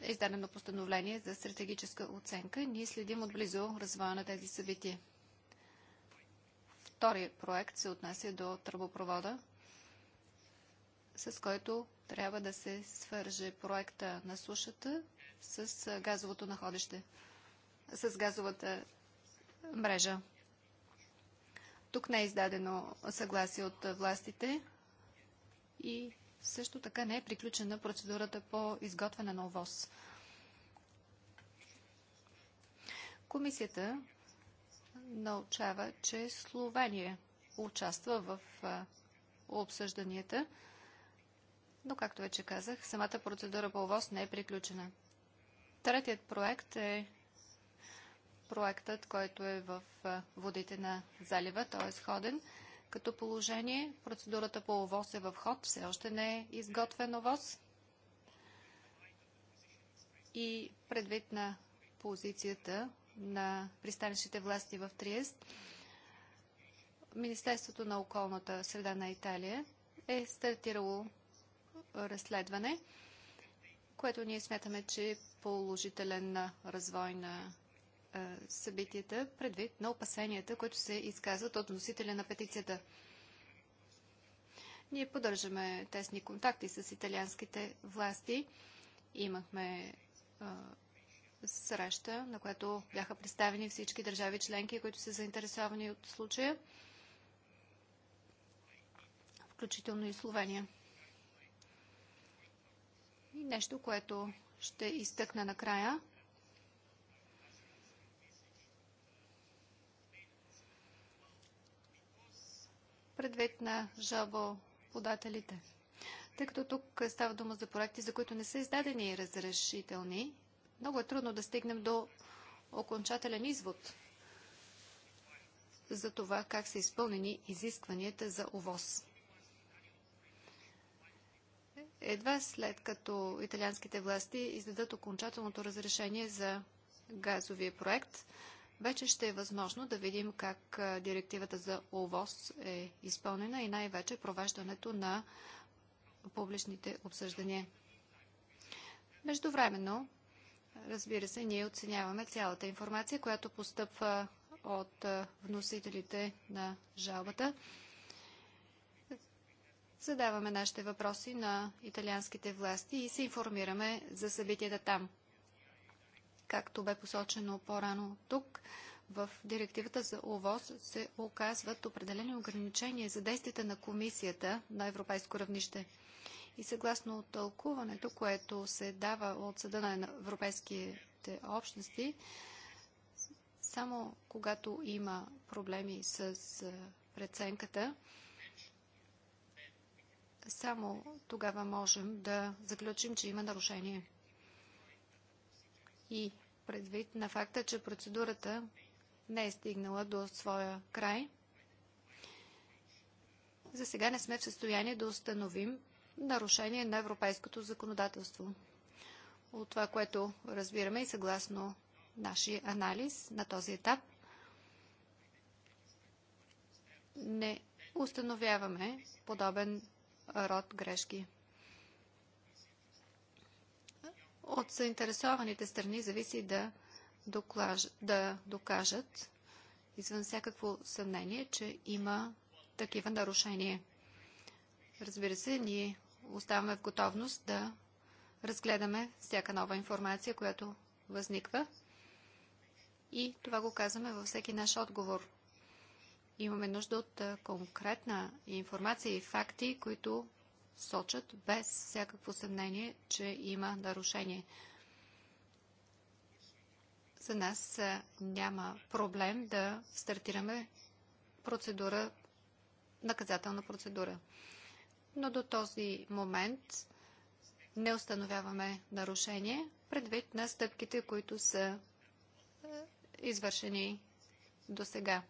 е издадено постановление за стратегическа оценка. Ние следим отблизо развоя на тези събития. Вторият проект се отнася до тръбопровода, с който трябва да се свърже проекта на сушата с газовото находище, с газовата мрежа. Тук не е издадено съгласие от властите и също така не е приключена процедурата по изготвяне на ОВОз. Комисията научава, че Словения участва в обсъжданията, но както вече казах, самата процедура по ОВОз не е приключена. Третият проект е проектът, който е в водите на залива, той е сходен. Като положение, процедурата по ОВОС е в ход, все още не е изготвен ОВОС. И предвид на позицията на пристанищите власти в Триест, Министерството на околната среда на Италия е стартирало разследване, което ние смятаме, че е положителен развой на е, събитията, предвид на опасенията, които се изказват от носителя на петицията. Ние поддържаме тесни контакти с италианските власти. Имахме е, среща, на която бяха представени всички държави членки, които са заинтересовани от случая, включително и Словения. И нещо, което ще изтъкна накрая. Предвид на жалбоподателите. Тъй като тук става дума за проекти, за които не са издадени разрешителни, много е трудно да стигнем до окончателен извод за това как са изпълнени изискванията за ОВОз едва след като италианските власти издадат окончателното разрешение за газовия проект, вече ще е възможно да видим как директивата за ОВОС е изпълнена и най-вече провеждането на публичните обсъждания. Междувременно, разбира се, ние оценяваме цялата информация, която постъпва от вносителите на жалбата задаваме нашите въпроси на италианските власти и се информираме за събитията там. Както бе посочено по-рано тук, в директивата за ОВОз се оказват определени ограничения за действията на комисията на европейско равнище. И съгласно тълкуването, което се дава от Съда на европейските общности, само когато има проблеми с преценката, само тогава можем да заключим, че има нарушение. И предвид на факта, че процедурата не е стигнала до своя край, за сега не сме в състояние да установим нарушение на европейското законодателство. От това, което разбираме и съгласно нашия анализ на този етап, не установяваме подобен род грешки. От заинтересованите страни зависи да, доклаж... да докажат извън всякакво съмнение, че има такива нарушения. Разбира се, ние оставаме в готовност да разгледаме всяка нова информация, която възниква. И това го казваме във всеки наш отговор. Имаме нужда от конкретна информация и факти, които сочат без всякакво съмнение, че има нарушение. За нас няма проблем да стартираме процедура, наказателна процедура. Но до този момент не установяваме нарушение предвид на стъпките, които са извършени до сега.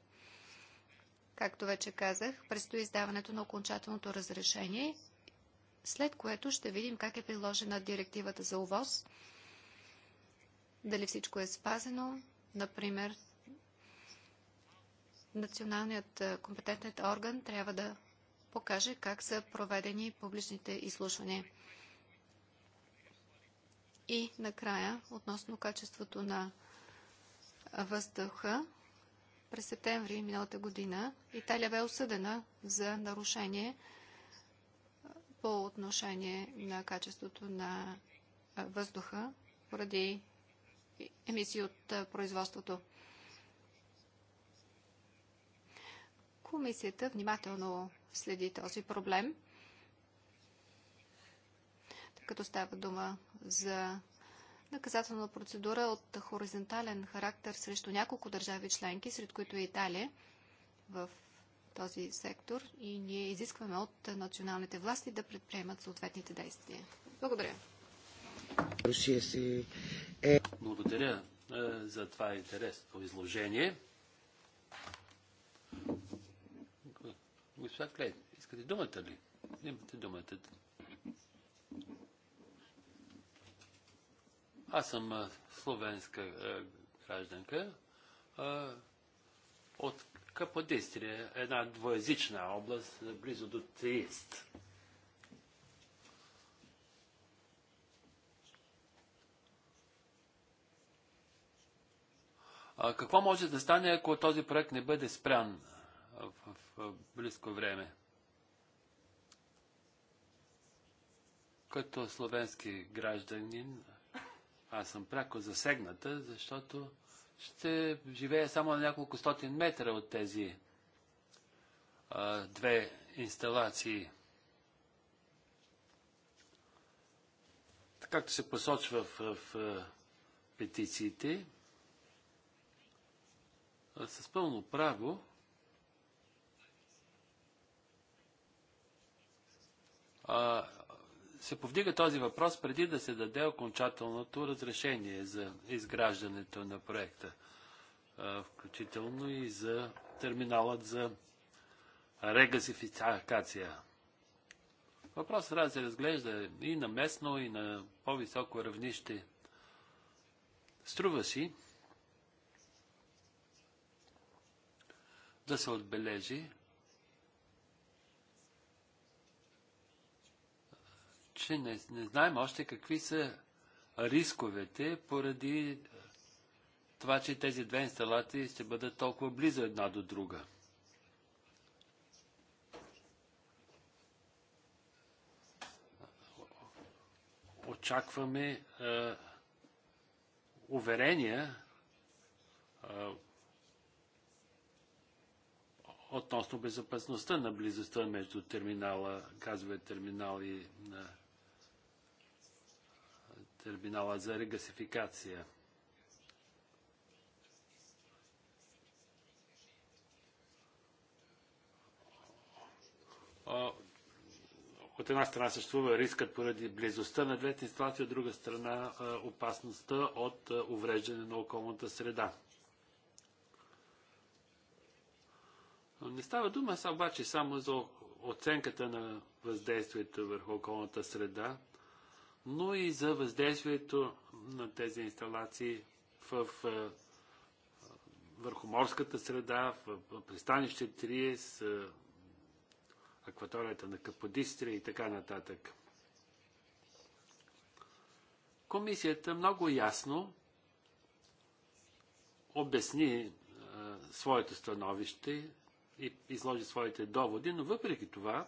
Както вече казах, предстои издаването на окончателното разрешение, след което ще видим как е приложена директивата за увоз, дали всичко е спазено, например, националният компетентен орган трябва да покаже как са проведени публичните изслушвания. И накрая, относно качеството на въздуха, през септември миналата година Италия бе осъдена за нарушение по отношение на качеството на въздуха поради емисии от производството. Комисията внимателно следи този проблем, като става дума за наказателна процедура от хоризонтален характер срещу няколко държави членки, сред които е Италия в този сектор и ние изискваме от националните власти да предприемат съответните действия. Благодаря. Благодаря е, за това интересно изложение. Господа Клейн, искате думата ли? Имате думата. Аз съм словенска гражданка от Каподистрия, една двоязична област, близо до Триест. какво може да стане, ако този проект не бъде спрян в, в близко време? Като словенски гражданин, аз съм пряко засегната, защото ще живея само на няколко стотин метра от тези а, две инсталации. Както се посочва в, в, в петициите, с пълно право а, се повдига този въпрос преди да се даде окончателното разрешение за изграждането на проекта, включително и за терминалът за регасификация. Въпросът трябва да се разглежда и на местно, и на по-високо равнище. Струва си да се отбележи, че не, не знаем още какви са рисковете поради е, това, че тези две инсталации ще бъдат толкова близо една до друга. Очакваме е, уверения е, относно безопасността на близостта между терминала, газовия терминал и на терминала за регасификация. От една страна съществува рискът поради близостта на двете инсталации, от друга страна опасността от увреждане на околната среда. Не става дума обаче само за оценката на въздействието върху околната среда, но и за въздействието на тези инсталации в, в е, върху морската среда, в, в пристанище Триес, е, акваторията на Каподистрия и така нататък. Комисията много ясно обясни а, е, своето становище и изложи своите доводи, но въпреки това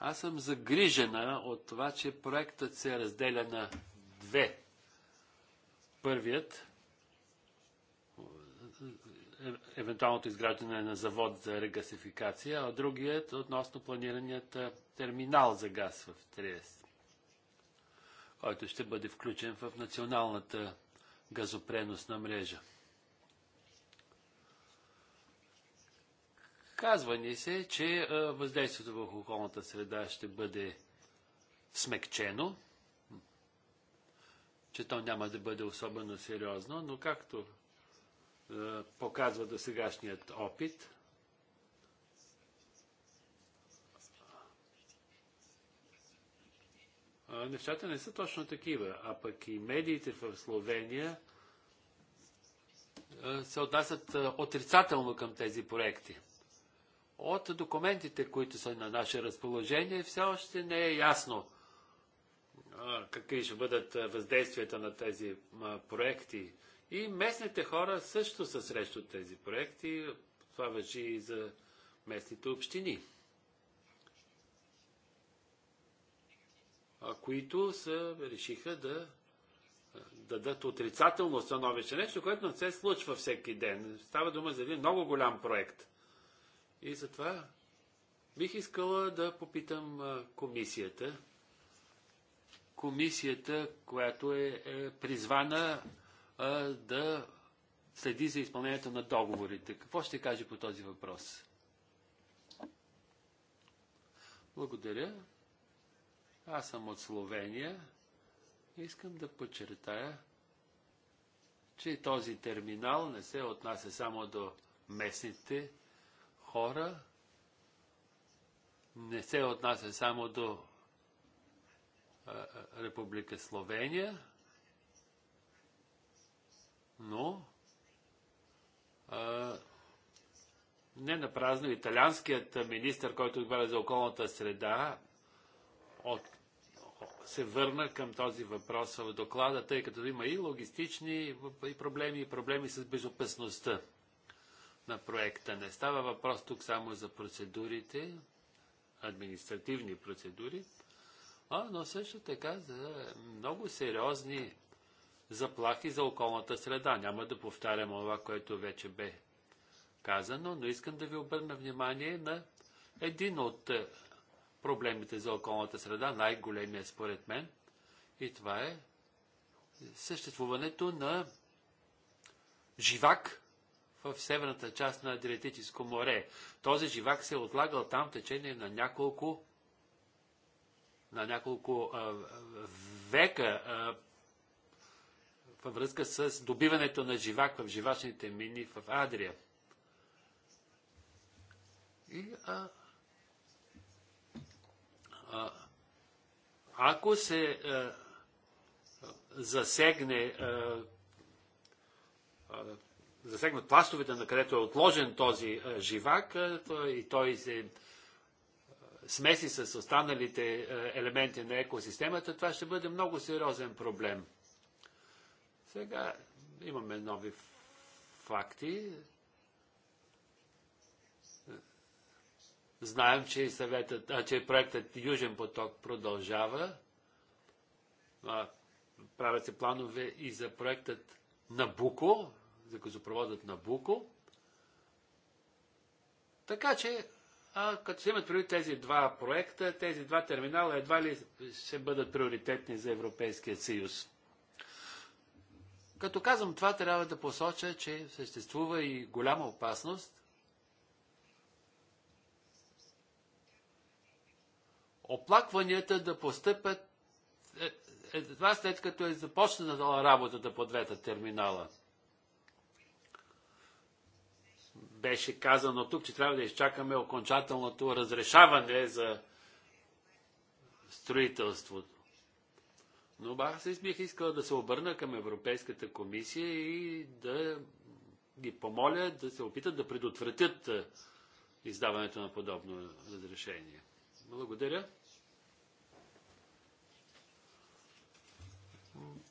аз съм загрижена от това, че проектът се разделя на две. Първият евентуалното изграждане на завод за регасификация, а другият относно планираният терминал за газ в Триест, който ще бъде включен в националната газопреносна мрежа. Казва ни се, че въздействието върху околната среда ще бъде смекчено, че то няма да бъде особено сериозно, но както показва до сегашният опит, нещата не са точно такива, а пък и медиите в Словения се отнасят отрицателно към тези проекти от документите, които са на наше разположение, все още не е ясно какви ще бъдат въздействията на тези проекти. И местните хора също са срещу тези проекти. Това въжи и за местните общини, които са, решиха да дадат отрицателно становище. Нещо, което не се случва всеки ден. Става дума за един много голям проект – и затова бих искала да попитам комисията. Комисията, която е, е призвана а, да следи за изпълнението на договорите. Какво ще каже по този въпрос? Благодаря. Аз съм от Словения. Искам да подчертая, че този терминал не се отнася само до местните хора не се отнася само до е, е, Република Словения, но а, е, не на празно италианският министр, който отговаря за околната среда, от, се върна към този въпрос в доклада, тъй като има и логистични и проблеми, и проблеми с безопасността на проекта. Не става въпрос тук само за процедурите, административни процедури, а, но също така за много сериозни заплахи за околната среда. Няма да повтарям това, което вече бе казано, но искам да ви обърна внимание на един от е, проблемите за околната среда, най-големия според мен, и това е съществуването на живак в северната част на Адриатическо море. Този живак се е отлагал там в течение на няколко на няколко а, века а, във връзка с добиването на живак в живачните мини в Адрия. И, а, а, ако се а, засегне а, засегнат пластовете, на където е отложен този живак и той се смеси с останалите елементи на екосистемата, това ще бъде много сериозен проблем. Сега имаме нови факти. Знаем, че, съветът, а, че проектът Южен поток продължава. А, правят се планове и за проектът Набуко, за газопроводът на Буко. Така че, а, като се имат предвид тези два проекта, тези два терминала едва ли ще бъдат приоритетни за Европейския съюз. Като казвам това, трябва да посоча, че съществува и голяма опасност оплакванията да постъпят е, едва след като е започнала работата по двете терминала – беше казано тук, че трябва да изчакаме окончателното разрешаване за строителството. Но аз бих искал да се обърна към Европейската комисия и да ги помоля да се опитат да предотвратят е, издаването на подобно разрешение. Благодаря.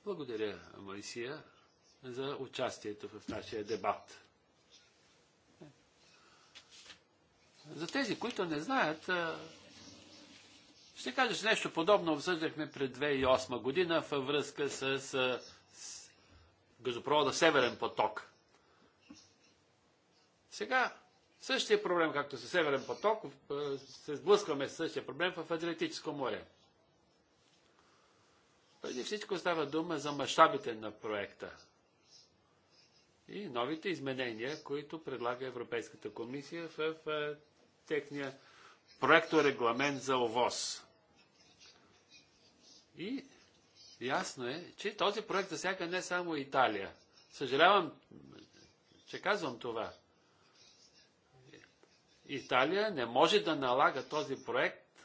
Благодаря, Майсия, за участието в нашия дебат. За тези, които не знаят, ще кажа, че нещо подобно обсъждахме пред 2008 година във връзка с, с, с газопровода Северен поток. Сега същия проблем, както със Северен поток, се сблъскваме с същия проблем в Адриатическо море. Преди всичко става дума за мащабите на проекта и новите изменения, които предлага Европейската комисия в техния проекторегламент за ОВОз. И ясно е, че този проект засяга не само Италия. Съжалявам, че казвам това. Италия не може да налага този проект,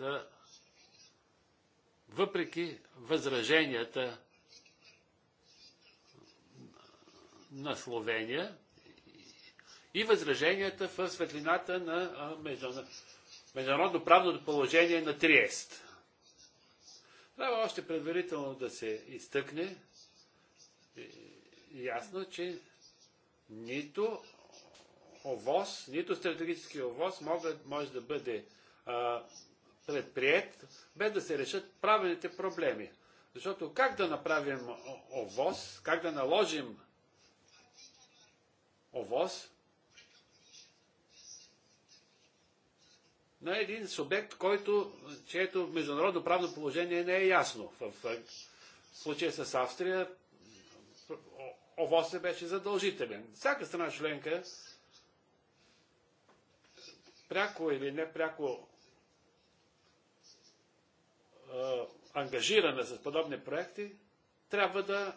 въпреки възраженията на Словения, и възраженията в светлината на международно правното положение на Триест. Трябва още предварително да се изтъкне ясно, че нито овоз, нито стратегически овоз може, може да бъде а, предприят, без да се решат правилните проблеми. Защото как да направим овоз, как да наложим овоз, на един субект, който, чието международно правно положение не е ясно. В, в, в случая с Австрия ОВОС е беше задължителен. Всяка страна членка пряко или непряко пряко, ангажирана с подобни проекти, трябва да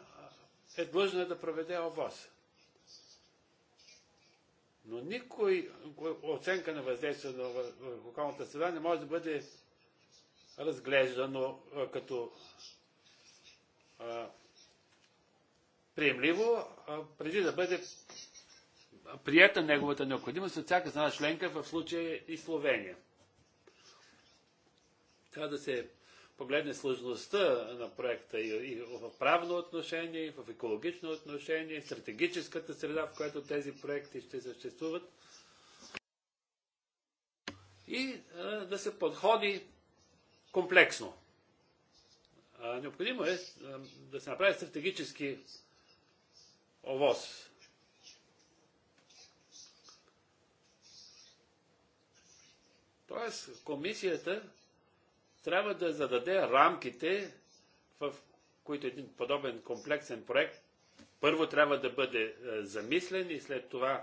е длъжна да проведе ОВОС. Но никой оценка на въздействие на околната среда не може да бъде разглеждано като а, приемливо, а, преди да бъде прията неговата необходимост от всяка страна членка, в случая и Словения. Трябва да се погледне сложността на проекта и, и в правно отношение, и в екологично отношение, и в стратегическата среда, в която тези проекти ще съществуват. И а, да се подходи комплексно. А, необходимо е а, да се направи стратегически овоз. Тоест, комисията трябва да зададе рамките, в които един подобен комплексен проект първо трябва да бъде е, замислен и след това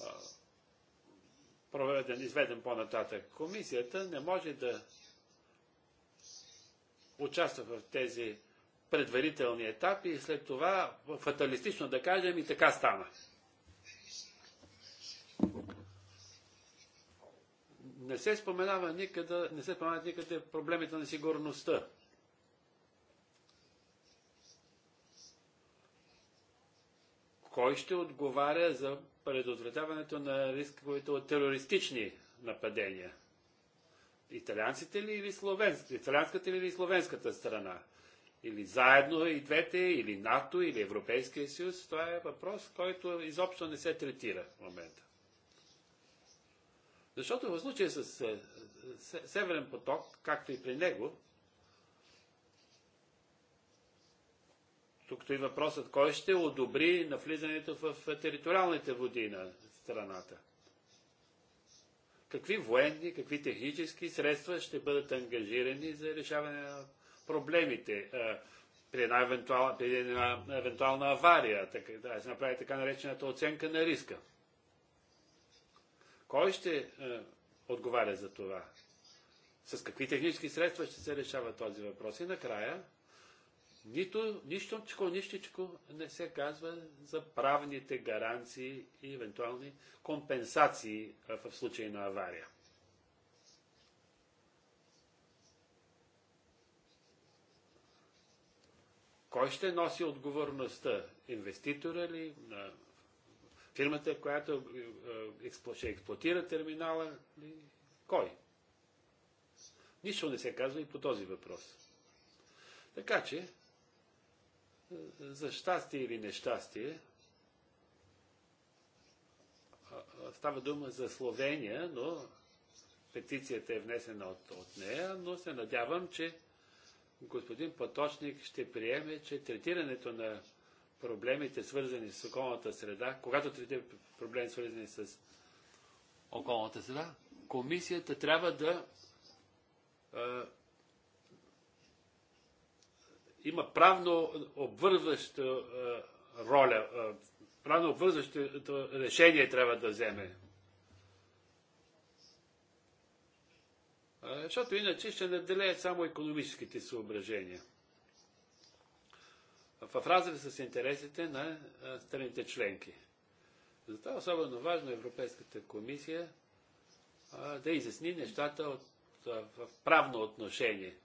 е, проведен, изведен по-нататък. Комисията не може да участва в тези предварителни етапи и след това фаталистично да кажем и така стана. не се споменава никъде, не се споменават никъде проблемите на сигурността. Кой ще отговаря за предотвратяването на рисковете от терористични нападения? Италианците ли или словенската? Италианската ли или словенската страна? Или заедно и двете, или НАТО, или Европейския съюз? Това е въпрос, който изобщо не се третира в момента. Защото в случая с е, е, Северен поток, както и при него, тук и въпросът кой ще одобри навлизането в е, териториалните води на страната. Какви военни, какви технически средства ще бъдат ангажирани за решаване на проблемите при една евентуална, при една евентуална авария, така, да се направи така наречената оценка на риска. Кой ще е, отговаря за това? С какви технически средства ще се решава този въпрос? И накрая, нито, нищо нищичко не се казва за правните гаранции и евентуални компенсации в случай на авария. Кой ще носи отговорността? Инвеститора ли? Фирмата, която е, е, ще експлуатира терминала, кой? Нищо не се казва и по този въпрос. Така че, е, за щастие или нещастие, става дума за Словения, но петицията е внесена от, от нея, но се надявам, че господин Поточник ще приеме, че третирането на проблемите, свързани с околната среда, когато третира проблеми, свързани с околната среда, комисията трябва да а, има правно обвързваща роля, а, правно обвързващо решение трябва да вземе. А, защото иначе ще наделеят само економическите съображения в разрез с интересите на страните членки. Затова е особено важно Европейската комисия да изясни нещата от, в правно отношение.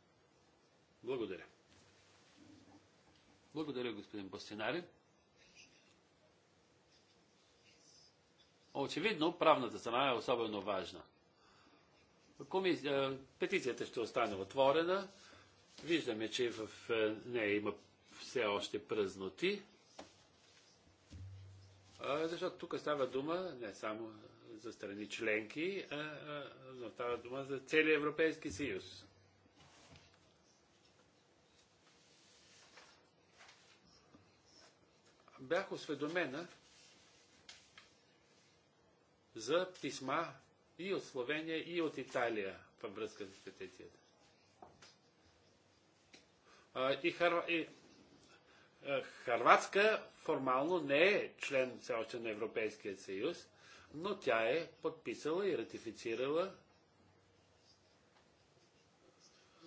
Благодаря. Благодаря, господин Бастинари. Очевидно, правната страна е особено важна. Комисия, петицията ще остане отворена. Виждаме, че в нея има все още пръзноти, защото тук става дума не само за страни членки, но става дума за целия Европейски съюз. Бях осведомена за писма и от Словения, и от Италия във връзка с петицията. и, Харва... и е, Харватска формално не е член все още на Европейския съюз, но тя е подписала и ратифицирала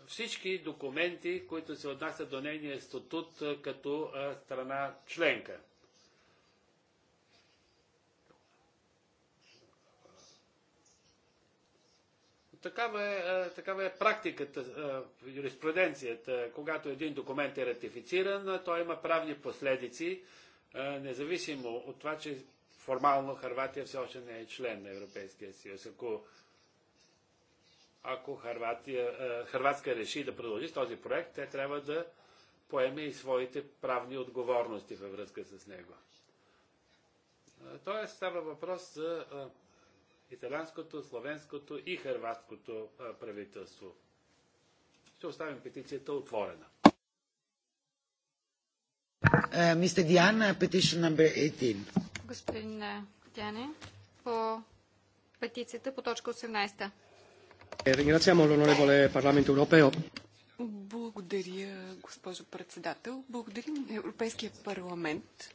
всички документи, които се отнасят до нейния статут е, като е, страна членка. такава е, е, такава е практиката, е, юриспруденцията. Когато един документ е ратифициран, той има правни последици, е, независимо от това, че формално Харватия все още не е член на Европейския съюз. Ако, ако Харватия, Харватска реши да продължи с този проект, те трябва да поеме и своите правни отговорности във връзка с него. Тоест става въпрос за италянското, словенското и хърватското правителство. Ще оставим петицията отворена. Е, мистер Диана, петиция номер 18. Господин е, Диане, по петицията по точка 18. Е, Ringraziamo l'onorevole Parlamento europeo. Благодаря, госпожо председател. Благодарим на Европейския парламент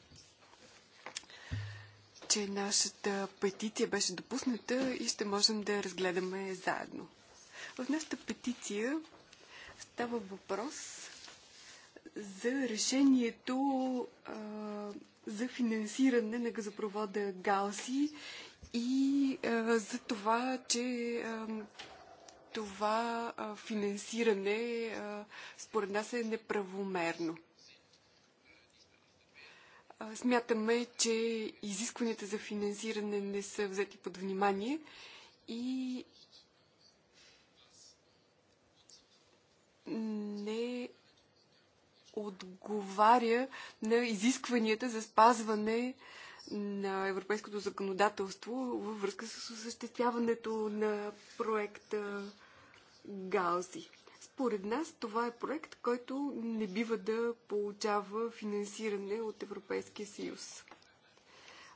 че нашата петиция беше допусната и ще можем да я разгледаме заедно. В нашата петиция става въпрос за решението а, за финансиране на газопровода Галси и а, за това, че а, това а, финансиране а, според нас е неправомерно. Смятаме, че изискванията за финансиране не са взети под внимание и не отговаря на изискванията за спазване на европейското законодателство във връзка с осъществяването на проекта Галзи. Според нас това е проект, който не бива да получава финансиране от Европейския съюз.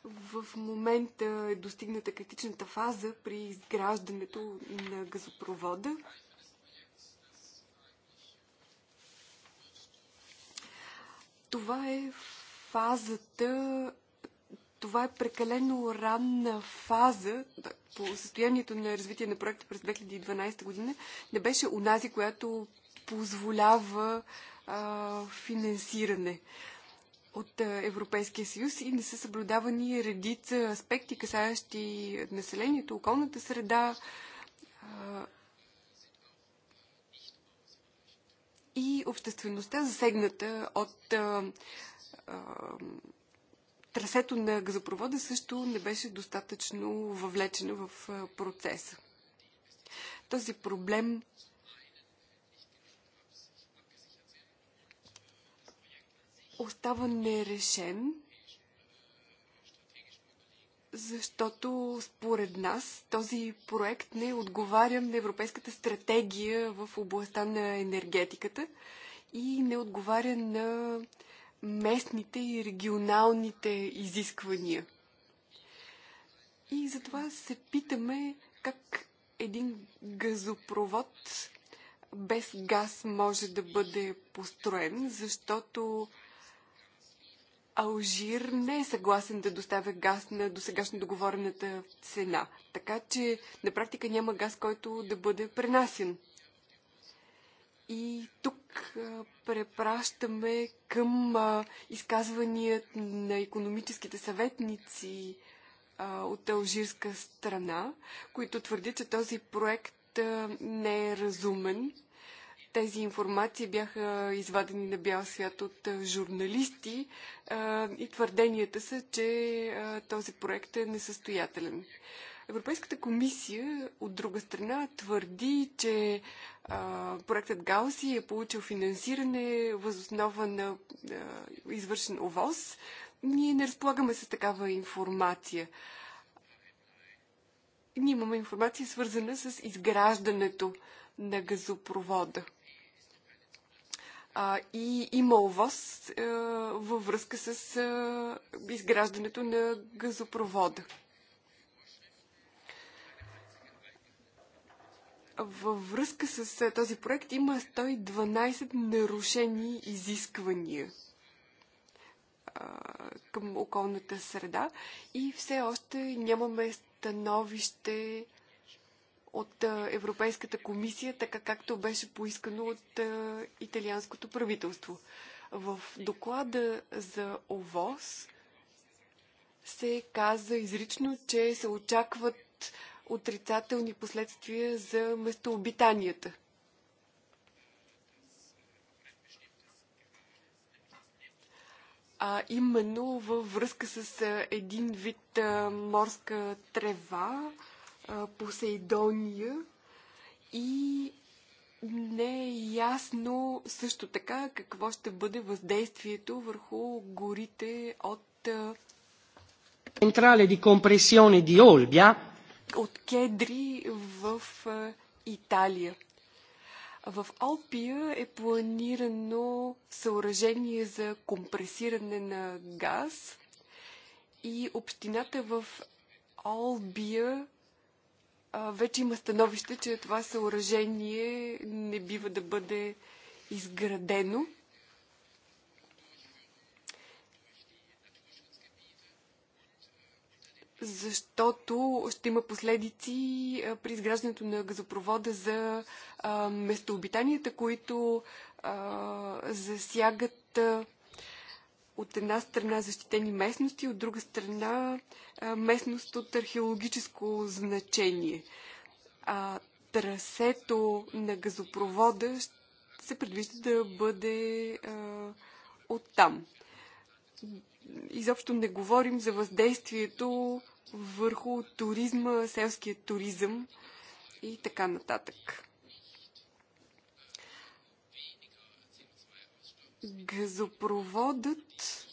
В момента е достигната критичната фаза при изграждането на газопровода. Това е фазата, това е прекалено ранна фаза по състоянието на развитие на проекта през 2012 година, не беше унази, която позволява а, финансиране от Европейския съюз и не са съблюдавани редица аспекти, касаещи населението, околната среда а, и обществеността, засегната от а, трасето на газопровода също не беше достатъчно въвлечено в процеса. Този проблем остава нерешен, защото според нас този проект не отговаря на Европейската стратегия в областта на енергетиката и не отговаря на местните и регионалните изисквания. И затова се питаме как един газопровод без газ може да бъде построен, защото Алжир не е съгласен да доставя газ на досегашно договорената цена. Така че на практика няма газ, който да бъде пренасен. И тук препращаме към изказваният на економическите съветници от алжирска страна, които твърдят, че този проект не е разумен. Тези информации бяха извадени на бял свят от журналисти и твърденията са, че този проект е несъстоятелен. Европейската комисия, от друга страна, твърди, че а, проектът Гауси е получил финансиране възоснова на а, извършен овоз. Ние не разполагаме с такава информация. Ние имаме информация свързана с изграждането на газопровода. А, и има овоз а, във връзка с а, изграждането на газопровода. във връзка с този проект има 112 нарушени изисквания към околната среда и все още нямаме становище от Европейската комисия, така както беше поискано от италианското правителство. В доклада за ОВОС се каза изрично, че се очакват отрицателни последствия за местообитанията. А именно във връзка с един вид морска трева, Посейдония и не е ясно също така какво ще бъде въздействието върху горите от Centrale ди компресионе ди Олбия от кедри в Италия. В Алпия е планирано съоръжение за компресиране на газ и общината в Албия вече има становище, че това съоръжение не бива да бъде изградено. защото ще има последици при изграждането на газопровода за местообитанията, които засягат от една страна защитени местности, от друга страна местност от археологическо значение. А, трасето на газопровода се предвижда да бъде а, оттам. Изобщо не говорим за въздействието върху туризма, селския туризъм и така нататък. Газопроводът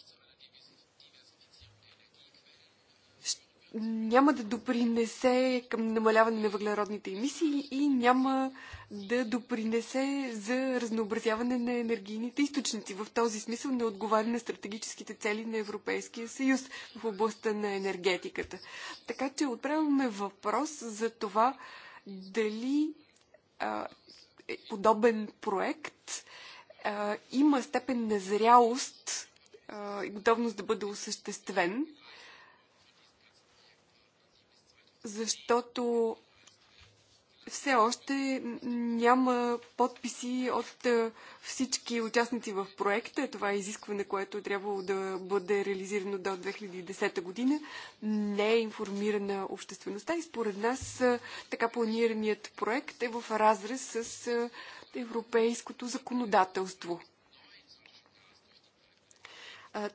няма да допринесе към намаляване на въглеродните емисии и няма да допринесе за разнообразяване на енергийните източници. В този смисъл не отговаря на стратегическите цели на Европейския съюз в областта на енергетиката. Така че отправяме въпрос за това дали а, е подобен проект а, има степен на зрялост и готовност да бъде осъществен защото все още няма подписи от всички участници в проекта. Това е изискване, което е трябвало да бъде реализирано до 2010 година. Не е информирана обществеността и според нас така планираният проект е в разрез с европейското законодателство.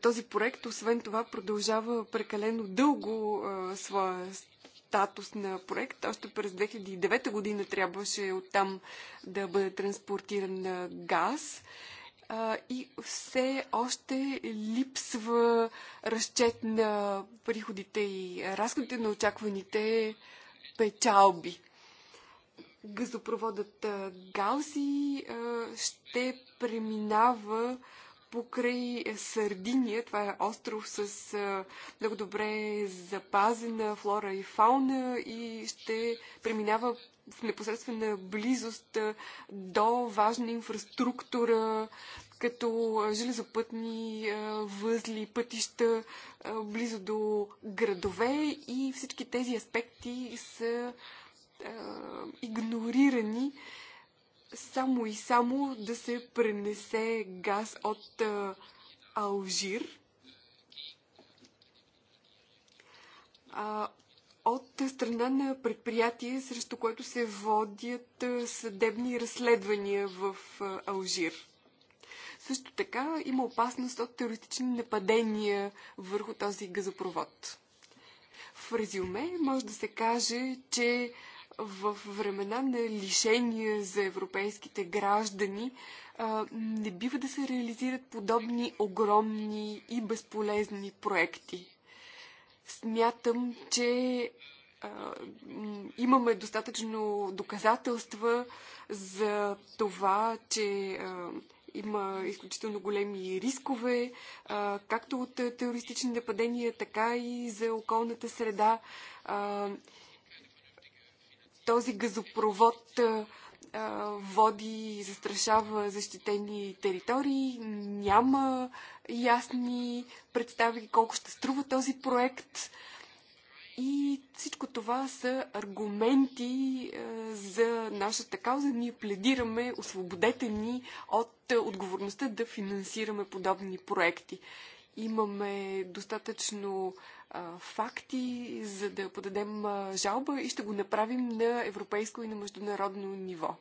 Този проект, освен това, продължава прекалено дълго своя статус на проект. Още през 2009 година трябваше оттам да бъде транспортиран газ и все още липсва разчет на приходите и разходите на очакваните печалби. Газопроводът Гауси ще преминава покрай Сардиния. Това е остров с много добре запазена флора и фауна и ще преминава в непосредствена близост до важна инфраструктура, като железопътни възли, пътища, близо до градове и всички тези аспекти са игнорирани само и само да се пренесе газ от а, Алжир а, от страна на предприятие, срещу което се водят съдебни разследвания в Алжир. Също така има опасност от терористични нападения върху този газопровод. В резюме може да се каже, че в времена на лишения за европейските граждани не бива да се реализират подобни огромни и безполезни проекти. Смятам, че имаме достатъчно доказателства за това, че има изключително големи рискове, както от терористични нападения, така и за околната среда. Този газопровод води и застрашава защитени територии. Няма ясни представи колко ще струва този проект. И всичко това са аргументи за нашата кауза. Ние пледираме, освободете ни от отговорността да финансираме подобни проекти. Имаме достатъчно факти, за да подадем жалба и ще го направим на европейско и на международно ниво.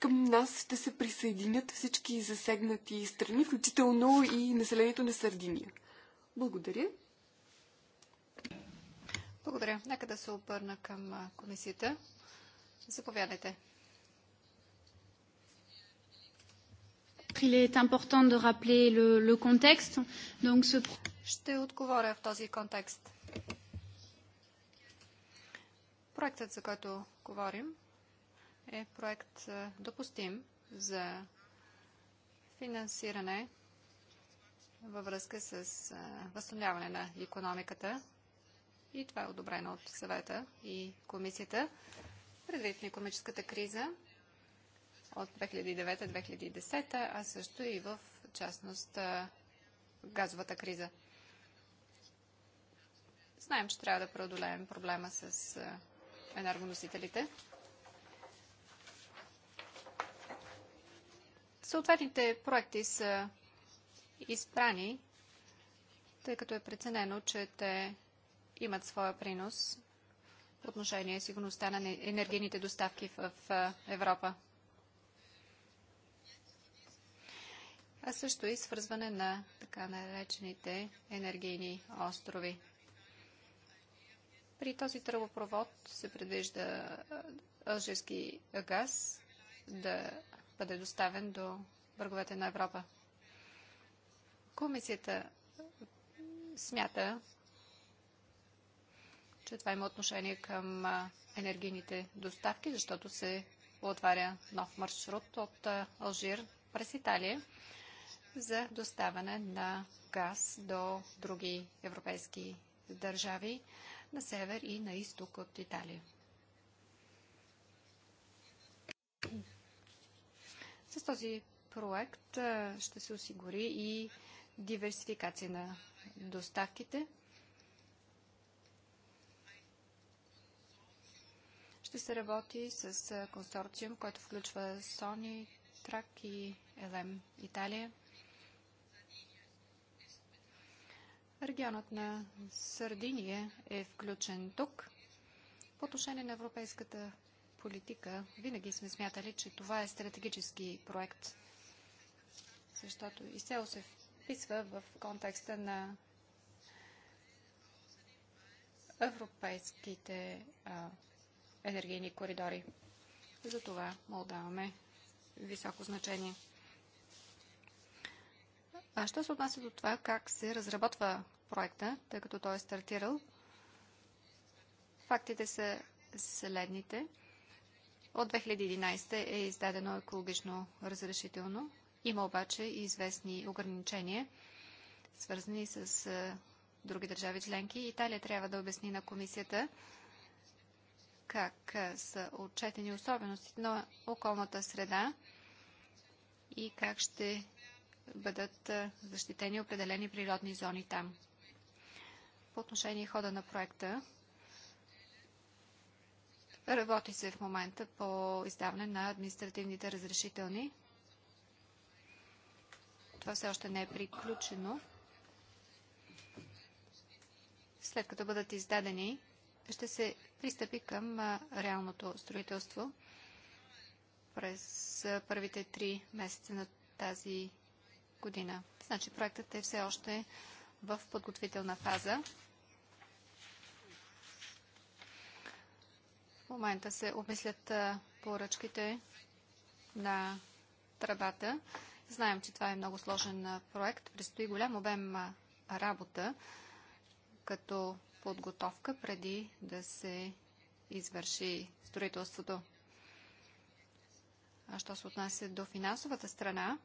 Към нас ще се присъединят всички засегнати страни, включително и населението на Сардиния. Благодаря. Благодаря. Нека да се обърна към комисията. Заповядайте. Министър, il est important de rappeler le, le contexte. Donc ce... Ще отговоря в този контекст. Проектът, за който говорим, е проект е, допустим за финансиране във връзка с е, възстановяване на економиката. И това е одобрено от съвета и комисията. Предвид на економическата криза, от 2009-2010, а също и в частност газовата криза. Знаем, че трябва да преодолеем проблема с енергоносителите. Съответните проекти са избрани, тъй като е преценено, че те имат своя принос по отношение сигурността на енергийните доставки в Европа. а също и свързване на така наречените енергийни острови. При този тръбопровод се предвижда алжирски газ да бъде доставен до бърговете на Европа. Комисията смята, че това има отношение към енергийните доставки, защото се отваря нов маршрут от Алжир през Италия за доставане на газ до други европейски държави на север и на изток от Италия. С този проект ще се осигури и диверсификация на доставките. Ще се работи с консорциум, който включва Sony, Track и LM Италия. Регионът на Сърдиния е включен тук. По отношение на европейската политика, винаги сме смятали, че това е стратегически проект, защото изцяло се вписва в контекста на европейските а, енергийни коридори. За това му отдаваме високо значение. А що се отнася до това как се разработва проекта, тъй като той е стартирал, фактите са следните. От 2011 е издадено екологично разрешително. Има обаче и известни ограничения, свързани с други държави членки. Италия трябва да обясни на комисията как са отчетени особеностите на околната среда и как ще бъдат защитени определени природни зони там. По отношение хода на проекта, работи се в момента по издаване на административните разрешителни. Това все още не е приключено. След като бъдат издадени, ще се пристъпи към реалното строителство. През първите три месеца на тази година. Значи проектът е все още в подготвителна фаза. В момента се обмислят поръчките на тръбата. Знаем, че това е много сложен проект. Предстои голям обем работа като подготовка преди да се извърши строителството. А що се отнася до финансовата страна,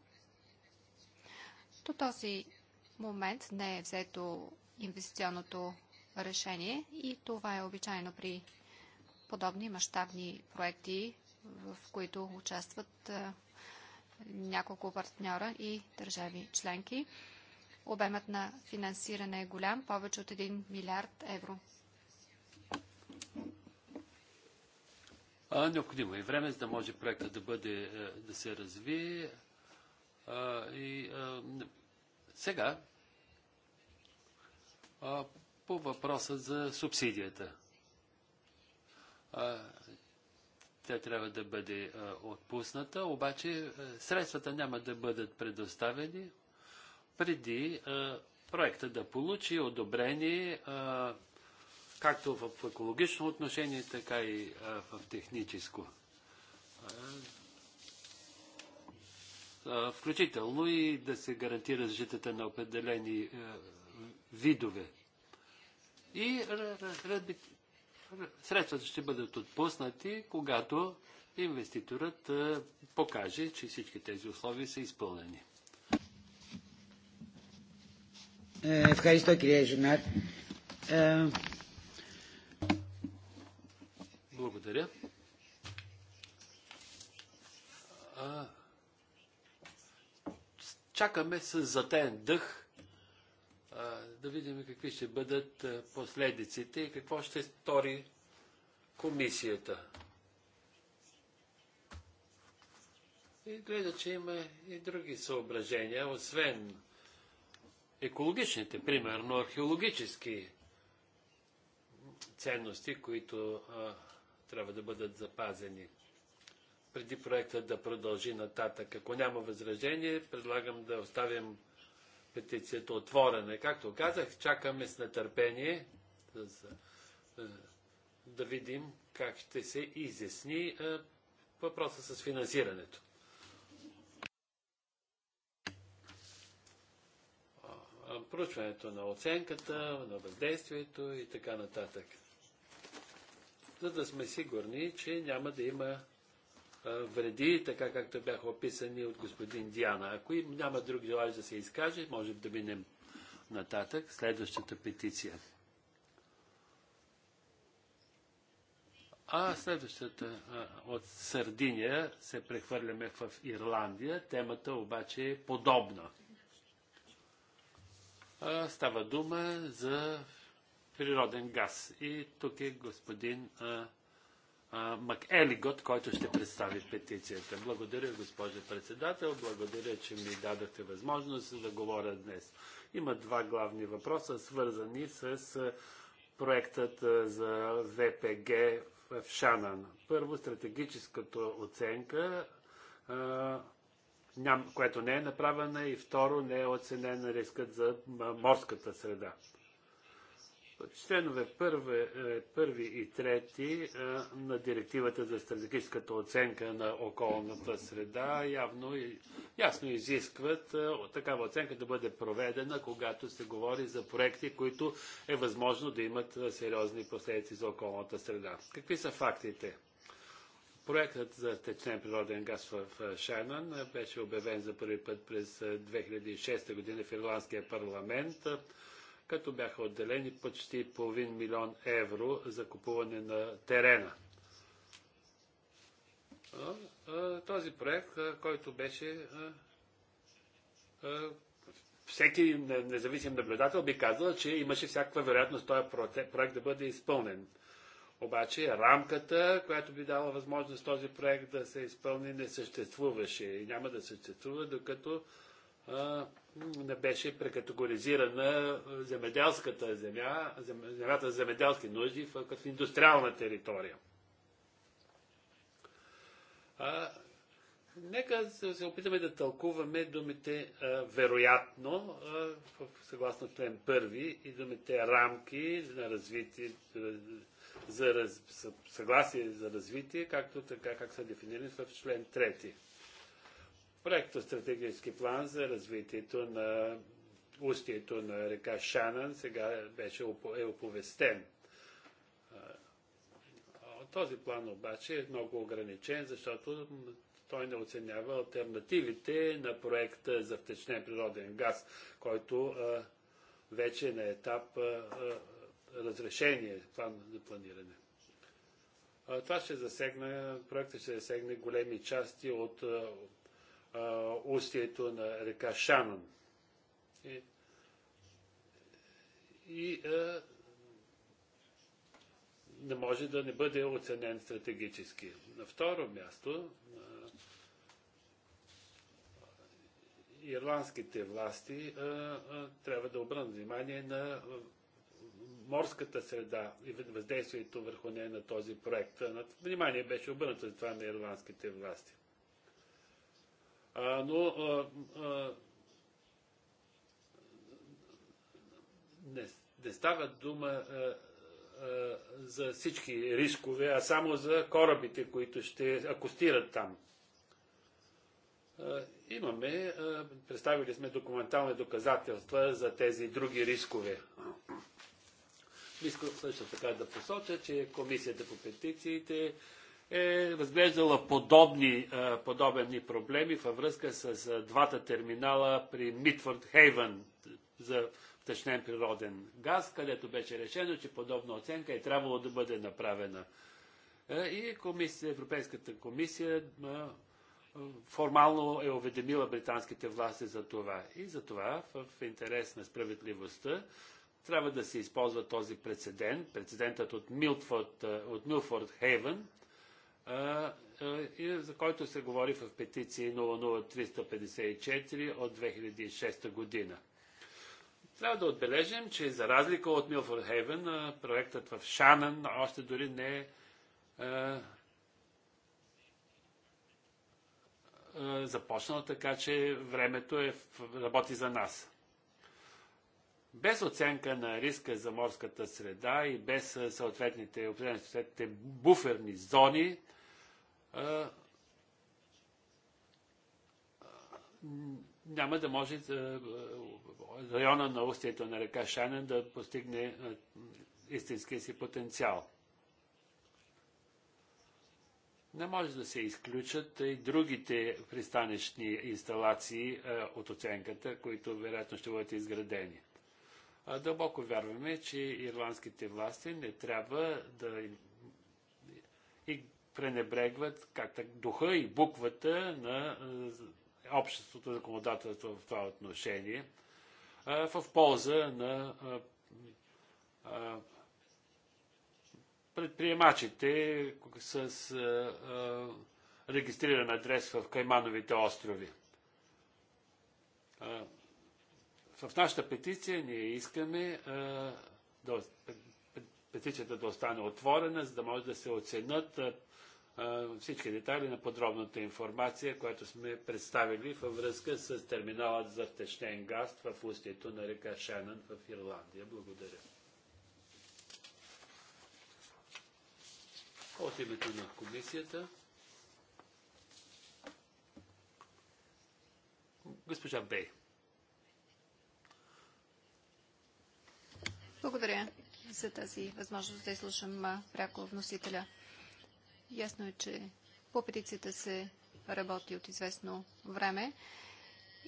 до този момент не е взето инвестиционното решение и това е обичайно при подобни мащабни проекти, в които участват няколко партньора и държави членки. Обемът на финансиране е голям, повече от 1 милиард евро. Необходимо е време, за да може проектът да, бъде, е, да се развие и а, сега а, по въпроса за субсидията. А, тя трябва да бъде а, отпусната, обаче а, средствата няма да бъдат предоставени преди а, проекта да получи одобрение а, както в екологично отношение, така и а, в техническо включително и да се гарантира защитата на определени е, видове. И средствата ще бъдат отпуснати, когато инвеститорът е, покаже, че всички тези условия са изпълнени. Ευχαριστώ е, Ζουνάρ. Благодаря чакаме с затен дъх да видим какви ще бъдат последиците и какво ще стори комисията. И гледа, че има и други съображения, освен екологичните, примерно археологически ценности, които а, трябва да бъдат запазени преди проекта да продължи нататък. Ако няма възражение, предлагам да оставим петицията отворена. Както казах, чакаме с нетърпение е, да видим как ще се изясни е, въпроса с финансирането. Проучването на оценката, на въздействието и така нататък. За да сме сигурни, че няма да има вреди, така както бяха описани от господин Диана. Ако им няма друг желаж да се изкаже, можем да минем нататък. Следващата петиция. А следващата от Сърдиния се прехвърляме в Ирландия. Темата обаче е подобна. Става дума за природен газ. И тук е господин Макелигот, който ще представи петицията. Благодаря, госпожо председател. Благодаря, че ми дадахте възможност да говоря днес. Има два главни въпроса, свързани с проектът за ВПГ в Шанан. Първо, стратегическата оценка, която не е направена и второ, не е оценен рискът за морската среда. Членове първи, е, първи и трети е, на директивата за стратегическата оценка на околната среда явно и ясно изискват е, такава оценка да бъде проведена, когато се говори за проекти, които е възможно да имат сериозни последици за околната среда. Какви са фактите? Проектът за течен природен газ в Шайнан беше обявен за първи път през 2006 година в Ирландския парламент като бяха отделени почти половин милион евро за купуване на терена. Този проект, който беше всеки независим наблюдател би казал, че имаше всякаква вероятност този проект да бъде изпълнен. Обаче рамката, която би дала възможност този проект да се изпълни, не съществуваше и няма да съществува, докато а, не беше прекатегоризирана земеделската земя, земята за земеделски нужди в, като индустриална територия. А, нека се опитаме да тълкуваме думите а, вероятно, а, в, съгласно член първи, и думите рамки на развитие, за за, съгласие за развитие, както така как са дефинирани в член трети проекто стратегически план за развитието на устието на река Шанан сега беше е оповестен. Този план обаче е много ограничен, защото той не оценява альтернативите на проекта за втечнен природен газ, който а, вече е на етап а, а, разрешение, план за планиране. А, това ще засегне, проектът ще засегне големи части от а, устието на река Шанон. И, и а, не може да не бъде оценен стратегически. На второ място, а, ирландските власти а, а, трябва да обърнат внимание на морската среда и въздействието върху нея на този проект. Внимание беше обърнато за това на ирландските власти но не, не става дума за всички рискове, а само за корабите, които ще акустират там. имаме, представили сме документални доказателства за тези други рискове. Искам също така да посоча, че Комисията по петициите е разглеждала подобни, е, подобни проблеми във връзка с е, двата терминала при Митфорд Хейвен за втечнен природен газ, където беше решено, че подобна оценка е трябвало да бъде направена. Е, и комисия, Европейската комисия формално е уведомила британските власти за това. И за това, в интерес на справедливостта, трябва да се използва този прецедент, прецедентът от Милфорд, от Милфорд Хейвен, за който се говори в петиции 00354 от 2006 година. Трябва да отбележим, че за разлика от Милфорд Хейвен, проектът в Шанан още дори не е започнал, така че времето е, работи за нас. Без оценка на риска за морската среда и без съответните, съответните буферни зони, няма да може да, е, района на устието на река Шанен да постигне е, истинския си потенциал. Не може да се изключат и другите пристанищни инсталации е, от оценката, които вероятно ще бъдат изградени. Дълбоко вярваме, че ирландските власти не трябва да пренебрегват както духа и буквата на е, обществото законодателство в това отношение в полза на предприемачите с регистриран адрес в Каймановите острови. В нашата петиция ние искаме да, петицията да остане отворена, за да може да се оценят всички детайли на подробната информация, която сме представили във връзка с терминалът за втечнен газ в устието на река Шенън в Ирландия. Благодаря. От името на комисията. Госпожа Бей. Благодаря за тази възможност да изслушам пряко вносителя. Ясно е, че по петицията се работи от известно време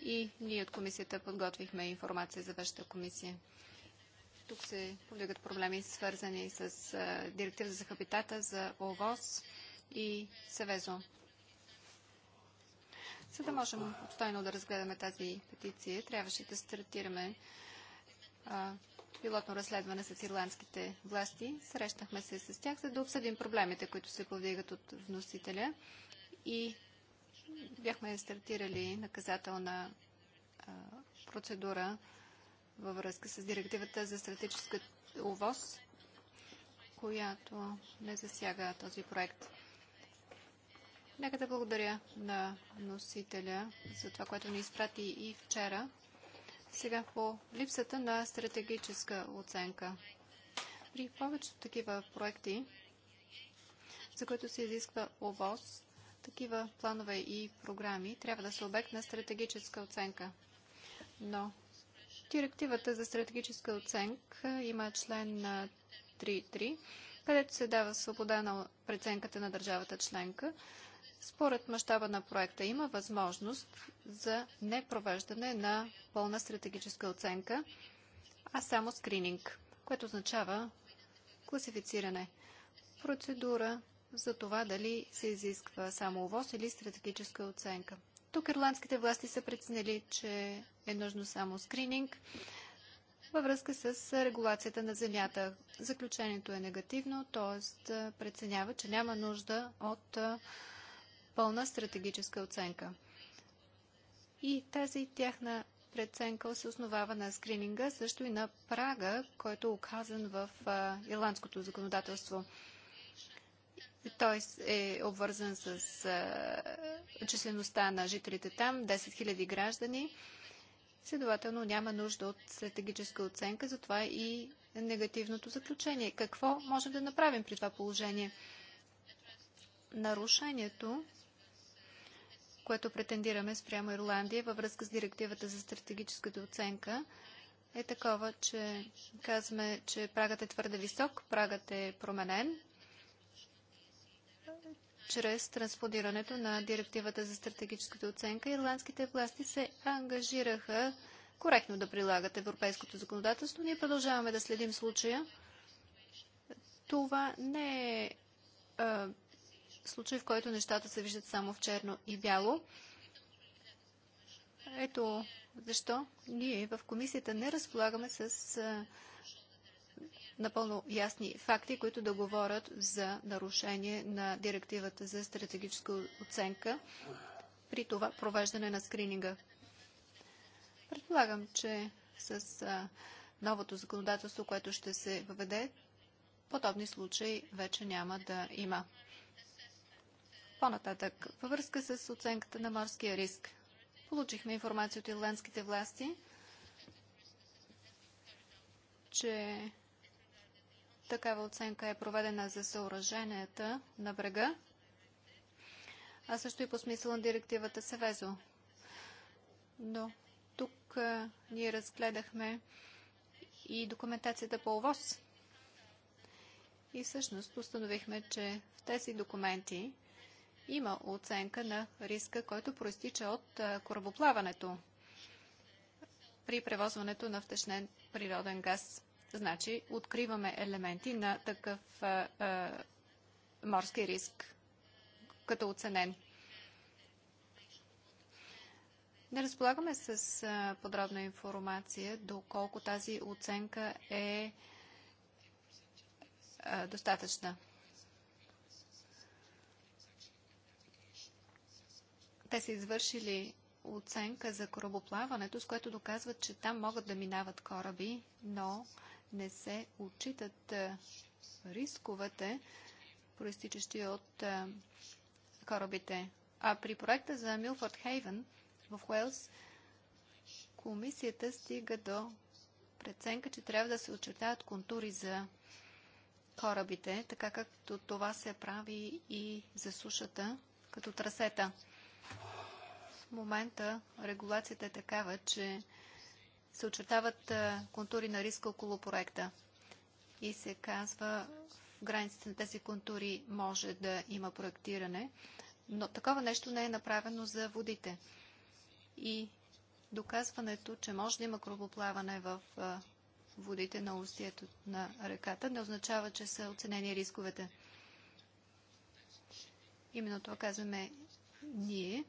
и ние от комисията подготвихме информация за вашата комисия. Тук се повдигат проблеми, свързани с директива за хабитата, за ОВОз и Севезо. За да можем обстойно да разгледаме тази петиция, трябваше да стартираме а, пилотно разследване с ирландските власти. Срещнахме се с тях, за да обсъдим проблемите, които се повдигат от вносителя и бяхме стартирали наказателна а, процедура във връзка с директивата за стратегическа увоз, която не засяга този проект. Нека да благодаря на носителя за това, което ни изпрати и вчера. Сега по липсата на стратегическа оценка. При повечето такива проекти, за които се изисква ОВОС, такива планове и програми трябва да са обект на стратегическа оценка. Но директивата за стратегическа оценка има член на 3.3, където се дава свобода на преценката на държавата членка според мащаба на проекта има възможност за непровеждане на пълна стратегическа оценка, а само скрининг, което означава класифициране. Процедура за това дали се изисква само ОВОС или стратегическа оценка. Тук ирландските власти са преценили, че е нужно само скрининг във връзка с регулацията на земята. Заключението е негативно, т.е. преценява, че няма нужда от пълна стратегическа оценка. И тази тяхна преценка се основава на скрининга, също и на прага, който е оказан в ирландското законодателство. Той е обвързан с а, числеността на жителите там, 10 000 граждани. Следователно няма нужда от стратегическа оценка, затова и негативното заключение. Какво можем да направим при това положение? Нарушението което претендираме спрямо Ирландия във връзка с директивата за стратегическата оценка, е такова, че казваме, че прагът е твърде висок, прагът е променен чрез транспонирането на директивата за стратегическата оценка. Ирландските власти се ангажираха коректно да прилагат европейското законодателство. Ние продължаваме да следим случая. Това не е случай, в който нещата се виждат само в черно и бяло. Ето защо ние в комисията не разполагаме с напълно ясни факти, които да говорят за нарушение на директивата за стратегическа оценка при това провеждане на скрининга. Предполагам, че с новото законодателство, което ще се въведе, подобни случаи вече няма да има. По-нататък, във връзка с оценката на морския риск, получихме информация от ирландските власти, че такава оценка е проведена за съоръженията на брега, а също и по смисъл на директивата Севезо. Но тук а, ние разгледахме и документацията по ОВОС. И всъщност установихме, че в тези документи има оценка на риска, който проистича от корабоплаването при превозването на втечнен природен газ. Значи, откриваме елементи на такъв а, а, морски риск, като оценен. Не разполагаме с а, подробна информация доколко тази оценка е а, достатъчна. Те са извършили оценка за корабоплаването, с което доказват, че там могат да минават кораби, но не се отчитат рисковете, проистичащи от корабите. А при проекта за Милфорд Хейвен в Уелс, комисията стига до преценка, че трябва да се очертаят контури за корабите, така както това се прави и за сушата, като трасета момента регулацията е такава, че се очертават контури на риска около проекта. И се казва, в границите на тези контури може да има проектиране, но такова нещо не е направено за водите. И доказването, че може да има кръвоплаване в водите на устието на реката, не означава, че са оценени рисковете. Именно това казваме ние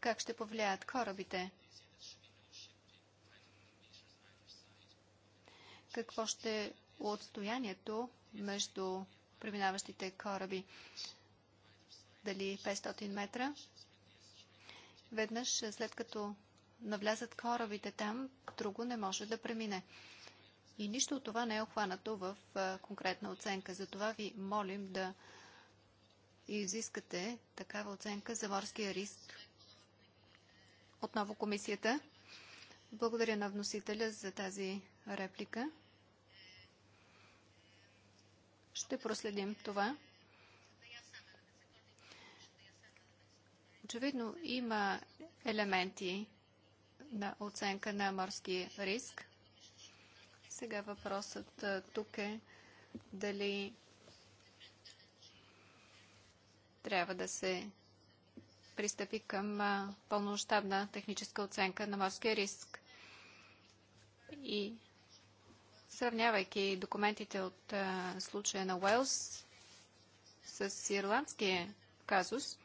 как ще повлияят корабите. Какво ще е отстоянието между преминаващите кораби? Дали 500 метра? Веднъж след като навлязат корабите там, друго не може да премине. И нищо от това не е охванато в конкретна оценка. Затова ви молим да изискате такава оценка за морския риск отново комисията. Благодаря на вносителя за тази реплика. Ще проследим това. Очевидно има елементи на оценка на морски риск. Сега въпросът тук е дали трябва да се пристъпи към пълномащабна техническа оценка на морския риск. И сравнявайки документите от случая на Уелс с ирландския казус,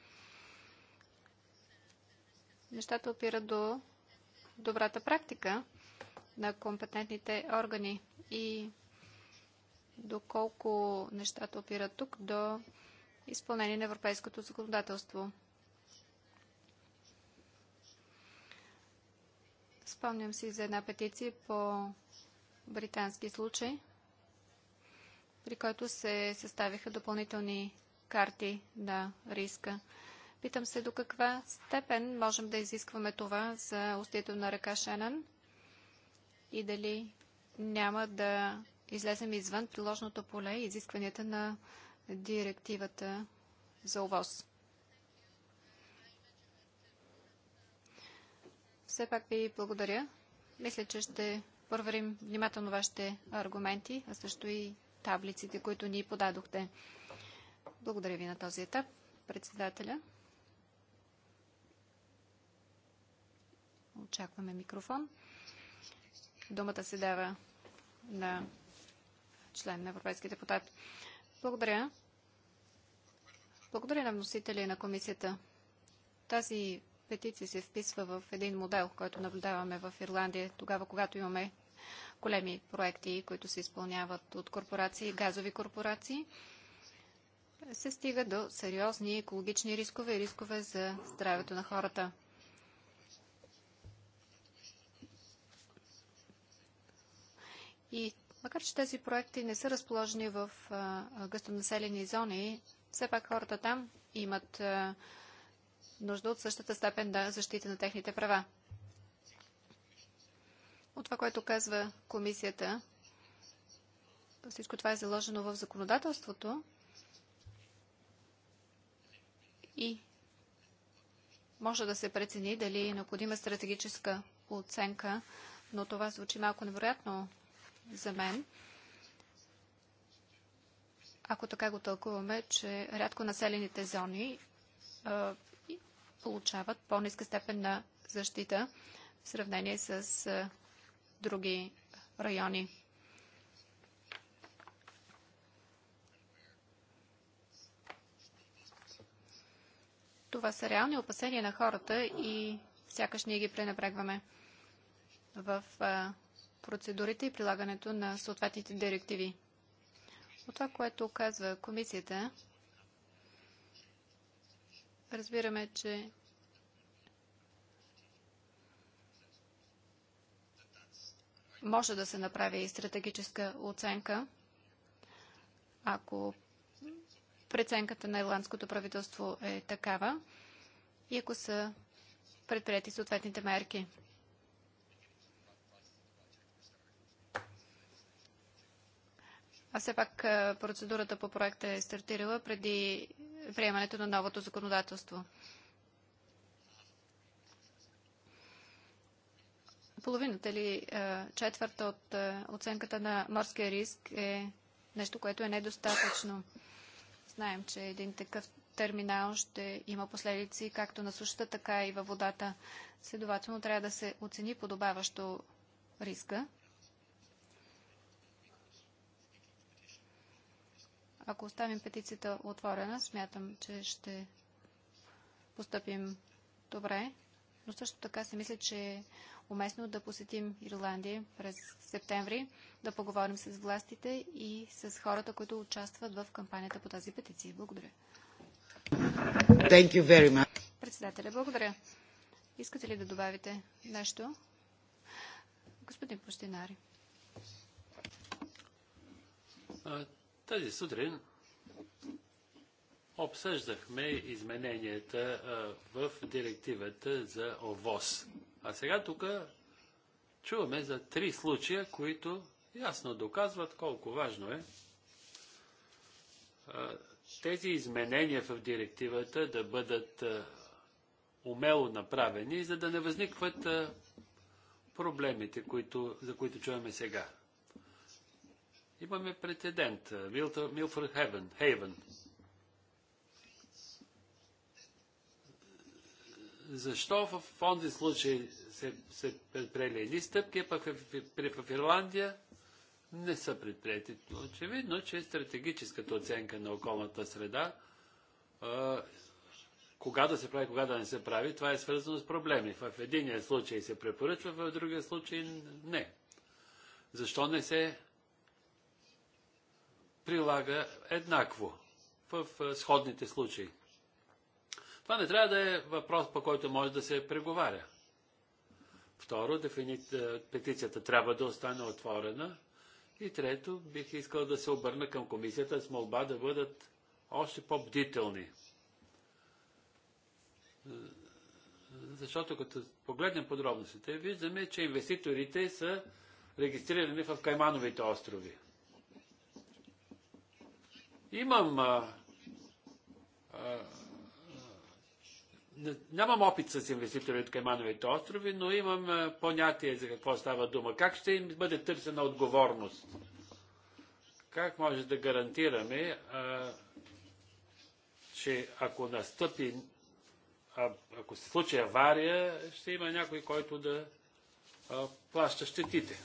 нещата опират до добрата практика на компетентните органи и доколко нещата опират тук до изпълнение на европейското законодателство. Спомням си за една петиция по британски случай, при който се съставиха допълнителни карти на риска. Питам се до каква степен можем да изискваме това за устието на ръка Шенън и дали няма да излезем извън приложното поле и изискванията на директивата за ОВОз. все пак ви благодаря. Мисля, че ще проверим внимателно вашите аргументи, а също и таблиците, които ни подадохте. Благодаря ви на този етап, председателя. Очакваме микрофон. Думата се дава на член на Европейски депутат. Благодаря. Благодаря на вносители на комисията. Тази петиция се вписва в един модел, който наблюдаваме в Ирландия, тогава когато имаме големи проекти, които се изпълняват от корпорации, газови корпорации, се стига до сериозни екологични рискове и рискове за здравето на хората. И макар, че тези проекти не са разположени в гъстонаселени зони, все пак хората там имат а, нужда от същата степен на да защита на техните права. От това, което казва комисията, всичко това е заложено в законодателството и може да се прецени дали е необходима стратегическа оценка, но това звучи малко невероятно за мен. Ако така го тълкуваме, че рядко населените зони получават по-ниска степен на защита в сравнение с други райони. Това са реални опасения на хората и сякаш ние ги пренебрегваме в процедурите и прилагането на съответните директиви. От това, което казва комисията, Разбираме, че може да се направи и стратегическа оценка, ако преценката на ирландското правителство е такава и ако са предприяти съответните мерки. А все пак процедурата по проекта е стартирала преди приемането на новото законодателство. Половината или е, четвърта от е, оценката на морския риск е нещо, което е недостатъчно. Знаем, че един такъв терминал ще има последици както на сушата, така и във водата. Следователно трябва да се оцени подобаващо риска Ако оставим петицията отворена, смятам, че ще поступим добре. Но също така се мисля, че е уместно да посетим Ирландия през септември, да поговорим с властите и с хората, които участват в кампанията по тази петиция. Благодаря. Thank you very much. Председателя, благодаря. Искате ли да добавите нещо? Господин Пощинари. Тази сутрин обсъждахме измененията в директивата за ОВОз. А сега тук чуваме за три случая, които ясно доказват колко важно е тези изменения в директивата да бъдат умело направени, за да не възникват проблемите, които, за които чуваме сега. Имаме прецедент. Е, Милфорд Хейвен. Защо в този случай се, се предприели едни стъпки, пък в, в, в Ирландия не са предприяти. Очевидно, че стратегическата оценка на околната среда, а, е, кога да се прави, кога да не се прави, това е свързано с проблеми. В единия случай се препоръчва, в другия случай не. Защо не се прилага еднакво в сходните случаи. Това не трябва да е въпрос, по който може да се преговаря. Второ, дефини... петицията трябва да остане отворена. И трето, бих искал да се обърна към комисията с молба да бъдат още по-бдителни. Защото като погледнем подробностите, виждаме, че инвеститорите са регистрирани в Каймановите острови. Имам. А, а, нямам опит с инвеститори от Каймановите острови, но имам понятие за какво става дума. Как ще им бъде търсена отговорност? Как може да гарантираме, а, че ако настъпи, а, ако се случи авария, ще има някой, който да а, плаща щетите?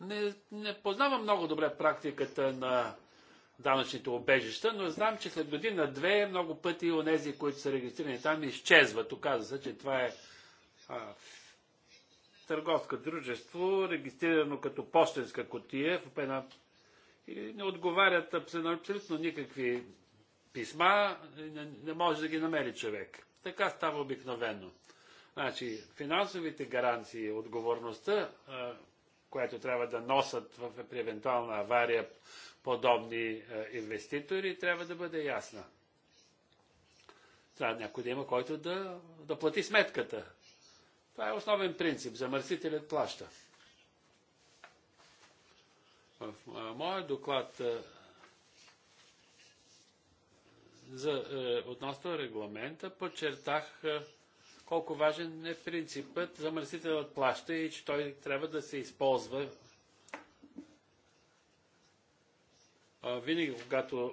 Не, не познавам много добре практиката на данъчните обежища, но знам, че след година-две много пъти онези, които са регистрирани там, изчезват. Оказва се, че това е а, търговско дружество, регистрирано като почтенска котия в една... и не отговарят абсолютно никакви писма, не, не може да ги намери човек. Така става обикновено. Значи, финансовите гаранции, отговорността, а, която трябва да носят в евентуална авария подобни е, инвеститори, трябва да бъде ясна. Трябва някой да има, който да, да плати сметката. Това е основен принцип. Замърсителят плаща. В е, моя доклад е, за, е, относно регламента подчертах е, колко важен е принципът замърсителят плаща и че той трябва да се използва винаги, когато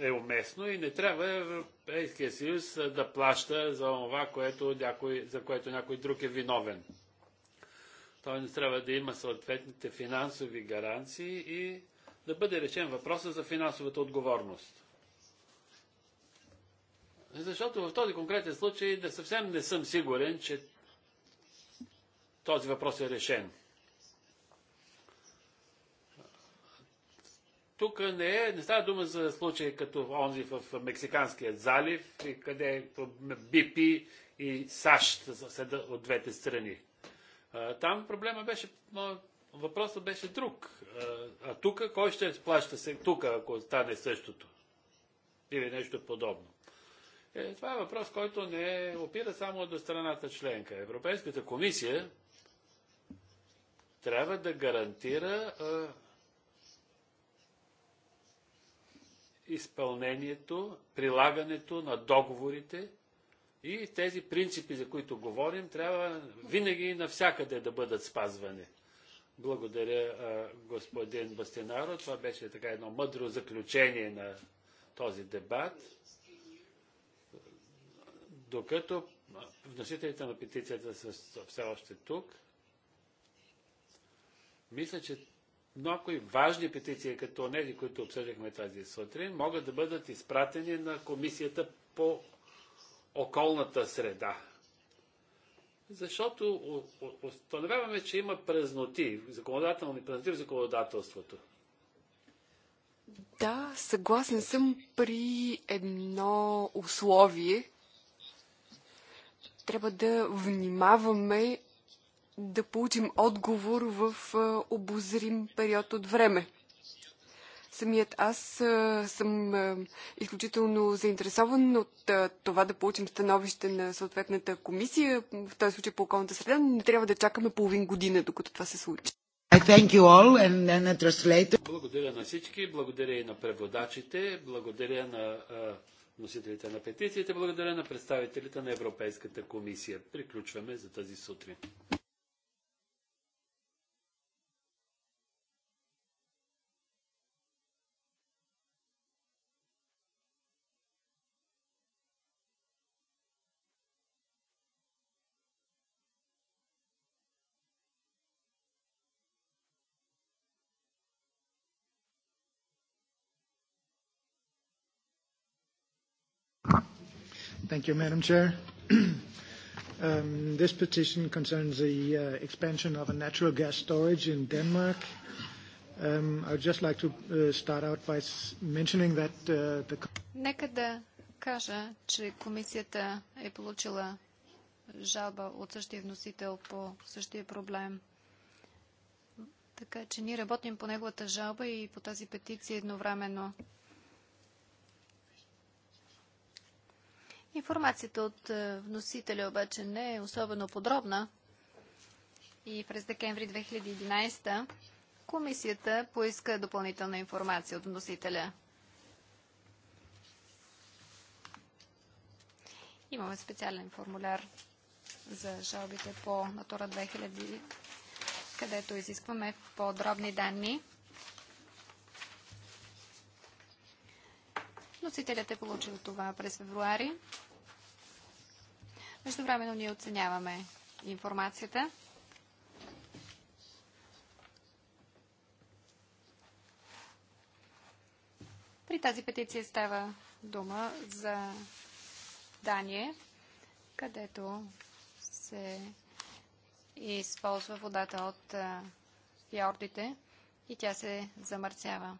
е уместно и не трябва Европейския съюз да плаща за това, което някой, за което някой друг е виновен. Той не трябва да има съответните финансови гаранции и да бъде решен въпроса за финансовата отговорност. Защото в този конкретен случай да съвсем не съм сигурен, че този въпрос е решен. Тук не, е, не става дума за случаи като онзи в Мексиканския залив, къде BP е и САЩ са от двете страни. Там проблема беше, въпросът беше друг. А тук кой ще плаща се тук, ако стане същото? Или нещо подобно. Е, това е въпрос, който не опира само до страната членка. Европейската комисия трябва да гарантира а, изпълнението, прилагането на договорите и тези принципи, за които говорим, трябва винаги и навсякъде да бъдат спазвани. Благодаря, а, господин Бастинаро. Това беше така едно мъдро заключение на този дебат. Докато вносителите на петицията са все още тук, мисля, че някои важни петиции, като тези, които обсъждахме тази сутрин, могат да бъдат изпратени на комисията по околната среда. Защото установяваме, че има празноти, законодателни празноти в законодателството. Да, съгласен съм при едно условие, трябва да внимаваме да получим отговор в обозрим период от време. Самият аз съм изключително заинтересован от това да получим становище на съответната комисия, в този случай по околната среда, но не трябва да чакаме половин година, докато това се случи. Благодаря на всички, благодаря и на преводачите, благодаря на носителите на петициите. Благодаря на представителите на Европейската комисия. Приключваме за тази сутрин. Thank you, Madam Chair. This petition concerns the expansion of a natural gas storage in Denmark. I would just like to start out by mentioning that the. Нека да кажа, че комисията е получила жалба от същия вносител по същия проблем. Така че ние работим по неговата жалба и по тази петиция едновременно. Информацията от е, вносителя обаче не е особено подробна и през декември 2011 комисията поиска допълнителна информация от вносителя. Имаме специален формуляр за жалбите по Натура 2000, където изискваме подробни данни Вносителят е получил това през февруари. Междувременно ние оценяваме информацията. При тази петиция става дума за Дание, където се използва водата от фьордите и тя се замърсява.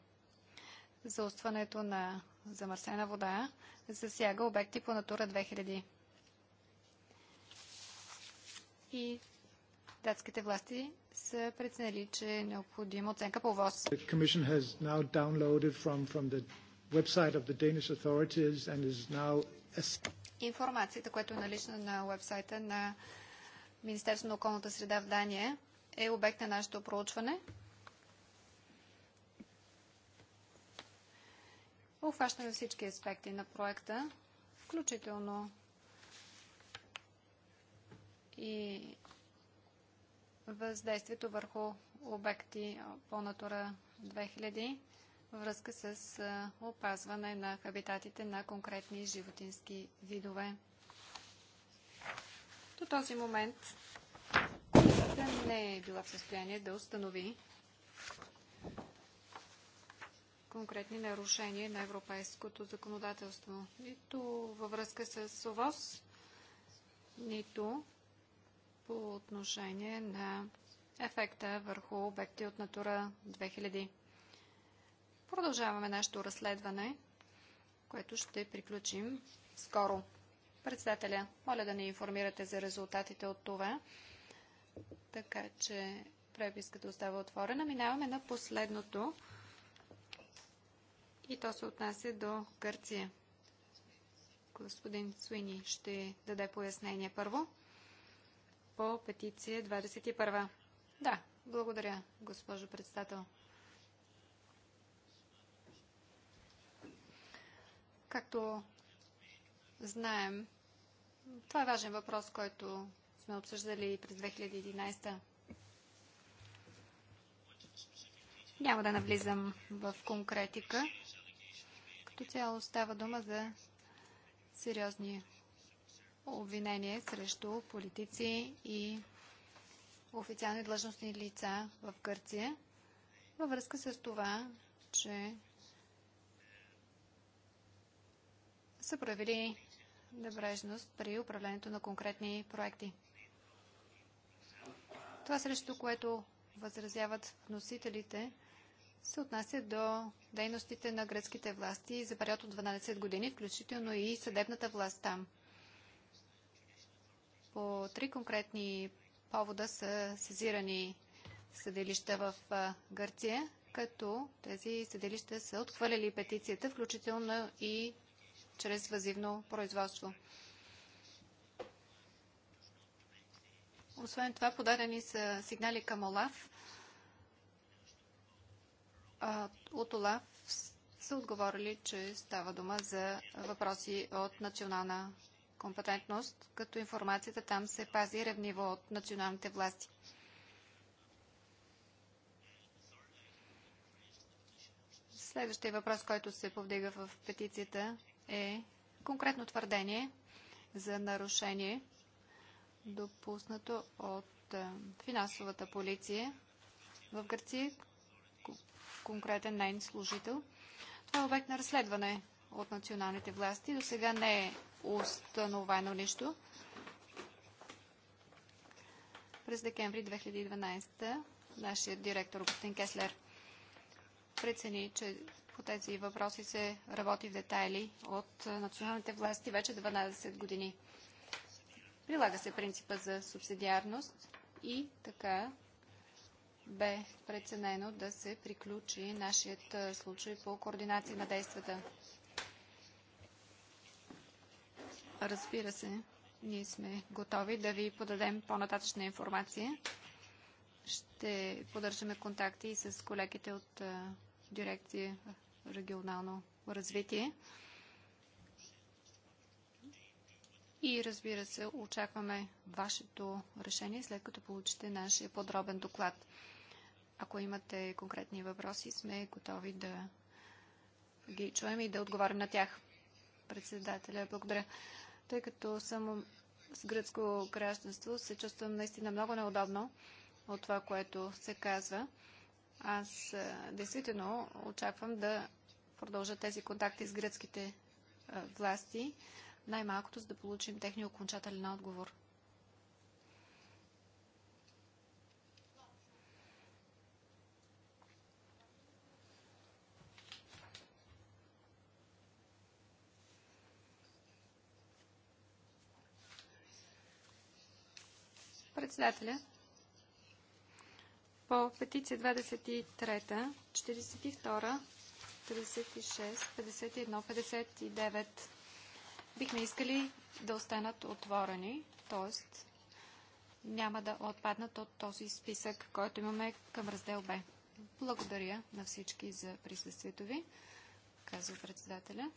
Заустването на замърсена вода засяга обекти по Натура 2000. И датските власти са преценили, че е необходима оценка по ВОЗ. Информацията, която е налична на вебсайта на Министерството на околната среда в Дания, е обект на нашето проучване – обхващаме всички аспекти на проекта, включително и въздействието върху обекти по Натура 2000 във връзка с опазване на хабитатите на конкретни животински видове. До този момент не е била в състояние да установи конкретни нарушения на европейското законодателство. Нито във връзка с ОВОз, нито по отношение на ефекта върху обекти от Натура 2000. Продължаваме нашето разследване, което ще приключим скоро. Председателя, моля да ни информирате за резултатите от това, така че преписката остава отворена. Минаваме на последното и то се отнася до Гърция. Господин Суини ще даде пояснение първо по петиция 21. Да, благодаря, госпожо председател. Както знаем, това е важен въпрос, който сме обсъждали през 2011. Няма да навлизам в конкретика, като цяло става дума за сериозни обвинения срещу политици и официални длъжностни лица в Гърция във връзка с това, че са проявили небрежност при управлението на конкретни проекти. Това срещу което възразяват вносителите се отнася до дейностите на гръцките власти за период от 12 години, включително и съдебната власт там. По три конкретни повода са сезирани съдилища в Гърция, като тези съдилища са отхвърлили петицията, включително и чрез възивно производство. Освен това, подадени са сигнали към ОЛАФ а, от ОЛАФ са отговорили, че става дума за въпроси от национална компетентност, като информацията там се пази ревниво от националните власти. Следващия въпрос, който се повдига в петицията е конкретно твърдение за нарушение, допуснато от финансовата полиция в Гърция, конкретен нейн служител. Това е обект на разследване от националните власти. До сега не е установено нищо. През декември 2012 нашия директор Гостин Кеслер прецени, че по тези въпроси се работи в детайли от националните власти вече 12 години. Прилага се принципа за субсидиарност и така бе преценено да се приключи нашият случай по координация на действата. Разбира се, ние сме готови да ви подадем по-нататъчна информация. Ще поддържаме контакти и с колегите от дирекция регионално развитие. И разбира се, очакваме вашето решение, след като получите нашия подробен доклад. Ако имате конкретни въпроси, сме готови да ги чуем и да отговарям на тях. Председателя, благодаря. Тъй като съм с гръцко гражданство, се чувствам наистина много неудобно от това, което се казва. Аз действително очаквам да продължа тези контакти с гръцките власти, най-малкото за да получим техния окончателен отговор. председателя. По петиция 23, 42, 36, 51, 59 бихме искали да останат отворени, т.е. няма да отпаднат от този списък, който имаме към раздел Б. Благодаря на всички за присъствието ви, казва председателя.